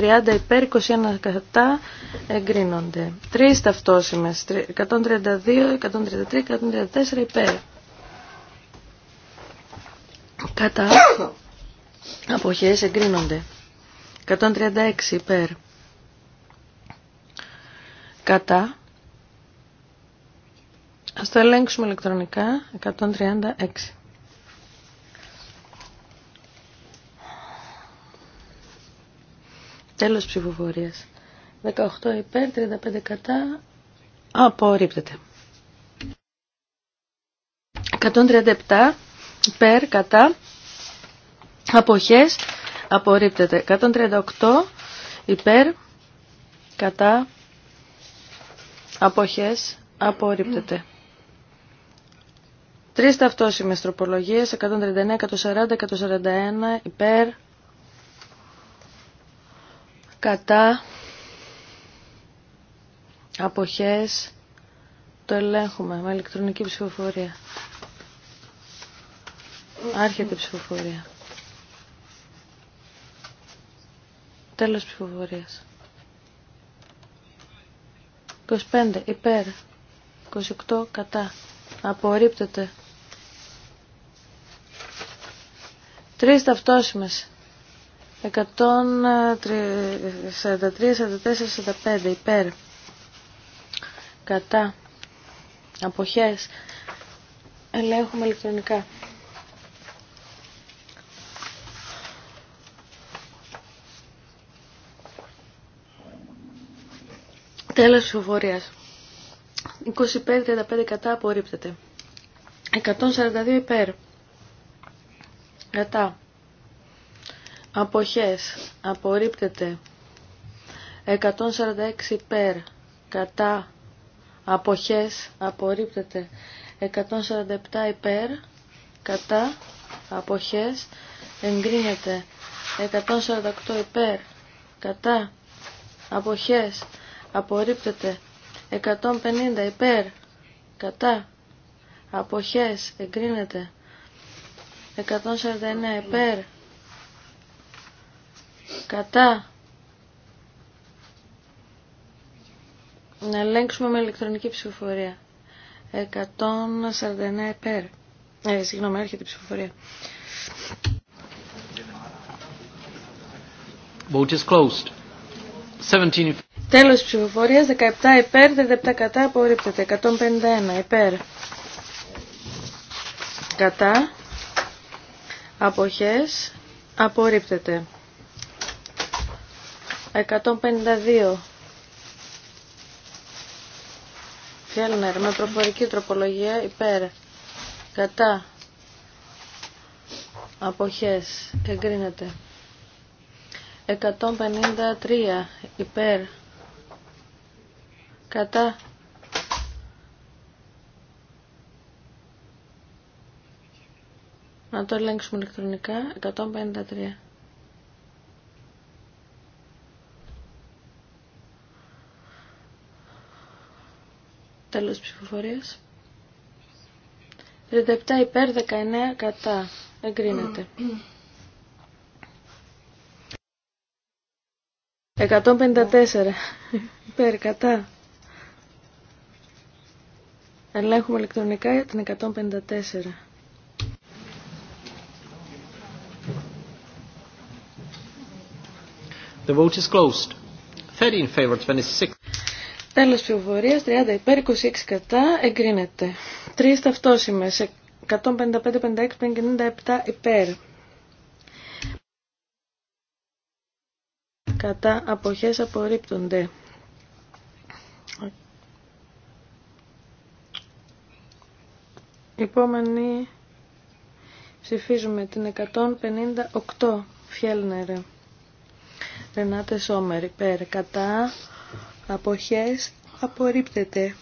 30 υπέρ, 21 κατά εγκρίνονται. Τρεις ταυτόσημες, 132, 133, 134 υπέρ. Κατά αποχές εγκρίνονται. 136 υπέρ. Κατά. Ας το ελέγξουμε ηλεκτρονικά. 136. Τέλος ψηφοφορίας. 18 υπέρ, 35 κατά. Απορρίπτεται. 137 υπέρ, κατά. Αποχές. Απορρίπτεται. 138 υπέρ, κατά. Αποχές. Απορρίπτεται. Τρεις ταυτόσιμες τροπολογίες, 139, 140, 141, υπέρ, κατά αποχές το ελέγχουμε με ηλεκτρονική ψηφοφορία. Άρχεται η ψηφοφορία. Τέλος ψηφοφορίας. 25 υπέρ, 28 κατά. Απορρίπτεται. Τρεις ταυτόσιμες. 143, 44, 45 υπέρ κατά αποχές ελέγχουμε ηλεκτρονικά. Τέλος ψηφοφορίας. 25-35 κατά απορρίπτεται. 142 υπέρ. Κατά. Αποχές. Απορρίπτεται. 146 υπέρ. Κατά. Αποχές. Απορρίπτεται. 147 υπέρ. Κατά. Αποχές. Εγκρίνεται. 148 υπέρ. Κατά. Αποχές. Απορρίπτεται. 150 υπέρ. Κατά. Αποχές. Εγκρίνεται. 149 υπέρ Κατά. Να ελέγξουμε με ηλεκτρονική ψηφοφορία. 149 υπέρ. Ε, συγγνώμη, έρχεται η ψηφοφορία. Vote is closed. 17... Τέλος ψηφοφορίας, 17 υπέρ, 37 κατά, απορρίπτεται. 151 υπέρ. Κατά. Αποχές. Απορρίπτεται. 152. Φέλνερ με προφορική τροπολογία υπέρ. Κατά. Αποχές. Εγκρίνεται. 153 υπέρ. Κατά. Να το ελέγξουμε ηλεκτρονικά. 153. Τέλος ψηφοφορίας. 37 υπέρ 19 κατά. Εγκρίνεται. 154 υπέρ κατά. Ελέγχουμε ηλεκτρονικά για την 154. The vote is closed. 30 in favor, Τέλος ψηφοφορίας, 30 υπέρ, 26 κατά, εγκρίνεται. Τρεις ταυτόσημες, 155, 56, 57 υπέρ. Κατά αποχές απορρίπτονται. Επόμενη ψηφίζουμε την 158 Φιέλνερ. Ρενάτε Σόμερ υπέρ. Κατά αποχές απορρίπτεται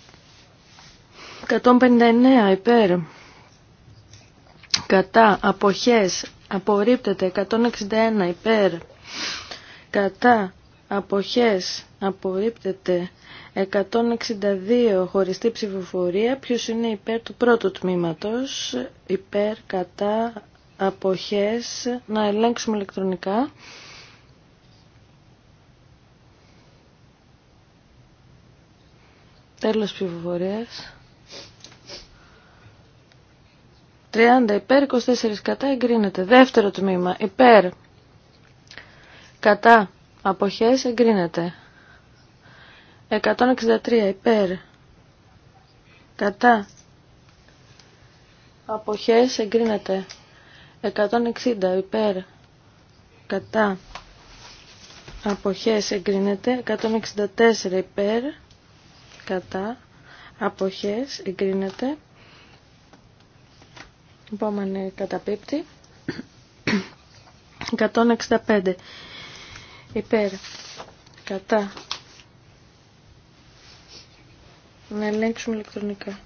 159 υπέρ κατά αποχές απορρίπτεται 161 υπέρ κατά αποχές απορρίπτεται 162 χωριστή ψηφοφορία ποιος είναι υπέρ του πρώτου τμήματος υπέρ κατά αποχές να ελέγξουμε ηλεκτρονικά Τέλος ψηφοφορίας. 30 υπέρ, 24 κατά εγκρίνεται. Δεύτερο τμήμα υπέρ, κατά, αποχές εγκρίνεται. 163 υπέρ, κατά, αποχές εγκρίνεται. 160 υπέρ, κατά, αποχές εγκρίνεται. 164 υπέρ, κατά αποχές εγκρίνεται επόμενη καταπίπτη 165 υπέρ κατά να ελέγξουμε ηλεκτρονικά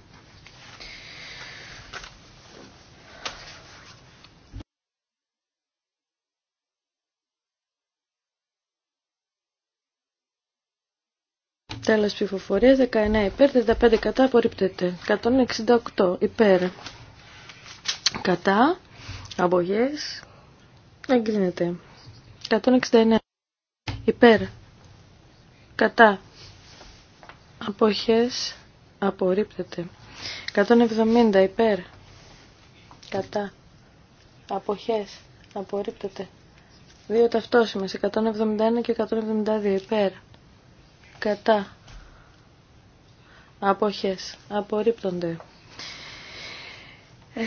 Τέλος ψηφοφορία 19 υπέρ, 35 κατά απορρίπτεται. 168 υπέρ. Κατά. Απογές. Εγκρίνεται. 169 υπέρ. Κατά. Αποχές. Απορρίπτεται. 170 υπέρ. Κατά. Αποχές. Απορρίπτεται. Δύο ταυτόσημες. 171 και 172 υπέρ κατά αποχές απορρίπτονται 173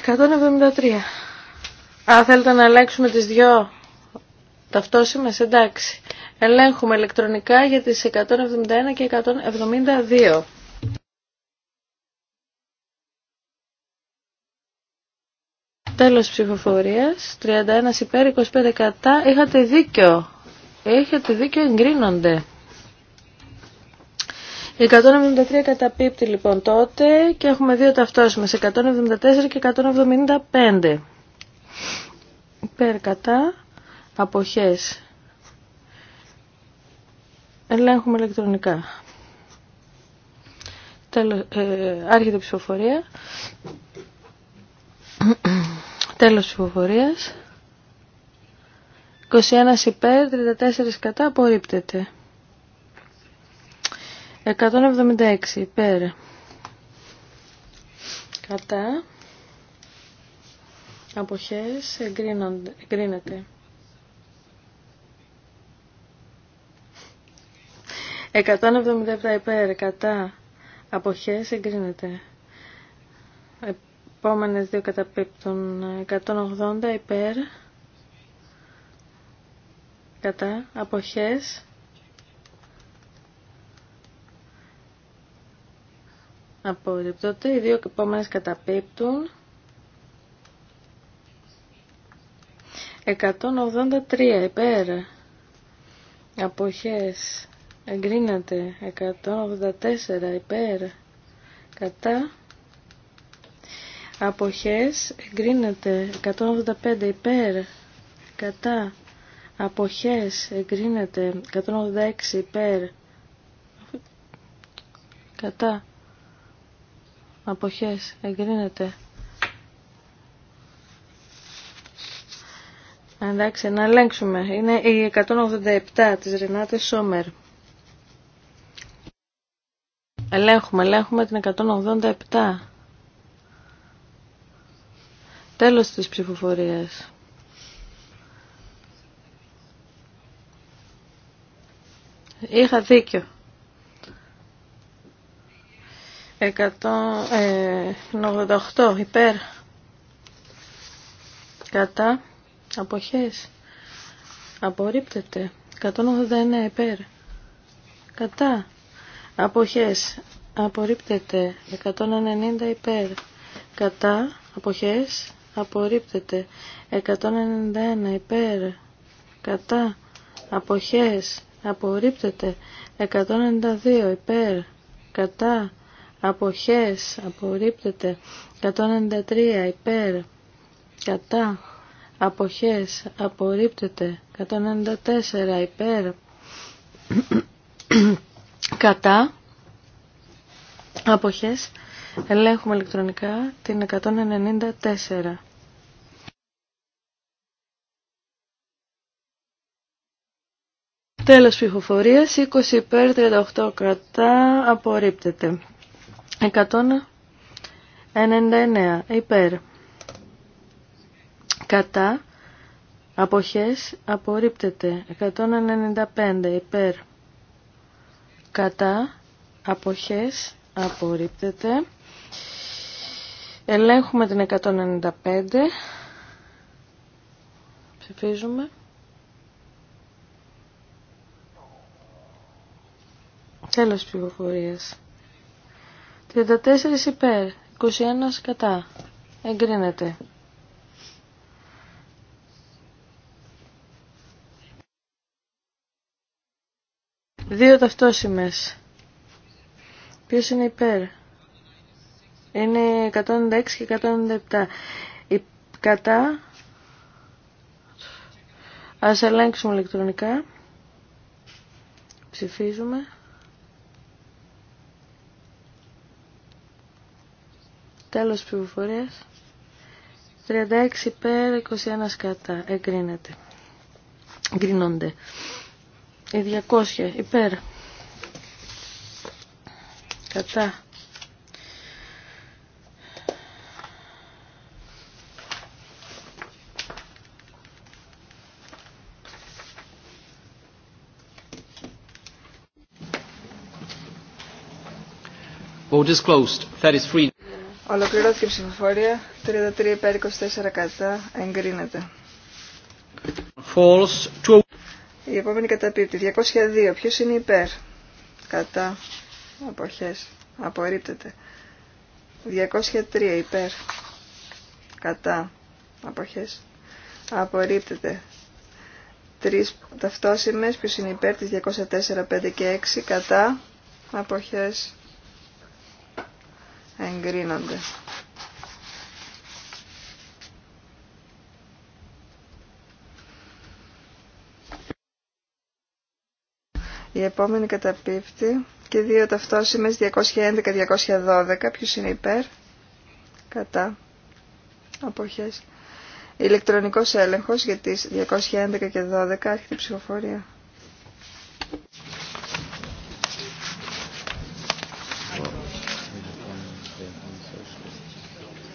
Α, θέλετε να αλλάξουμε τις δυο ταυτόσημες, εντάξει. Ελέγχουμε ηλεκτρονικά για τις 171 και 172. Τέλος ψηφοφορίας, 31 υπέρ, 25 κατά, είχατε δίκιο. Έχετε δίκιο, εγκρίνονται. 173 καταπίπτει λοιπόν τότε και έχουμε δύο ταυτόσιμες 174 και 175 υπέρ κατά αποχές ελέγχουμε ηλεκτρονικά Τέλος, ε, άρχεται η ψηφοφορία τέλος ψηφοφορίας 21 υπέρ 34 κατά απορρίπτεται 176 υπέρ. Κατά. Αποχές εγκρίνεται. 177 υπέρ. Κατά. Αποχές εγκρίνεται. Επόμενες δύο καταπίπτουν. 180 υπέρ. Κατά. Αποχές Απορριπτόται. Οι δύο επόμενε καταπίπτουν. 183 υπέρ. Αποχές. Εγκρίνεται. 184 υπέρ. Κατά. Αποχές. Εγκρίνεται. 185 υπέρ. Κατά. Αποχές. Εγκρίνεται. 186 υπέρ. Κατά αποχές εγκρίνεται. Εντάξει, να ελέγξουμε. Είναι η 187 της Ρενάτε Σόμερ. Ελέγχουμε, ελέγχουμε την 187. Τέλος της ψηφοφορίας. Είχα δίκιο. 188 ε, υπέρ κατά αποχές απορρίπτεται 189 υπέρ κατά αποχές απορρίπτεται 190 υπέρ κατά αποχές απορρίπτεται 191 υπέρ κατά αποχές απορρίπτεται 192 υπέρ κατά αποχές απορρίπτεται 193 υπέρ κατά αποχές απορρίπτεται 194 υπέρ κατά αποχές ελέγχουμε ηλεκτρονικά την 194 Τέλος ψηφοφορίας, 20 υπέρ, 38 κατά απορρίπτεται. 199 υπέρ κατά αποχές απορρίπτεται 195 υπέρ κατά αποχές απορρίπτεται ελέγχουμε την 195 ψηφίζουμε τέλος πληροφορίας. 34 υπέρ, 21 κατά. Εγκρίνεται. Δύο ταυτόσημες. Ποιος είναι υπέρ. Είναι 196 και 197. Η... Κατά. Ας ελέγξουμε ηλεκτρονικά. Ψηφίζουμε. Τέλος πληροφορίας, 36 υπέρ, 21 κατά. Εγκρίνεται. Εγκρίνονται. Οι ε, 200 υπέρ. Κατά. Vote is closed. That is free. Ολοκληρώθηκε η ψηφοφορία. 33 υπέρ 24 κατά. Εγκρίνεται. False. Η επόμενη καταπίπτει. 202. Ποιος είναι υπέρ. Κατά. Αποχές. Απορρίπτεται. 203 υπέρ. Κατά. Αποχές. Απορρίπτεται. Τρεις ταυτόσημες. Ποιος είναι υπέρ. Τις 204, 5 και 6. Κατά. Αποχές εγκρίνονται. Η επόμενη καταπίπτει και δύο ταυτόσημες 211-212. Ποιος είναι υπέρ. Κατά. Αποχές. Ηλεκτρονικός έλεγχος για τις 211 και 12. Άρχεται η ψηφοφορία.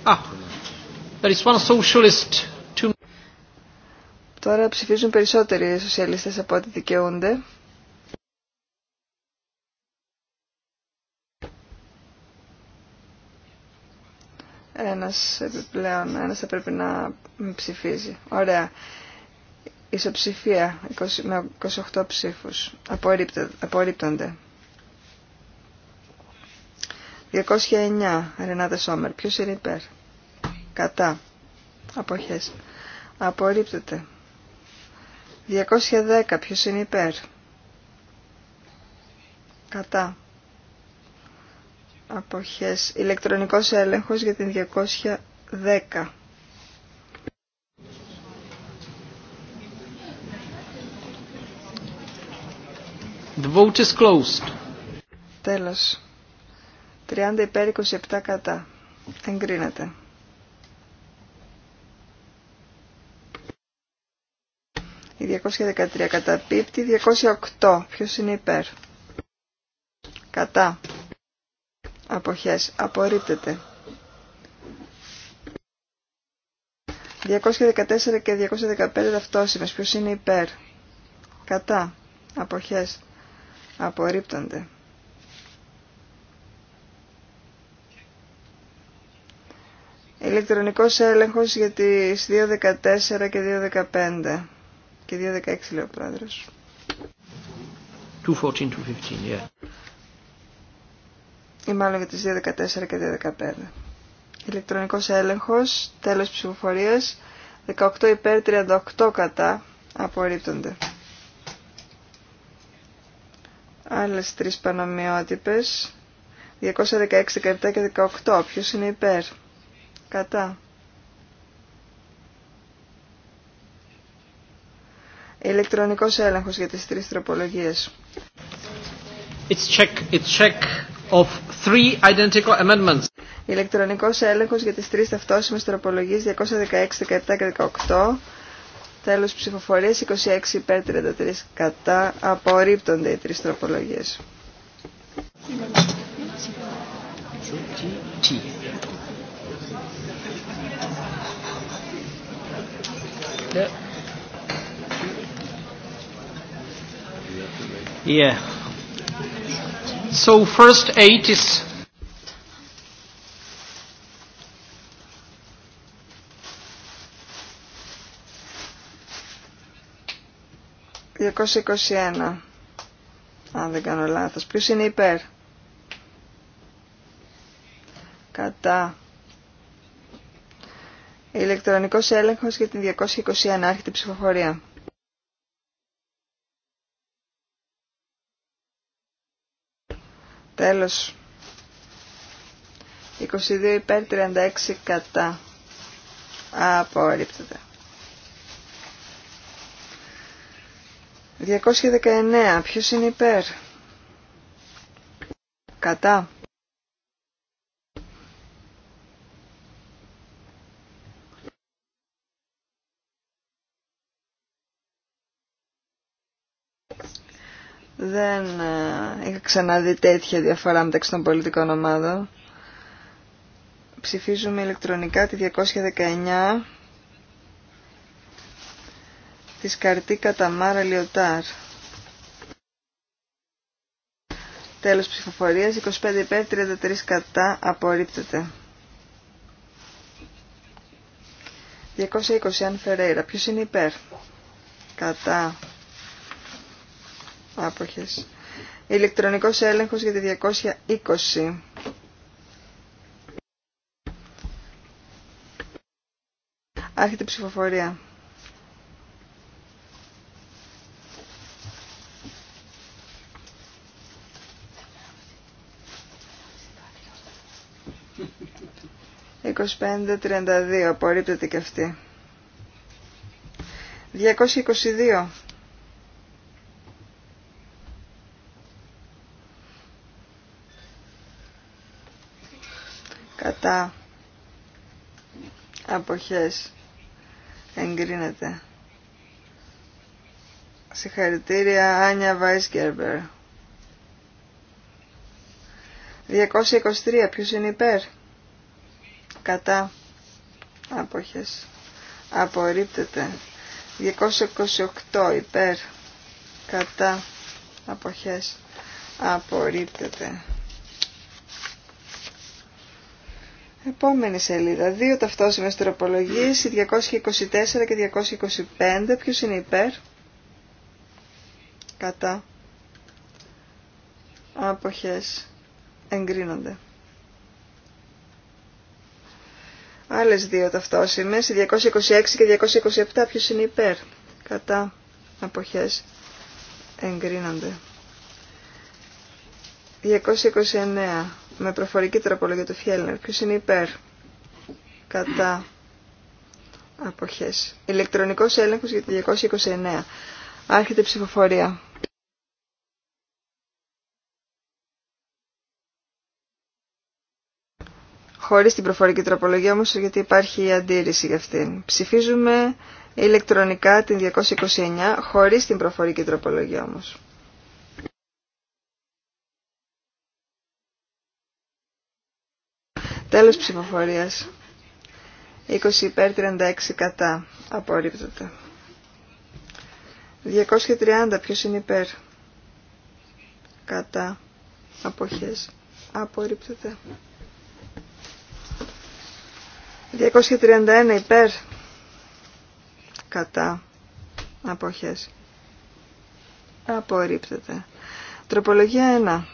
Ah, Τώρα ψηφίζουν περισσότεροι σοσιαλιστές από ό,τι δικαιούνται. Ένας επιπλέον, ένας θα πρέπει να ψηφίζει. Ωραία. Ισοψηφία με 28 ψήφους. Απορρίπτονται. 209 Ρενάτε Σόμερ. Ποιος είναι υπέρ. Κατά. Αποχές. Απορρίπτεται. 210 Ποιο είναι υπέρ. Κατά. Αποχές. Ηλεκτρονικό έλεγχος για την 210. The vote is closed. Τέλος. 30 υπέρ 27 κατά. Εγκρίνεται. Η 213 κατά πίπτη. 208. Ποιος είναι υπέρ. Κατά. Αποχές. Απορρίπτεται. 214 και 215 ταυτόσημες. Ποιος είναι υπέρ. Κατά. Αποχές. Απορρίπτονται. Ηλεκτρονικός έλεγχος για τις 2.14 και 2.15 και 2.16 λέει ο πρόεδρος. 2.14, 2.15, yeah. Ή μάλλον για τις 2.14 και 2.15. Ηλεκτρονικός έλεγχος, τέλος ψηφοφορίας, 18 υπέρ 38 κατά, απορρίπτονται. Άλλες τρεις πανομοιότυπες, 216, 17 και 18, ποιος είναι υπέρ. Κατά. Ηλεκτρονικός έλεγχος για τις τρεις τροπολογίες. It's check, it's check of three identical amendments. Ηλεκτρονικός έλεγχος για τις τρεις ταυτόσιμες τροπολογίες 216, 17 και 18. Τέλος ψηφοφορίας 26 υπέρ 33 κατά. Απορρίπτονται οι τρεις τροπολογίες. No. Yeah. So first eight is. Αν δεν κάνω λάθος. Ποιος είναι υπέρ. Κατά. Ηλεκτρονικός έλεγχος για την 221 ανάρχητη ψηφοφορία. Τέλος. 22 υπέρ 36 κατά. Απορρίπτεται. 219. Ποιος είναι υπέρ. Κατά. Δεν ε, είχα ξαναδεί τέτοια διαφορά μεταξύ των πολιτικών ομάδων. Ψηφίζουμε ηλεκτρονικά τη 219 της καρτή Καταμάρα Λιωτάρ. Τέλος ψηφοφορίας, 25 υπέρ, 33 κατά, απορρίπτεται. 220 αν Φερέιρα, ποιος είναι υπέρ. Κατά, Ηλεκτρονικό έλεγχο για τη 220. Άρχεται ψηφοφορία. 25-32. Απορρίπτεται και αυτή. 222. Κατά. Αποχές. Εγκρίνεται. Συγχαρητήρια Άνια Βάισκερμπερ. 223. Ποιος είναι υπέρ. Κατά. Άποχες. Απορρίπτεται. 228. Υπέρ. Κατά. Αποχές. Απορρίπτεται. Επόμενη σελίδα. Δύο ταυτόσημες τροπολογίε οι 224 και 225. Ποιο είναι υπέρ. Κατά. Άποχες. Εγκρίνονται. Άλλες δύο ταυτόσιμες, οι 226 και 227. Ποιος είναι υπέρ. Κατά. Αποχές. Εγκρίνονται. 229 με προφορική τροπολογία του Φιέλνερ. Ποιος είναι υπέρ. Κατά. Αποχές. Ηλεκτρονικός έλεγχος για το 229. Άρχεται ψηφοφορία. Χωρίς την προφορική τροπολογία όμως γιατί υπάρχει η αντίρρηση για αυτήν. Ψηφίζουμε ηλεκτρονικά την 229 χωρίς την προφορική τροπολογία όμως. Τέλος ψηφοφορίας. 20 υπέρ 36 κατά. Απορρίπτεται. 230 ποιος είναι υπέρ. Κατά. Αποχές. Απορρίπτεται. 231 υπέρ. Κατά. Αποχές. Απορρίπτεται. Τροπολογία 1.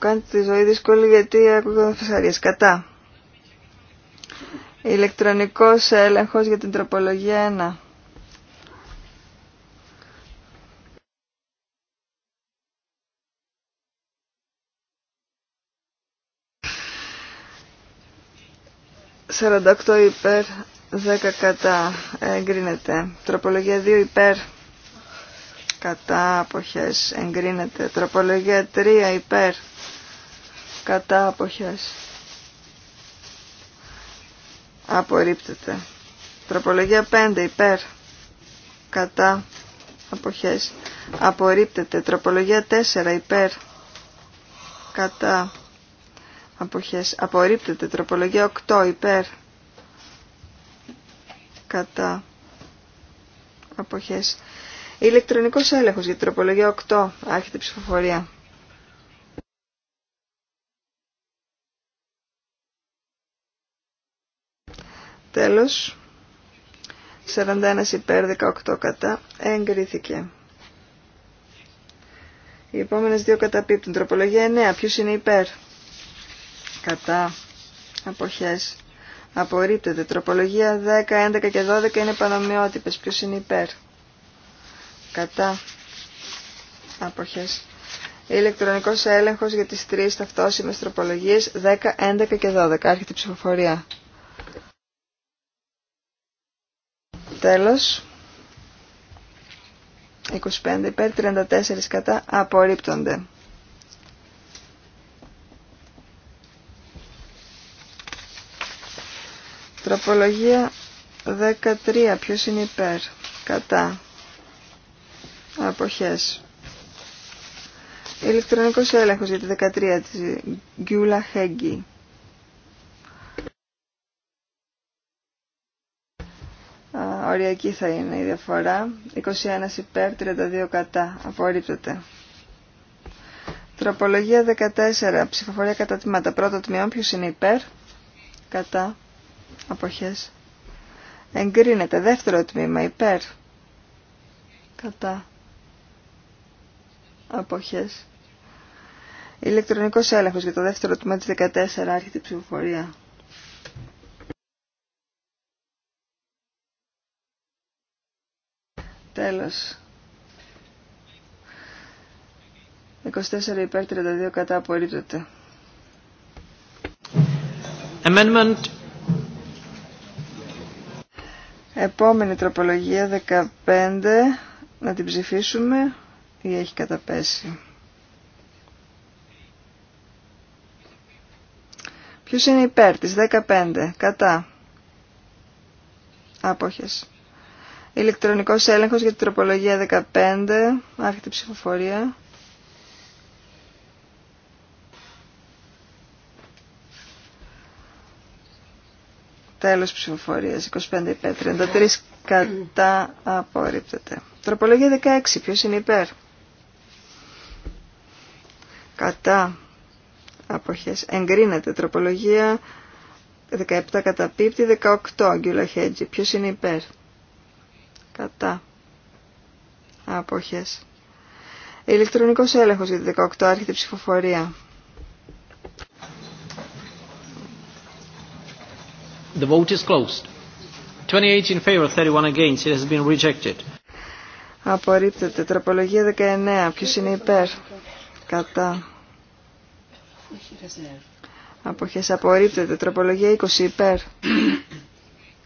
Κάντε τη ζωή δύσκολη γιατί ακούγονται φυσαρίες. Κατά. Ηλεκτρονικός έλεγχος για την τροπολογία 1. «48 υπέρ, 10 κατά, εγκρίνεται. Τροπολογία 2 υπέρ, κατά αποχές εγκρίνεται. Τροπολογία 3 υπέρ κατά αποχές απορρίπτεται. Τροπολογία 5 υπέρ κατά αποχές απορρίπτεται. Τροπολογία 4 υπέρ κατά αποχές απορρίπτεται. Τροπολογία 8 υπέρ κατά αποχές Ηλεκτρονικός έλεγχος για την τροπολογία 8. Άρχεται η ψηφοφορία. Τέλος. 41 υπέρ, 18 κατά. Εγκρίθηκε. Οι επόμενες δύο καταπίπτουν. Τροπολογία 9. Ποιος είναι υπέρ. Κατά. Αποχές. Απορρίπτεται. Τροπολογία 10, 11 και 12 είναι πανομοιότυπες. Ποιος είναι υπέρ κατά αποχές. Ηλεκτρονικός έλεγχος για τις τρεις ταυτόσιμες τροπολογίες 10, 11 και 12. Άρχεται η ψηφοφορία. Τέλος. 25 υπέρ, 34 κατά, απορρίπτονται. Τροπολογία 13. Ποιος είναι υπέρ. Κατά αποχές. Ηλεκτρονικός έλεγχος για τη 13 της Γκιούλα Χέγγι. Οριακή θα είναι η διαφορά. 21 υπέρ, 32 κατά. Απορρίπτεται. Τροπολογία 14. Ψηφοφορία κατά τμήματα. Πρώτο τμήμα. Ποιος είναι υπέρ. Κατά. Αποχές. Εγκρίνεται. Δεύτερο τμήμα. Υπέρ. Κατά αποχές. Ηλεκτρονικός έλεγχος για το δεύτερο του της 14 άρχεται η ψηφοφορία. Τέλος. 24 υπέρ 32 κατά απορρίπτωται. Amendment. Επόμενη τροπολογία 15 να την ψηφίσουμε ή έχει καταπέσει. Ποιος είναι υπέρ τη 15, κατά. Άποχες. Ηλεκτρονικός έλεγχος για την τροπολογία 15, άρχεται ψηφοφορία. Τέλος ψηφοφορίας, 25 υπέρ, 33 κατά απορρίπτεται. Τροπολογία 16, ποιος είναι υπέρ κατά αποχές εγκρίνεται τροπολογία 17 πίπτη. 18 γκύλο χέτζι ποιος είναι υπέρ κατά αποχές ηλεκτρονικός έλεγχος για τη 18 άρχεται ψηφοφορία The vote is closed. 28 in favor, 31 against. It has been rejected. Απορρίπτεται. Τροπολογία 19. Ποιος είναι υπέρ κατά ναι. αποχές απορρίπτεται τροπολογία 20 υπέρ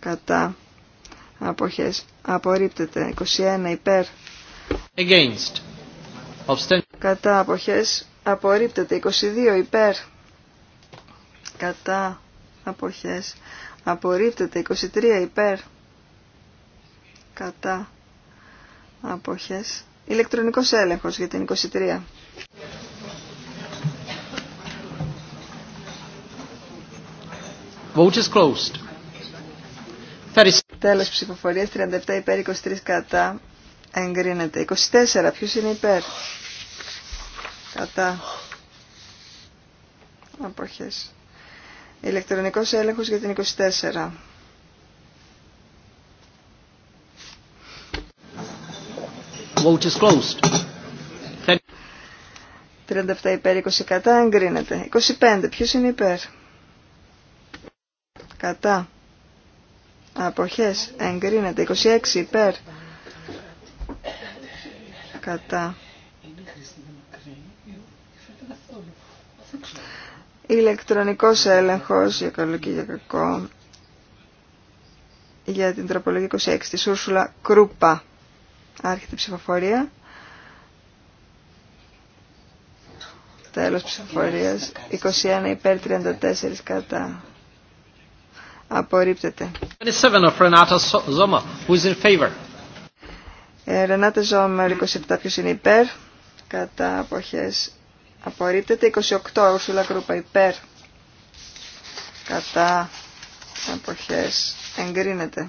κατά αποχές απορρίπτεται 21 υπέρ Against. κατά αποχές απορρίπτεται 22 υπέρ κατά αποχές απορρίπτεται 23 υπέρ κατά αποχές ηλεκτρονικός έλεγχος για την 23 Vote is closed. Τέλος ψηφοφορίας 37 υπέρ 23 κατά εγκρίνεται. 24 ποιος είναι υπέρ. Κατά. Αποχές. Ηλεκτρονικός έλεγχος για την 24. Vote is closed. 37 υπέρ, 20 κατά, εγκρίνεται. 25, ποιος είναι υπέρ. Κατά. Αποχές, εγκρίνεται. 26 υπέρ. Κατά. Ηλεκτρονικός έλεγχος για καλό και για κακό για την τροπολογία 26 της Ούρσουλα Κρούπα. Άρχεται η ψηφοφορία. Τέλο ψηφοφορίας. 21 υπέρ 34 κατά. Απορρίπτεται. 27 of Renata Zoma, who is in favor. Ε, Ζόμερ, 27 ποιος είναι υπέρ. Κατά αποχές. Απορρίπτεται. 28 Ουρσούλα Κρούπα υπέρ. Κατά απόχέ Εγκρίνεται.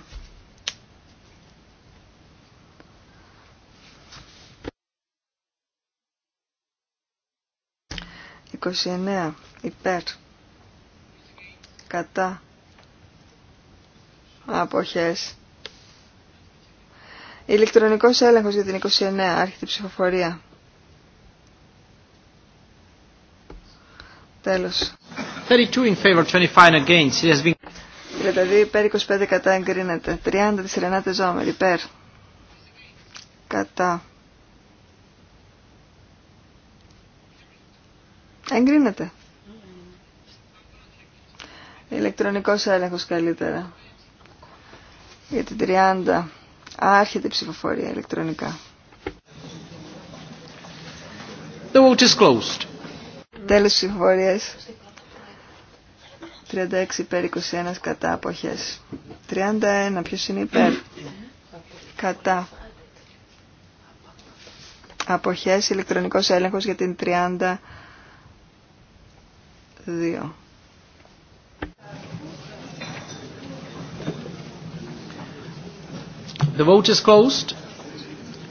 29 υπέρ κατά αποχές ηλεκτρονικός έλεγχος για την 29 άρχεται ψηφοφορία τέλος 32 in favor, 25 against. It has been... Δηλαδή υπέρ 25 κατά εγκρίνεται. 30 της Ρενάτε Ζόμερ υπέρ. Κατά. Εγκρίνεται. Ηλεκτρονικός έλεγχος καλύτερα. Για την 30. Άρχεται η ψηφοφορία ηλεκτρονικά. Τέλο vote 36 υπέρ 21 κατά αποχές. 31. Ποιος είναι υπέρ. κατά. Αποχές ηλεκτρονικός έλεγχος για την 30. 2. The vote is closed.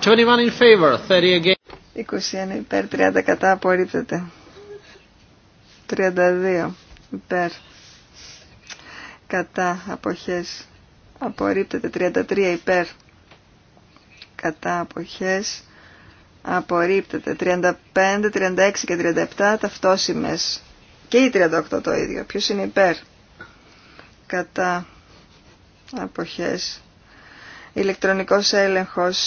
21 in favor, 30 against. 21 υπέρ, 30 κατά, απορρίπτεται. 32 υπέρ, κατά, αποχές, απορρίπτεται. 33 υπέρ, κατά, αποχές, απορρίπτεται. 35, 36 και 37 ταυτόσιμες και η 38 το ίδιο. Ποιο είναι υπέρ. Κατά αποχές. Ηλεκτρονικός έλεγχος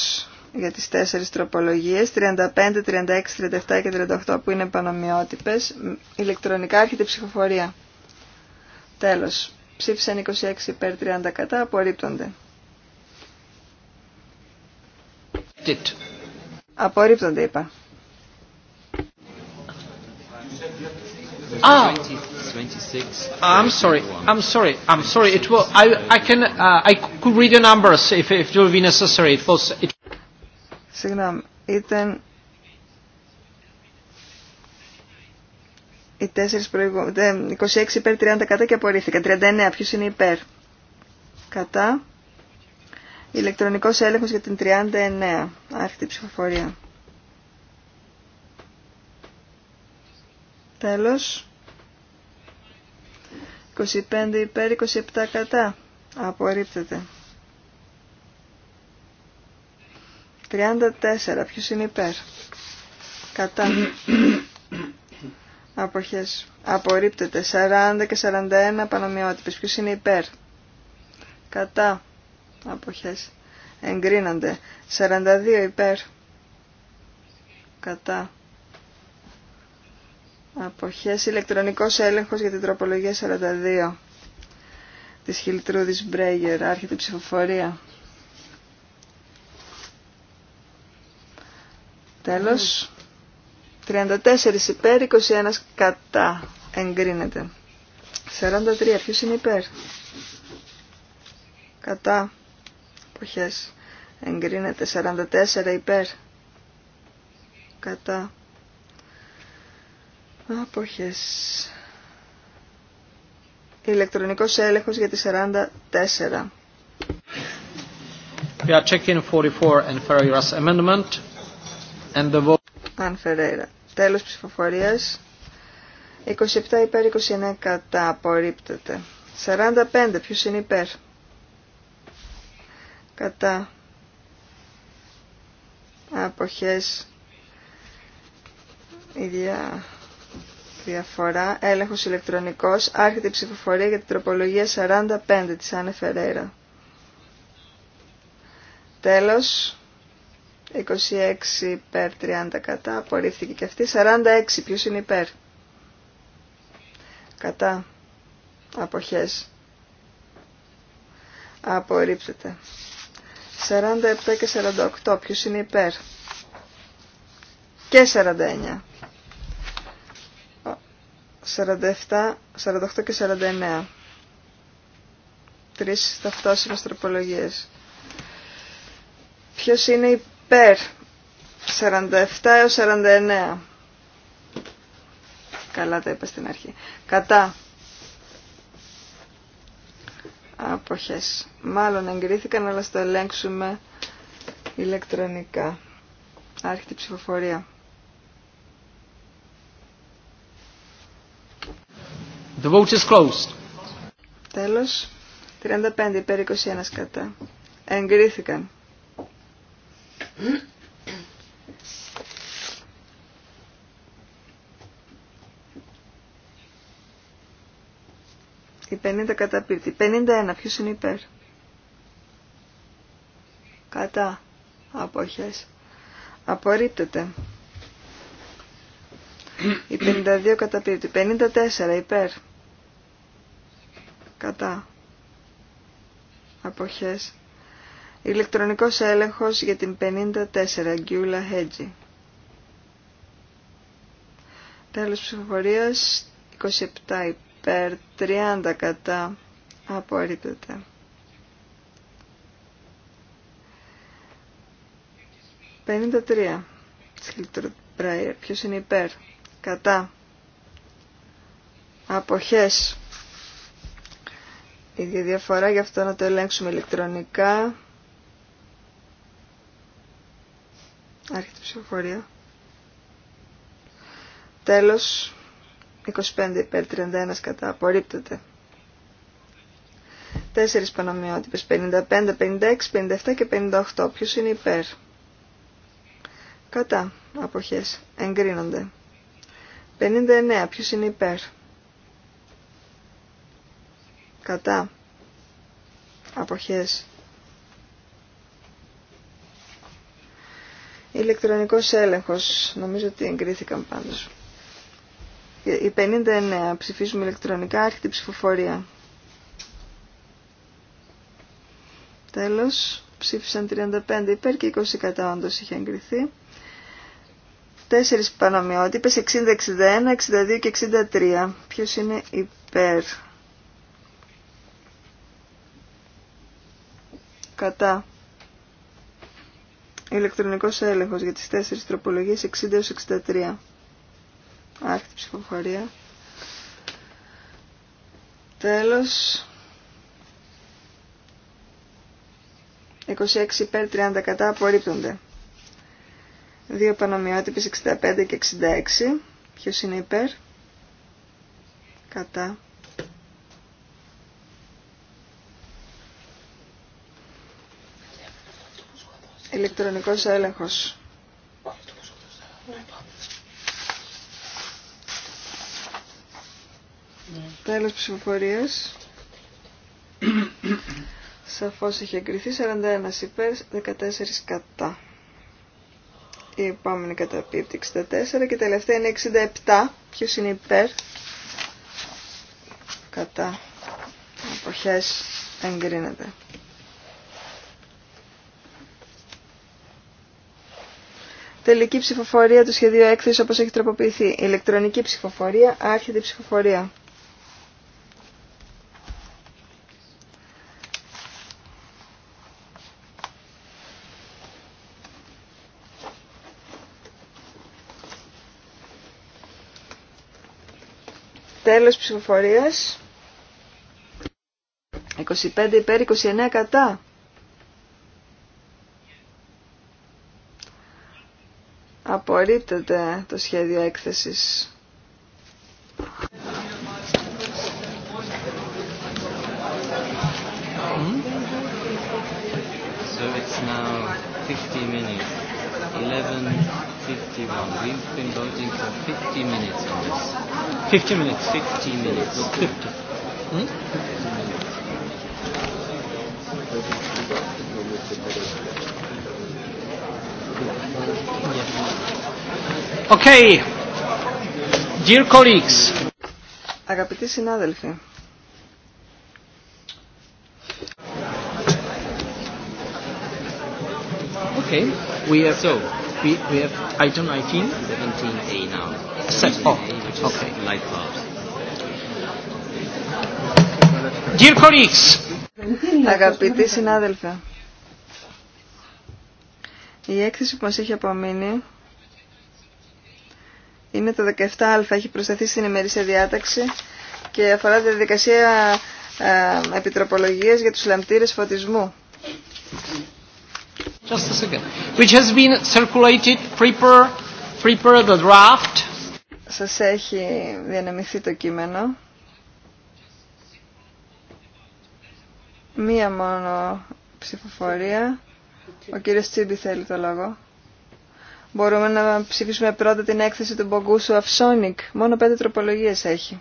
για τις τέσσερις τροπολογίες 35, 36, 37 και 38 που είναι πανομοιότυπες ηλεκτρονικά έρχεται ψηφοφορία τέλος ψήφισαν 26 υπέρ 30 κατά απορρίπτονται απορρίπτονται είπα Ah. I'm sorry. I'm sorry. I'm sorry. It was. I. I can. Uh, I could read the numbers if if it would be necessary. It was. It... Συγγνώμη. Ήταν. Οι τέσσερις προηγούμενες, 26 υπέρ, 30 κατά και απορρίφθηκαν. 39, ποιος είναι υπέρ. Κατά. Ηλεκτρονικός έλεγχος για την 39. Άρχεται η ψηφοφορία. Τέλος. 25 υπέρ 27 κατά. Απορρίπτεται. 34. Ποιος είναι υπέρ. Κατά. Αποχές. Απορρίπτεται. 40 και 41 πανομοιότυπες. Ποιος είναι υπέρ. Κατά. Αποχές. Εγκρίνονται. 42 υπέρ. Κατά. Αποχές ηλεκτρονικός έλεγχος για την τροπολογία 42 της Χιλτρούδης Μπρέγερ. Άρχεται η ψηφοφορία. Τέλος. 34 υπέρ, 21 κατά. Εγκρίνεται. 43. Ποιος είναι υπέρ. Κατά. Αποχές. Εγκρίνεται. 44 υπέρ. Κατά. Άποχες. Ηλεκτρονικός έλεγχος για τη 44. We are checking 44 and Ferreira's amendment and the vote. Αν Τέλος ψηφοφορίας. 27 υπέρ 29 κατά. Απορρίπτεται. 45. Ποιος είναι υπέρ. Κατά. Αποχές. Ιδια διαφορά, έλεγχος ηλεκτρονικός, άρχεται η ψηφοφορία για την τροπολογία 45 της Άνε Φερέρα. Τέλος, 26 υπέρ 30 κατά, απορρίφθηκε και αυτή, 46 ποιος είναι υπέρ. Κατά, αποχές, απορρίπτεται. 47 και 48 ποιος είναι υπέρ. Και 49 47, 48 και 49. Τρεις ταυτόσιμες τροπολογίες. Ποιος είναι υπέρ 47 έως 49. Καλά τα είπα στην αρχή. Κατά. Αποχές. Μάλλον εγκρίθηκαν αλλά στο ελέγξουμε ηλεκτρονικά. Άρχεται η ψηφοφορία. The vote is closed. Τέλος. 35 υπέρ 21 κατά. Εγκρίθηκαν. Η 50 καταπίπτει. 51. Ποιος είναι υπέρ. Κατά. Απόχες. Απορρίπτεται. Η 52 καταπίπτει. 54 υπέρ κατά αποχές ηλεκτρονικός έλεγχος για την 54 Γκιούλα Χέτζη τέλος ψηφοφορίας 27 υπέρ 30 κατά απορρίπτεται 53 Ποιος είναι υπέρ κατά αποχές ίδια διαφορά, γι' αυτό να το ελέγξουμε ηλεκτρονικά. Άρχεται η ψηφοφορία. Τέλος, 25 υπέρ 31 κατά, απορρίπτεται. 4 πανομοιότυπες, 55, 56, 57 και 58. Ποιος είναι υπέρ. Κατά, αποχές, εγκρίνονται. 59, ποιος είναι υπέρ κατά αποχές ηλεκτρονικός έλεγχος νομίζω ότι εγκρίθηκαν πάντως ε, η 59 ψηφίζουμε ηλεκτρονικά άρχεται η ψηφοφορία τέλος ψήφισαν 35 υπέρ και 20 κατά όντως είχε εγκριθεί τέσσερις πανομοιότυπες 60, 61, 62 και 63 ποιος είναι υπέρ κατά. Ηλεκτρονικός έλεγχος για τις τεσσερις τροπολογίες 60-63. Άρχιτη ψηφοφορία. Τέλος. 26 υπέρ 30 κατά απορρίπτονται. Δύο πανομοιότυπες 65 και 66. Ποιος είναι υπέρ. Κατά. Ηλεκτρονικός έλεγχος. Τέλος ψηφοφορίας. Σαφώς έχει εγκριθεί 41 υπέρ, 14 κατά. Η επόμενη καταπίπτει 64 και τελευταία είναι 67. Ποιος είναι υπέρ. Κατά. Αποχές εγκρίνεται. Τελική ψηφοφορία του σχεδίου έκθεση όπως έχει τροποποιηθεί. Ηλεκτρονική ψηφοφορία, άρχεται ψηφοφορία. Τέλος ψηφοφορίας. 25 υπέρ, 29 κατά. απορρίπτεται το σχέδιο έκθεσης. So 50 50 Okay. Dear colleagues. Αγαπητοί συνάδελφοι. Okay, we have so we, we have item 19, 17a now. Set Oh, okay. Light bulb. Dear colleagues. Αγαπητοί συνάδελφοι. Η έκθεση που μας έχει απομείνει είναι το 17α, έχει προσταθεί στην ημερήσια διάταξη και αφορά τη διαδικασία ε, επιτροπολογίας για τους λαμπτήρες φωτισμού. Just a second. Which has been circulated, prepare, prepare the draft. Σας έχει διανεμηθεί το κείμενο. Μία μόνο ψηφοφορία. Ο κύριος Τσίμπη θέλει το λόγο. Μπορούμε να ψηφίσουμε πρώτα την έκθεση του Μπογκούσου Αυσόνικ. Μόνο πέντε τροπολογίες έχει.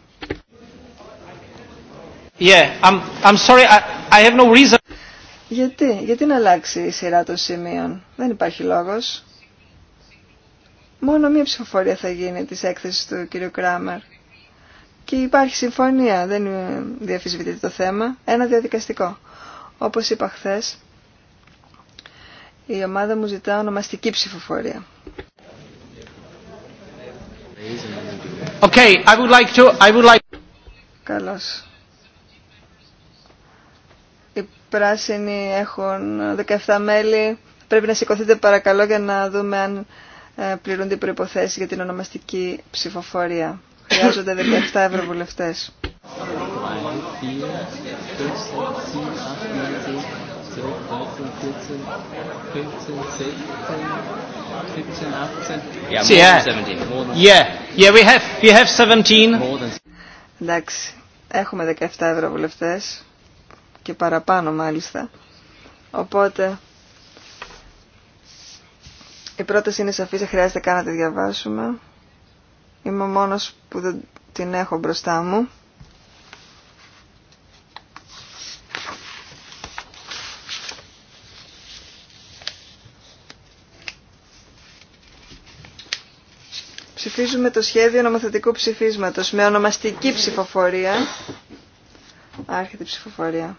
Yeah, I'm, I'm sorry, I, I have no reason. Γιατί, γιατί να αλλάξει η σειρά των σημείων. Δεν υπάρχει λόγος. Μόνο μία ψηφοφορία θα γίνει της έκθεσης του κ. Κράμερ. Και υπάρχει συμφωνία, δεν διαφυσβητείται το θέμα. Ένα διαδικαστικό. Όπως είπα χθε, η ομάδα μου ζητά ονομαστική ψηφοφορία. Okay, Καλώς. Οι πράσινοι έχουν 17 μέλη. Πρέπει να σηκωθείτε παρακαλώ για να δούμε αν ε, πληρούνται οι προϋποθέσεις για την ονομαστική ψηφοφορία. Χρειάζονται 17 ευρωβουλευτές. 12, 13, 14, 15, 16, 17, 18. Yeah, more yeah. than 17. More than yeah, yeah, we have, we have 17. More than... 17. Εντάξει, έχουμε 17 ευρωβουλευτές και παραπάνω μάλιστα. Οπότε η πρόταση είναι σαφής, δεν χρειάζεται καν να τη διαβάσουμε. Είμαι ο μόνος που δεν την έχω μπροστά μου. ψηφίζουμε το σχέδιο νομοθετικού ψηφίσματος με ονομαστική ψηφοφορία. Άρχεται η ψηφοφορία.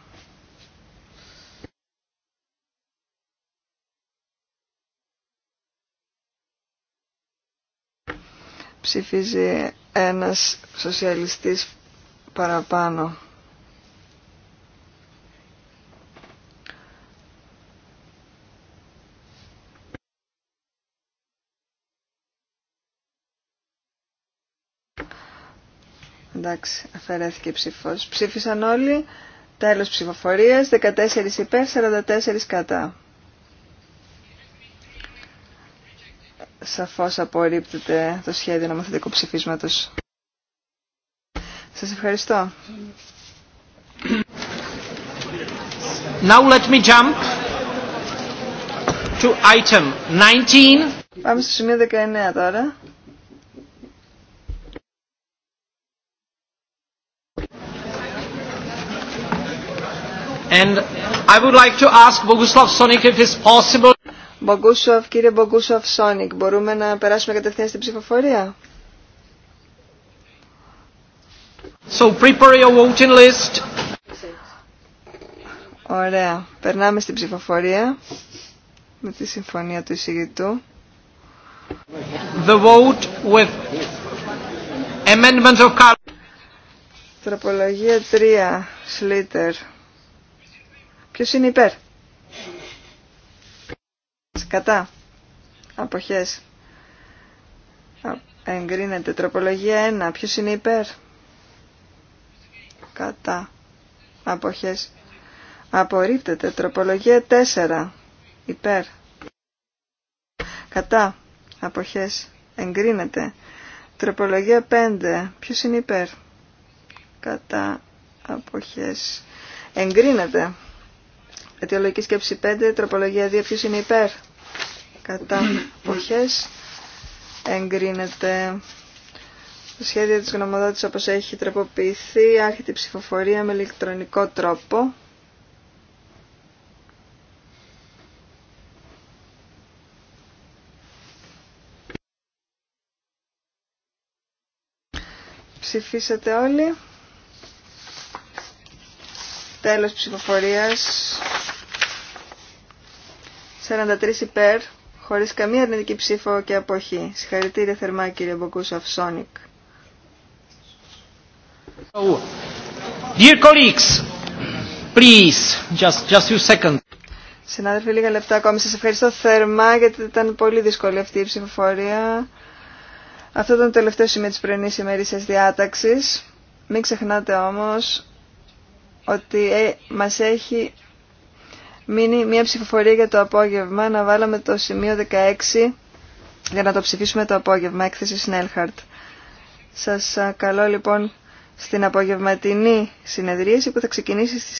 Ψηφίζει ένας σοσιαλιστής παραπάνω. Εντάξει, αφαιρέθηκε ψηφό. Ψήφισαν όλοι. Τέλο ψηφοφορία. 14 υπέρ, 44 κατά. Σαφώς απορρίπτεται το σχέδιο νομοθετικού ψηφίσματος. Σας ευχαριστώ. Now let me jump to item 19. Πάμε στο σημείο 19 τώρα. And I would like to ask Boguslav Sonic if it's possible. Boguslav, κύριε Boguslav Sonic, μπορούμε να περάσουμε κατευθείαν στην ψηφοφορία. So prepare your voting list. Ωραία. Περνάμε στην ψηφοφορία με τη συμφωνία του εισηγητού. The vote with amendments of Trapologia 3, Schlitter. Ποιος είναι υπέρ. Κατά. Αποχές. Εγκρίνεται. Τροπολογία 1. Ποιος είναι υπέρ. Κατά. Αποχές. Απορρίπτεται. Τροπολογία 4. Υπέρ. Κατά. Αποχές. Εγκρίνεται. Τροπολογία 5. Ποιος είναι υπέρ. Κατά. Αποχές. Εγκρίνεται αιτιολογική σκέψη 5, τροπολογία 2, ποιος είναι υπέρ. Κατά εποχέ εγκρίνεται. Το σχέδιο της γνωμοδότης όπως έχει τροποποιηθεί, άρχεται η ψηφοφορία με ηλεκτρονικό τρόπο. Ψηφίσατε όλοι. Τέλος ψηφοφορίας 43 υπέρ, χωρίς καμία αρνητική ψήφο και αποχή. Συγχαρητήρια θερμά κύριε Μποκούσοφ Σόνικ. Dear please, just, just few seconds. Συνάδελφοι, λίγα λεπτά ακόμη. Σας ευχαριστώ θερμά γιατί ήταν πολύ δύσκολη αυτή η ψηφοφορία. Αυτό ήταν το τελευταίο σημείο της πρωινής ημερήσιας διάταξης. Μην ξεχνάτε όμως ότι ε, μας έχει μείνει μια ψηφοφορία για το απόγευμα να βάλαμε το σημείο 16 για να το ψηφίσουμε το απόγευμα, έκθεση Σνέλχαρτ. Σας καλώ λοιπόν στην απογευματινή συνεδρίαση που θα ξεκινήσει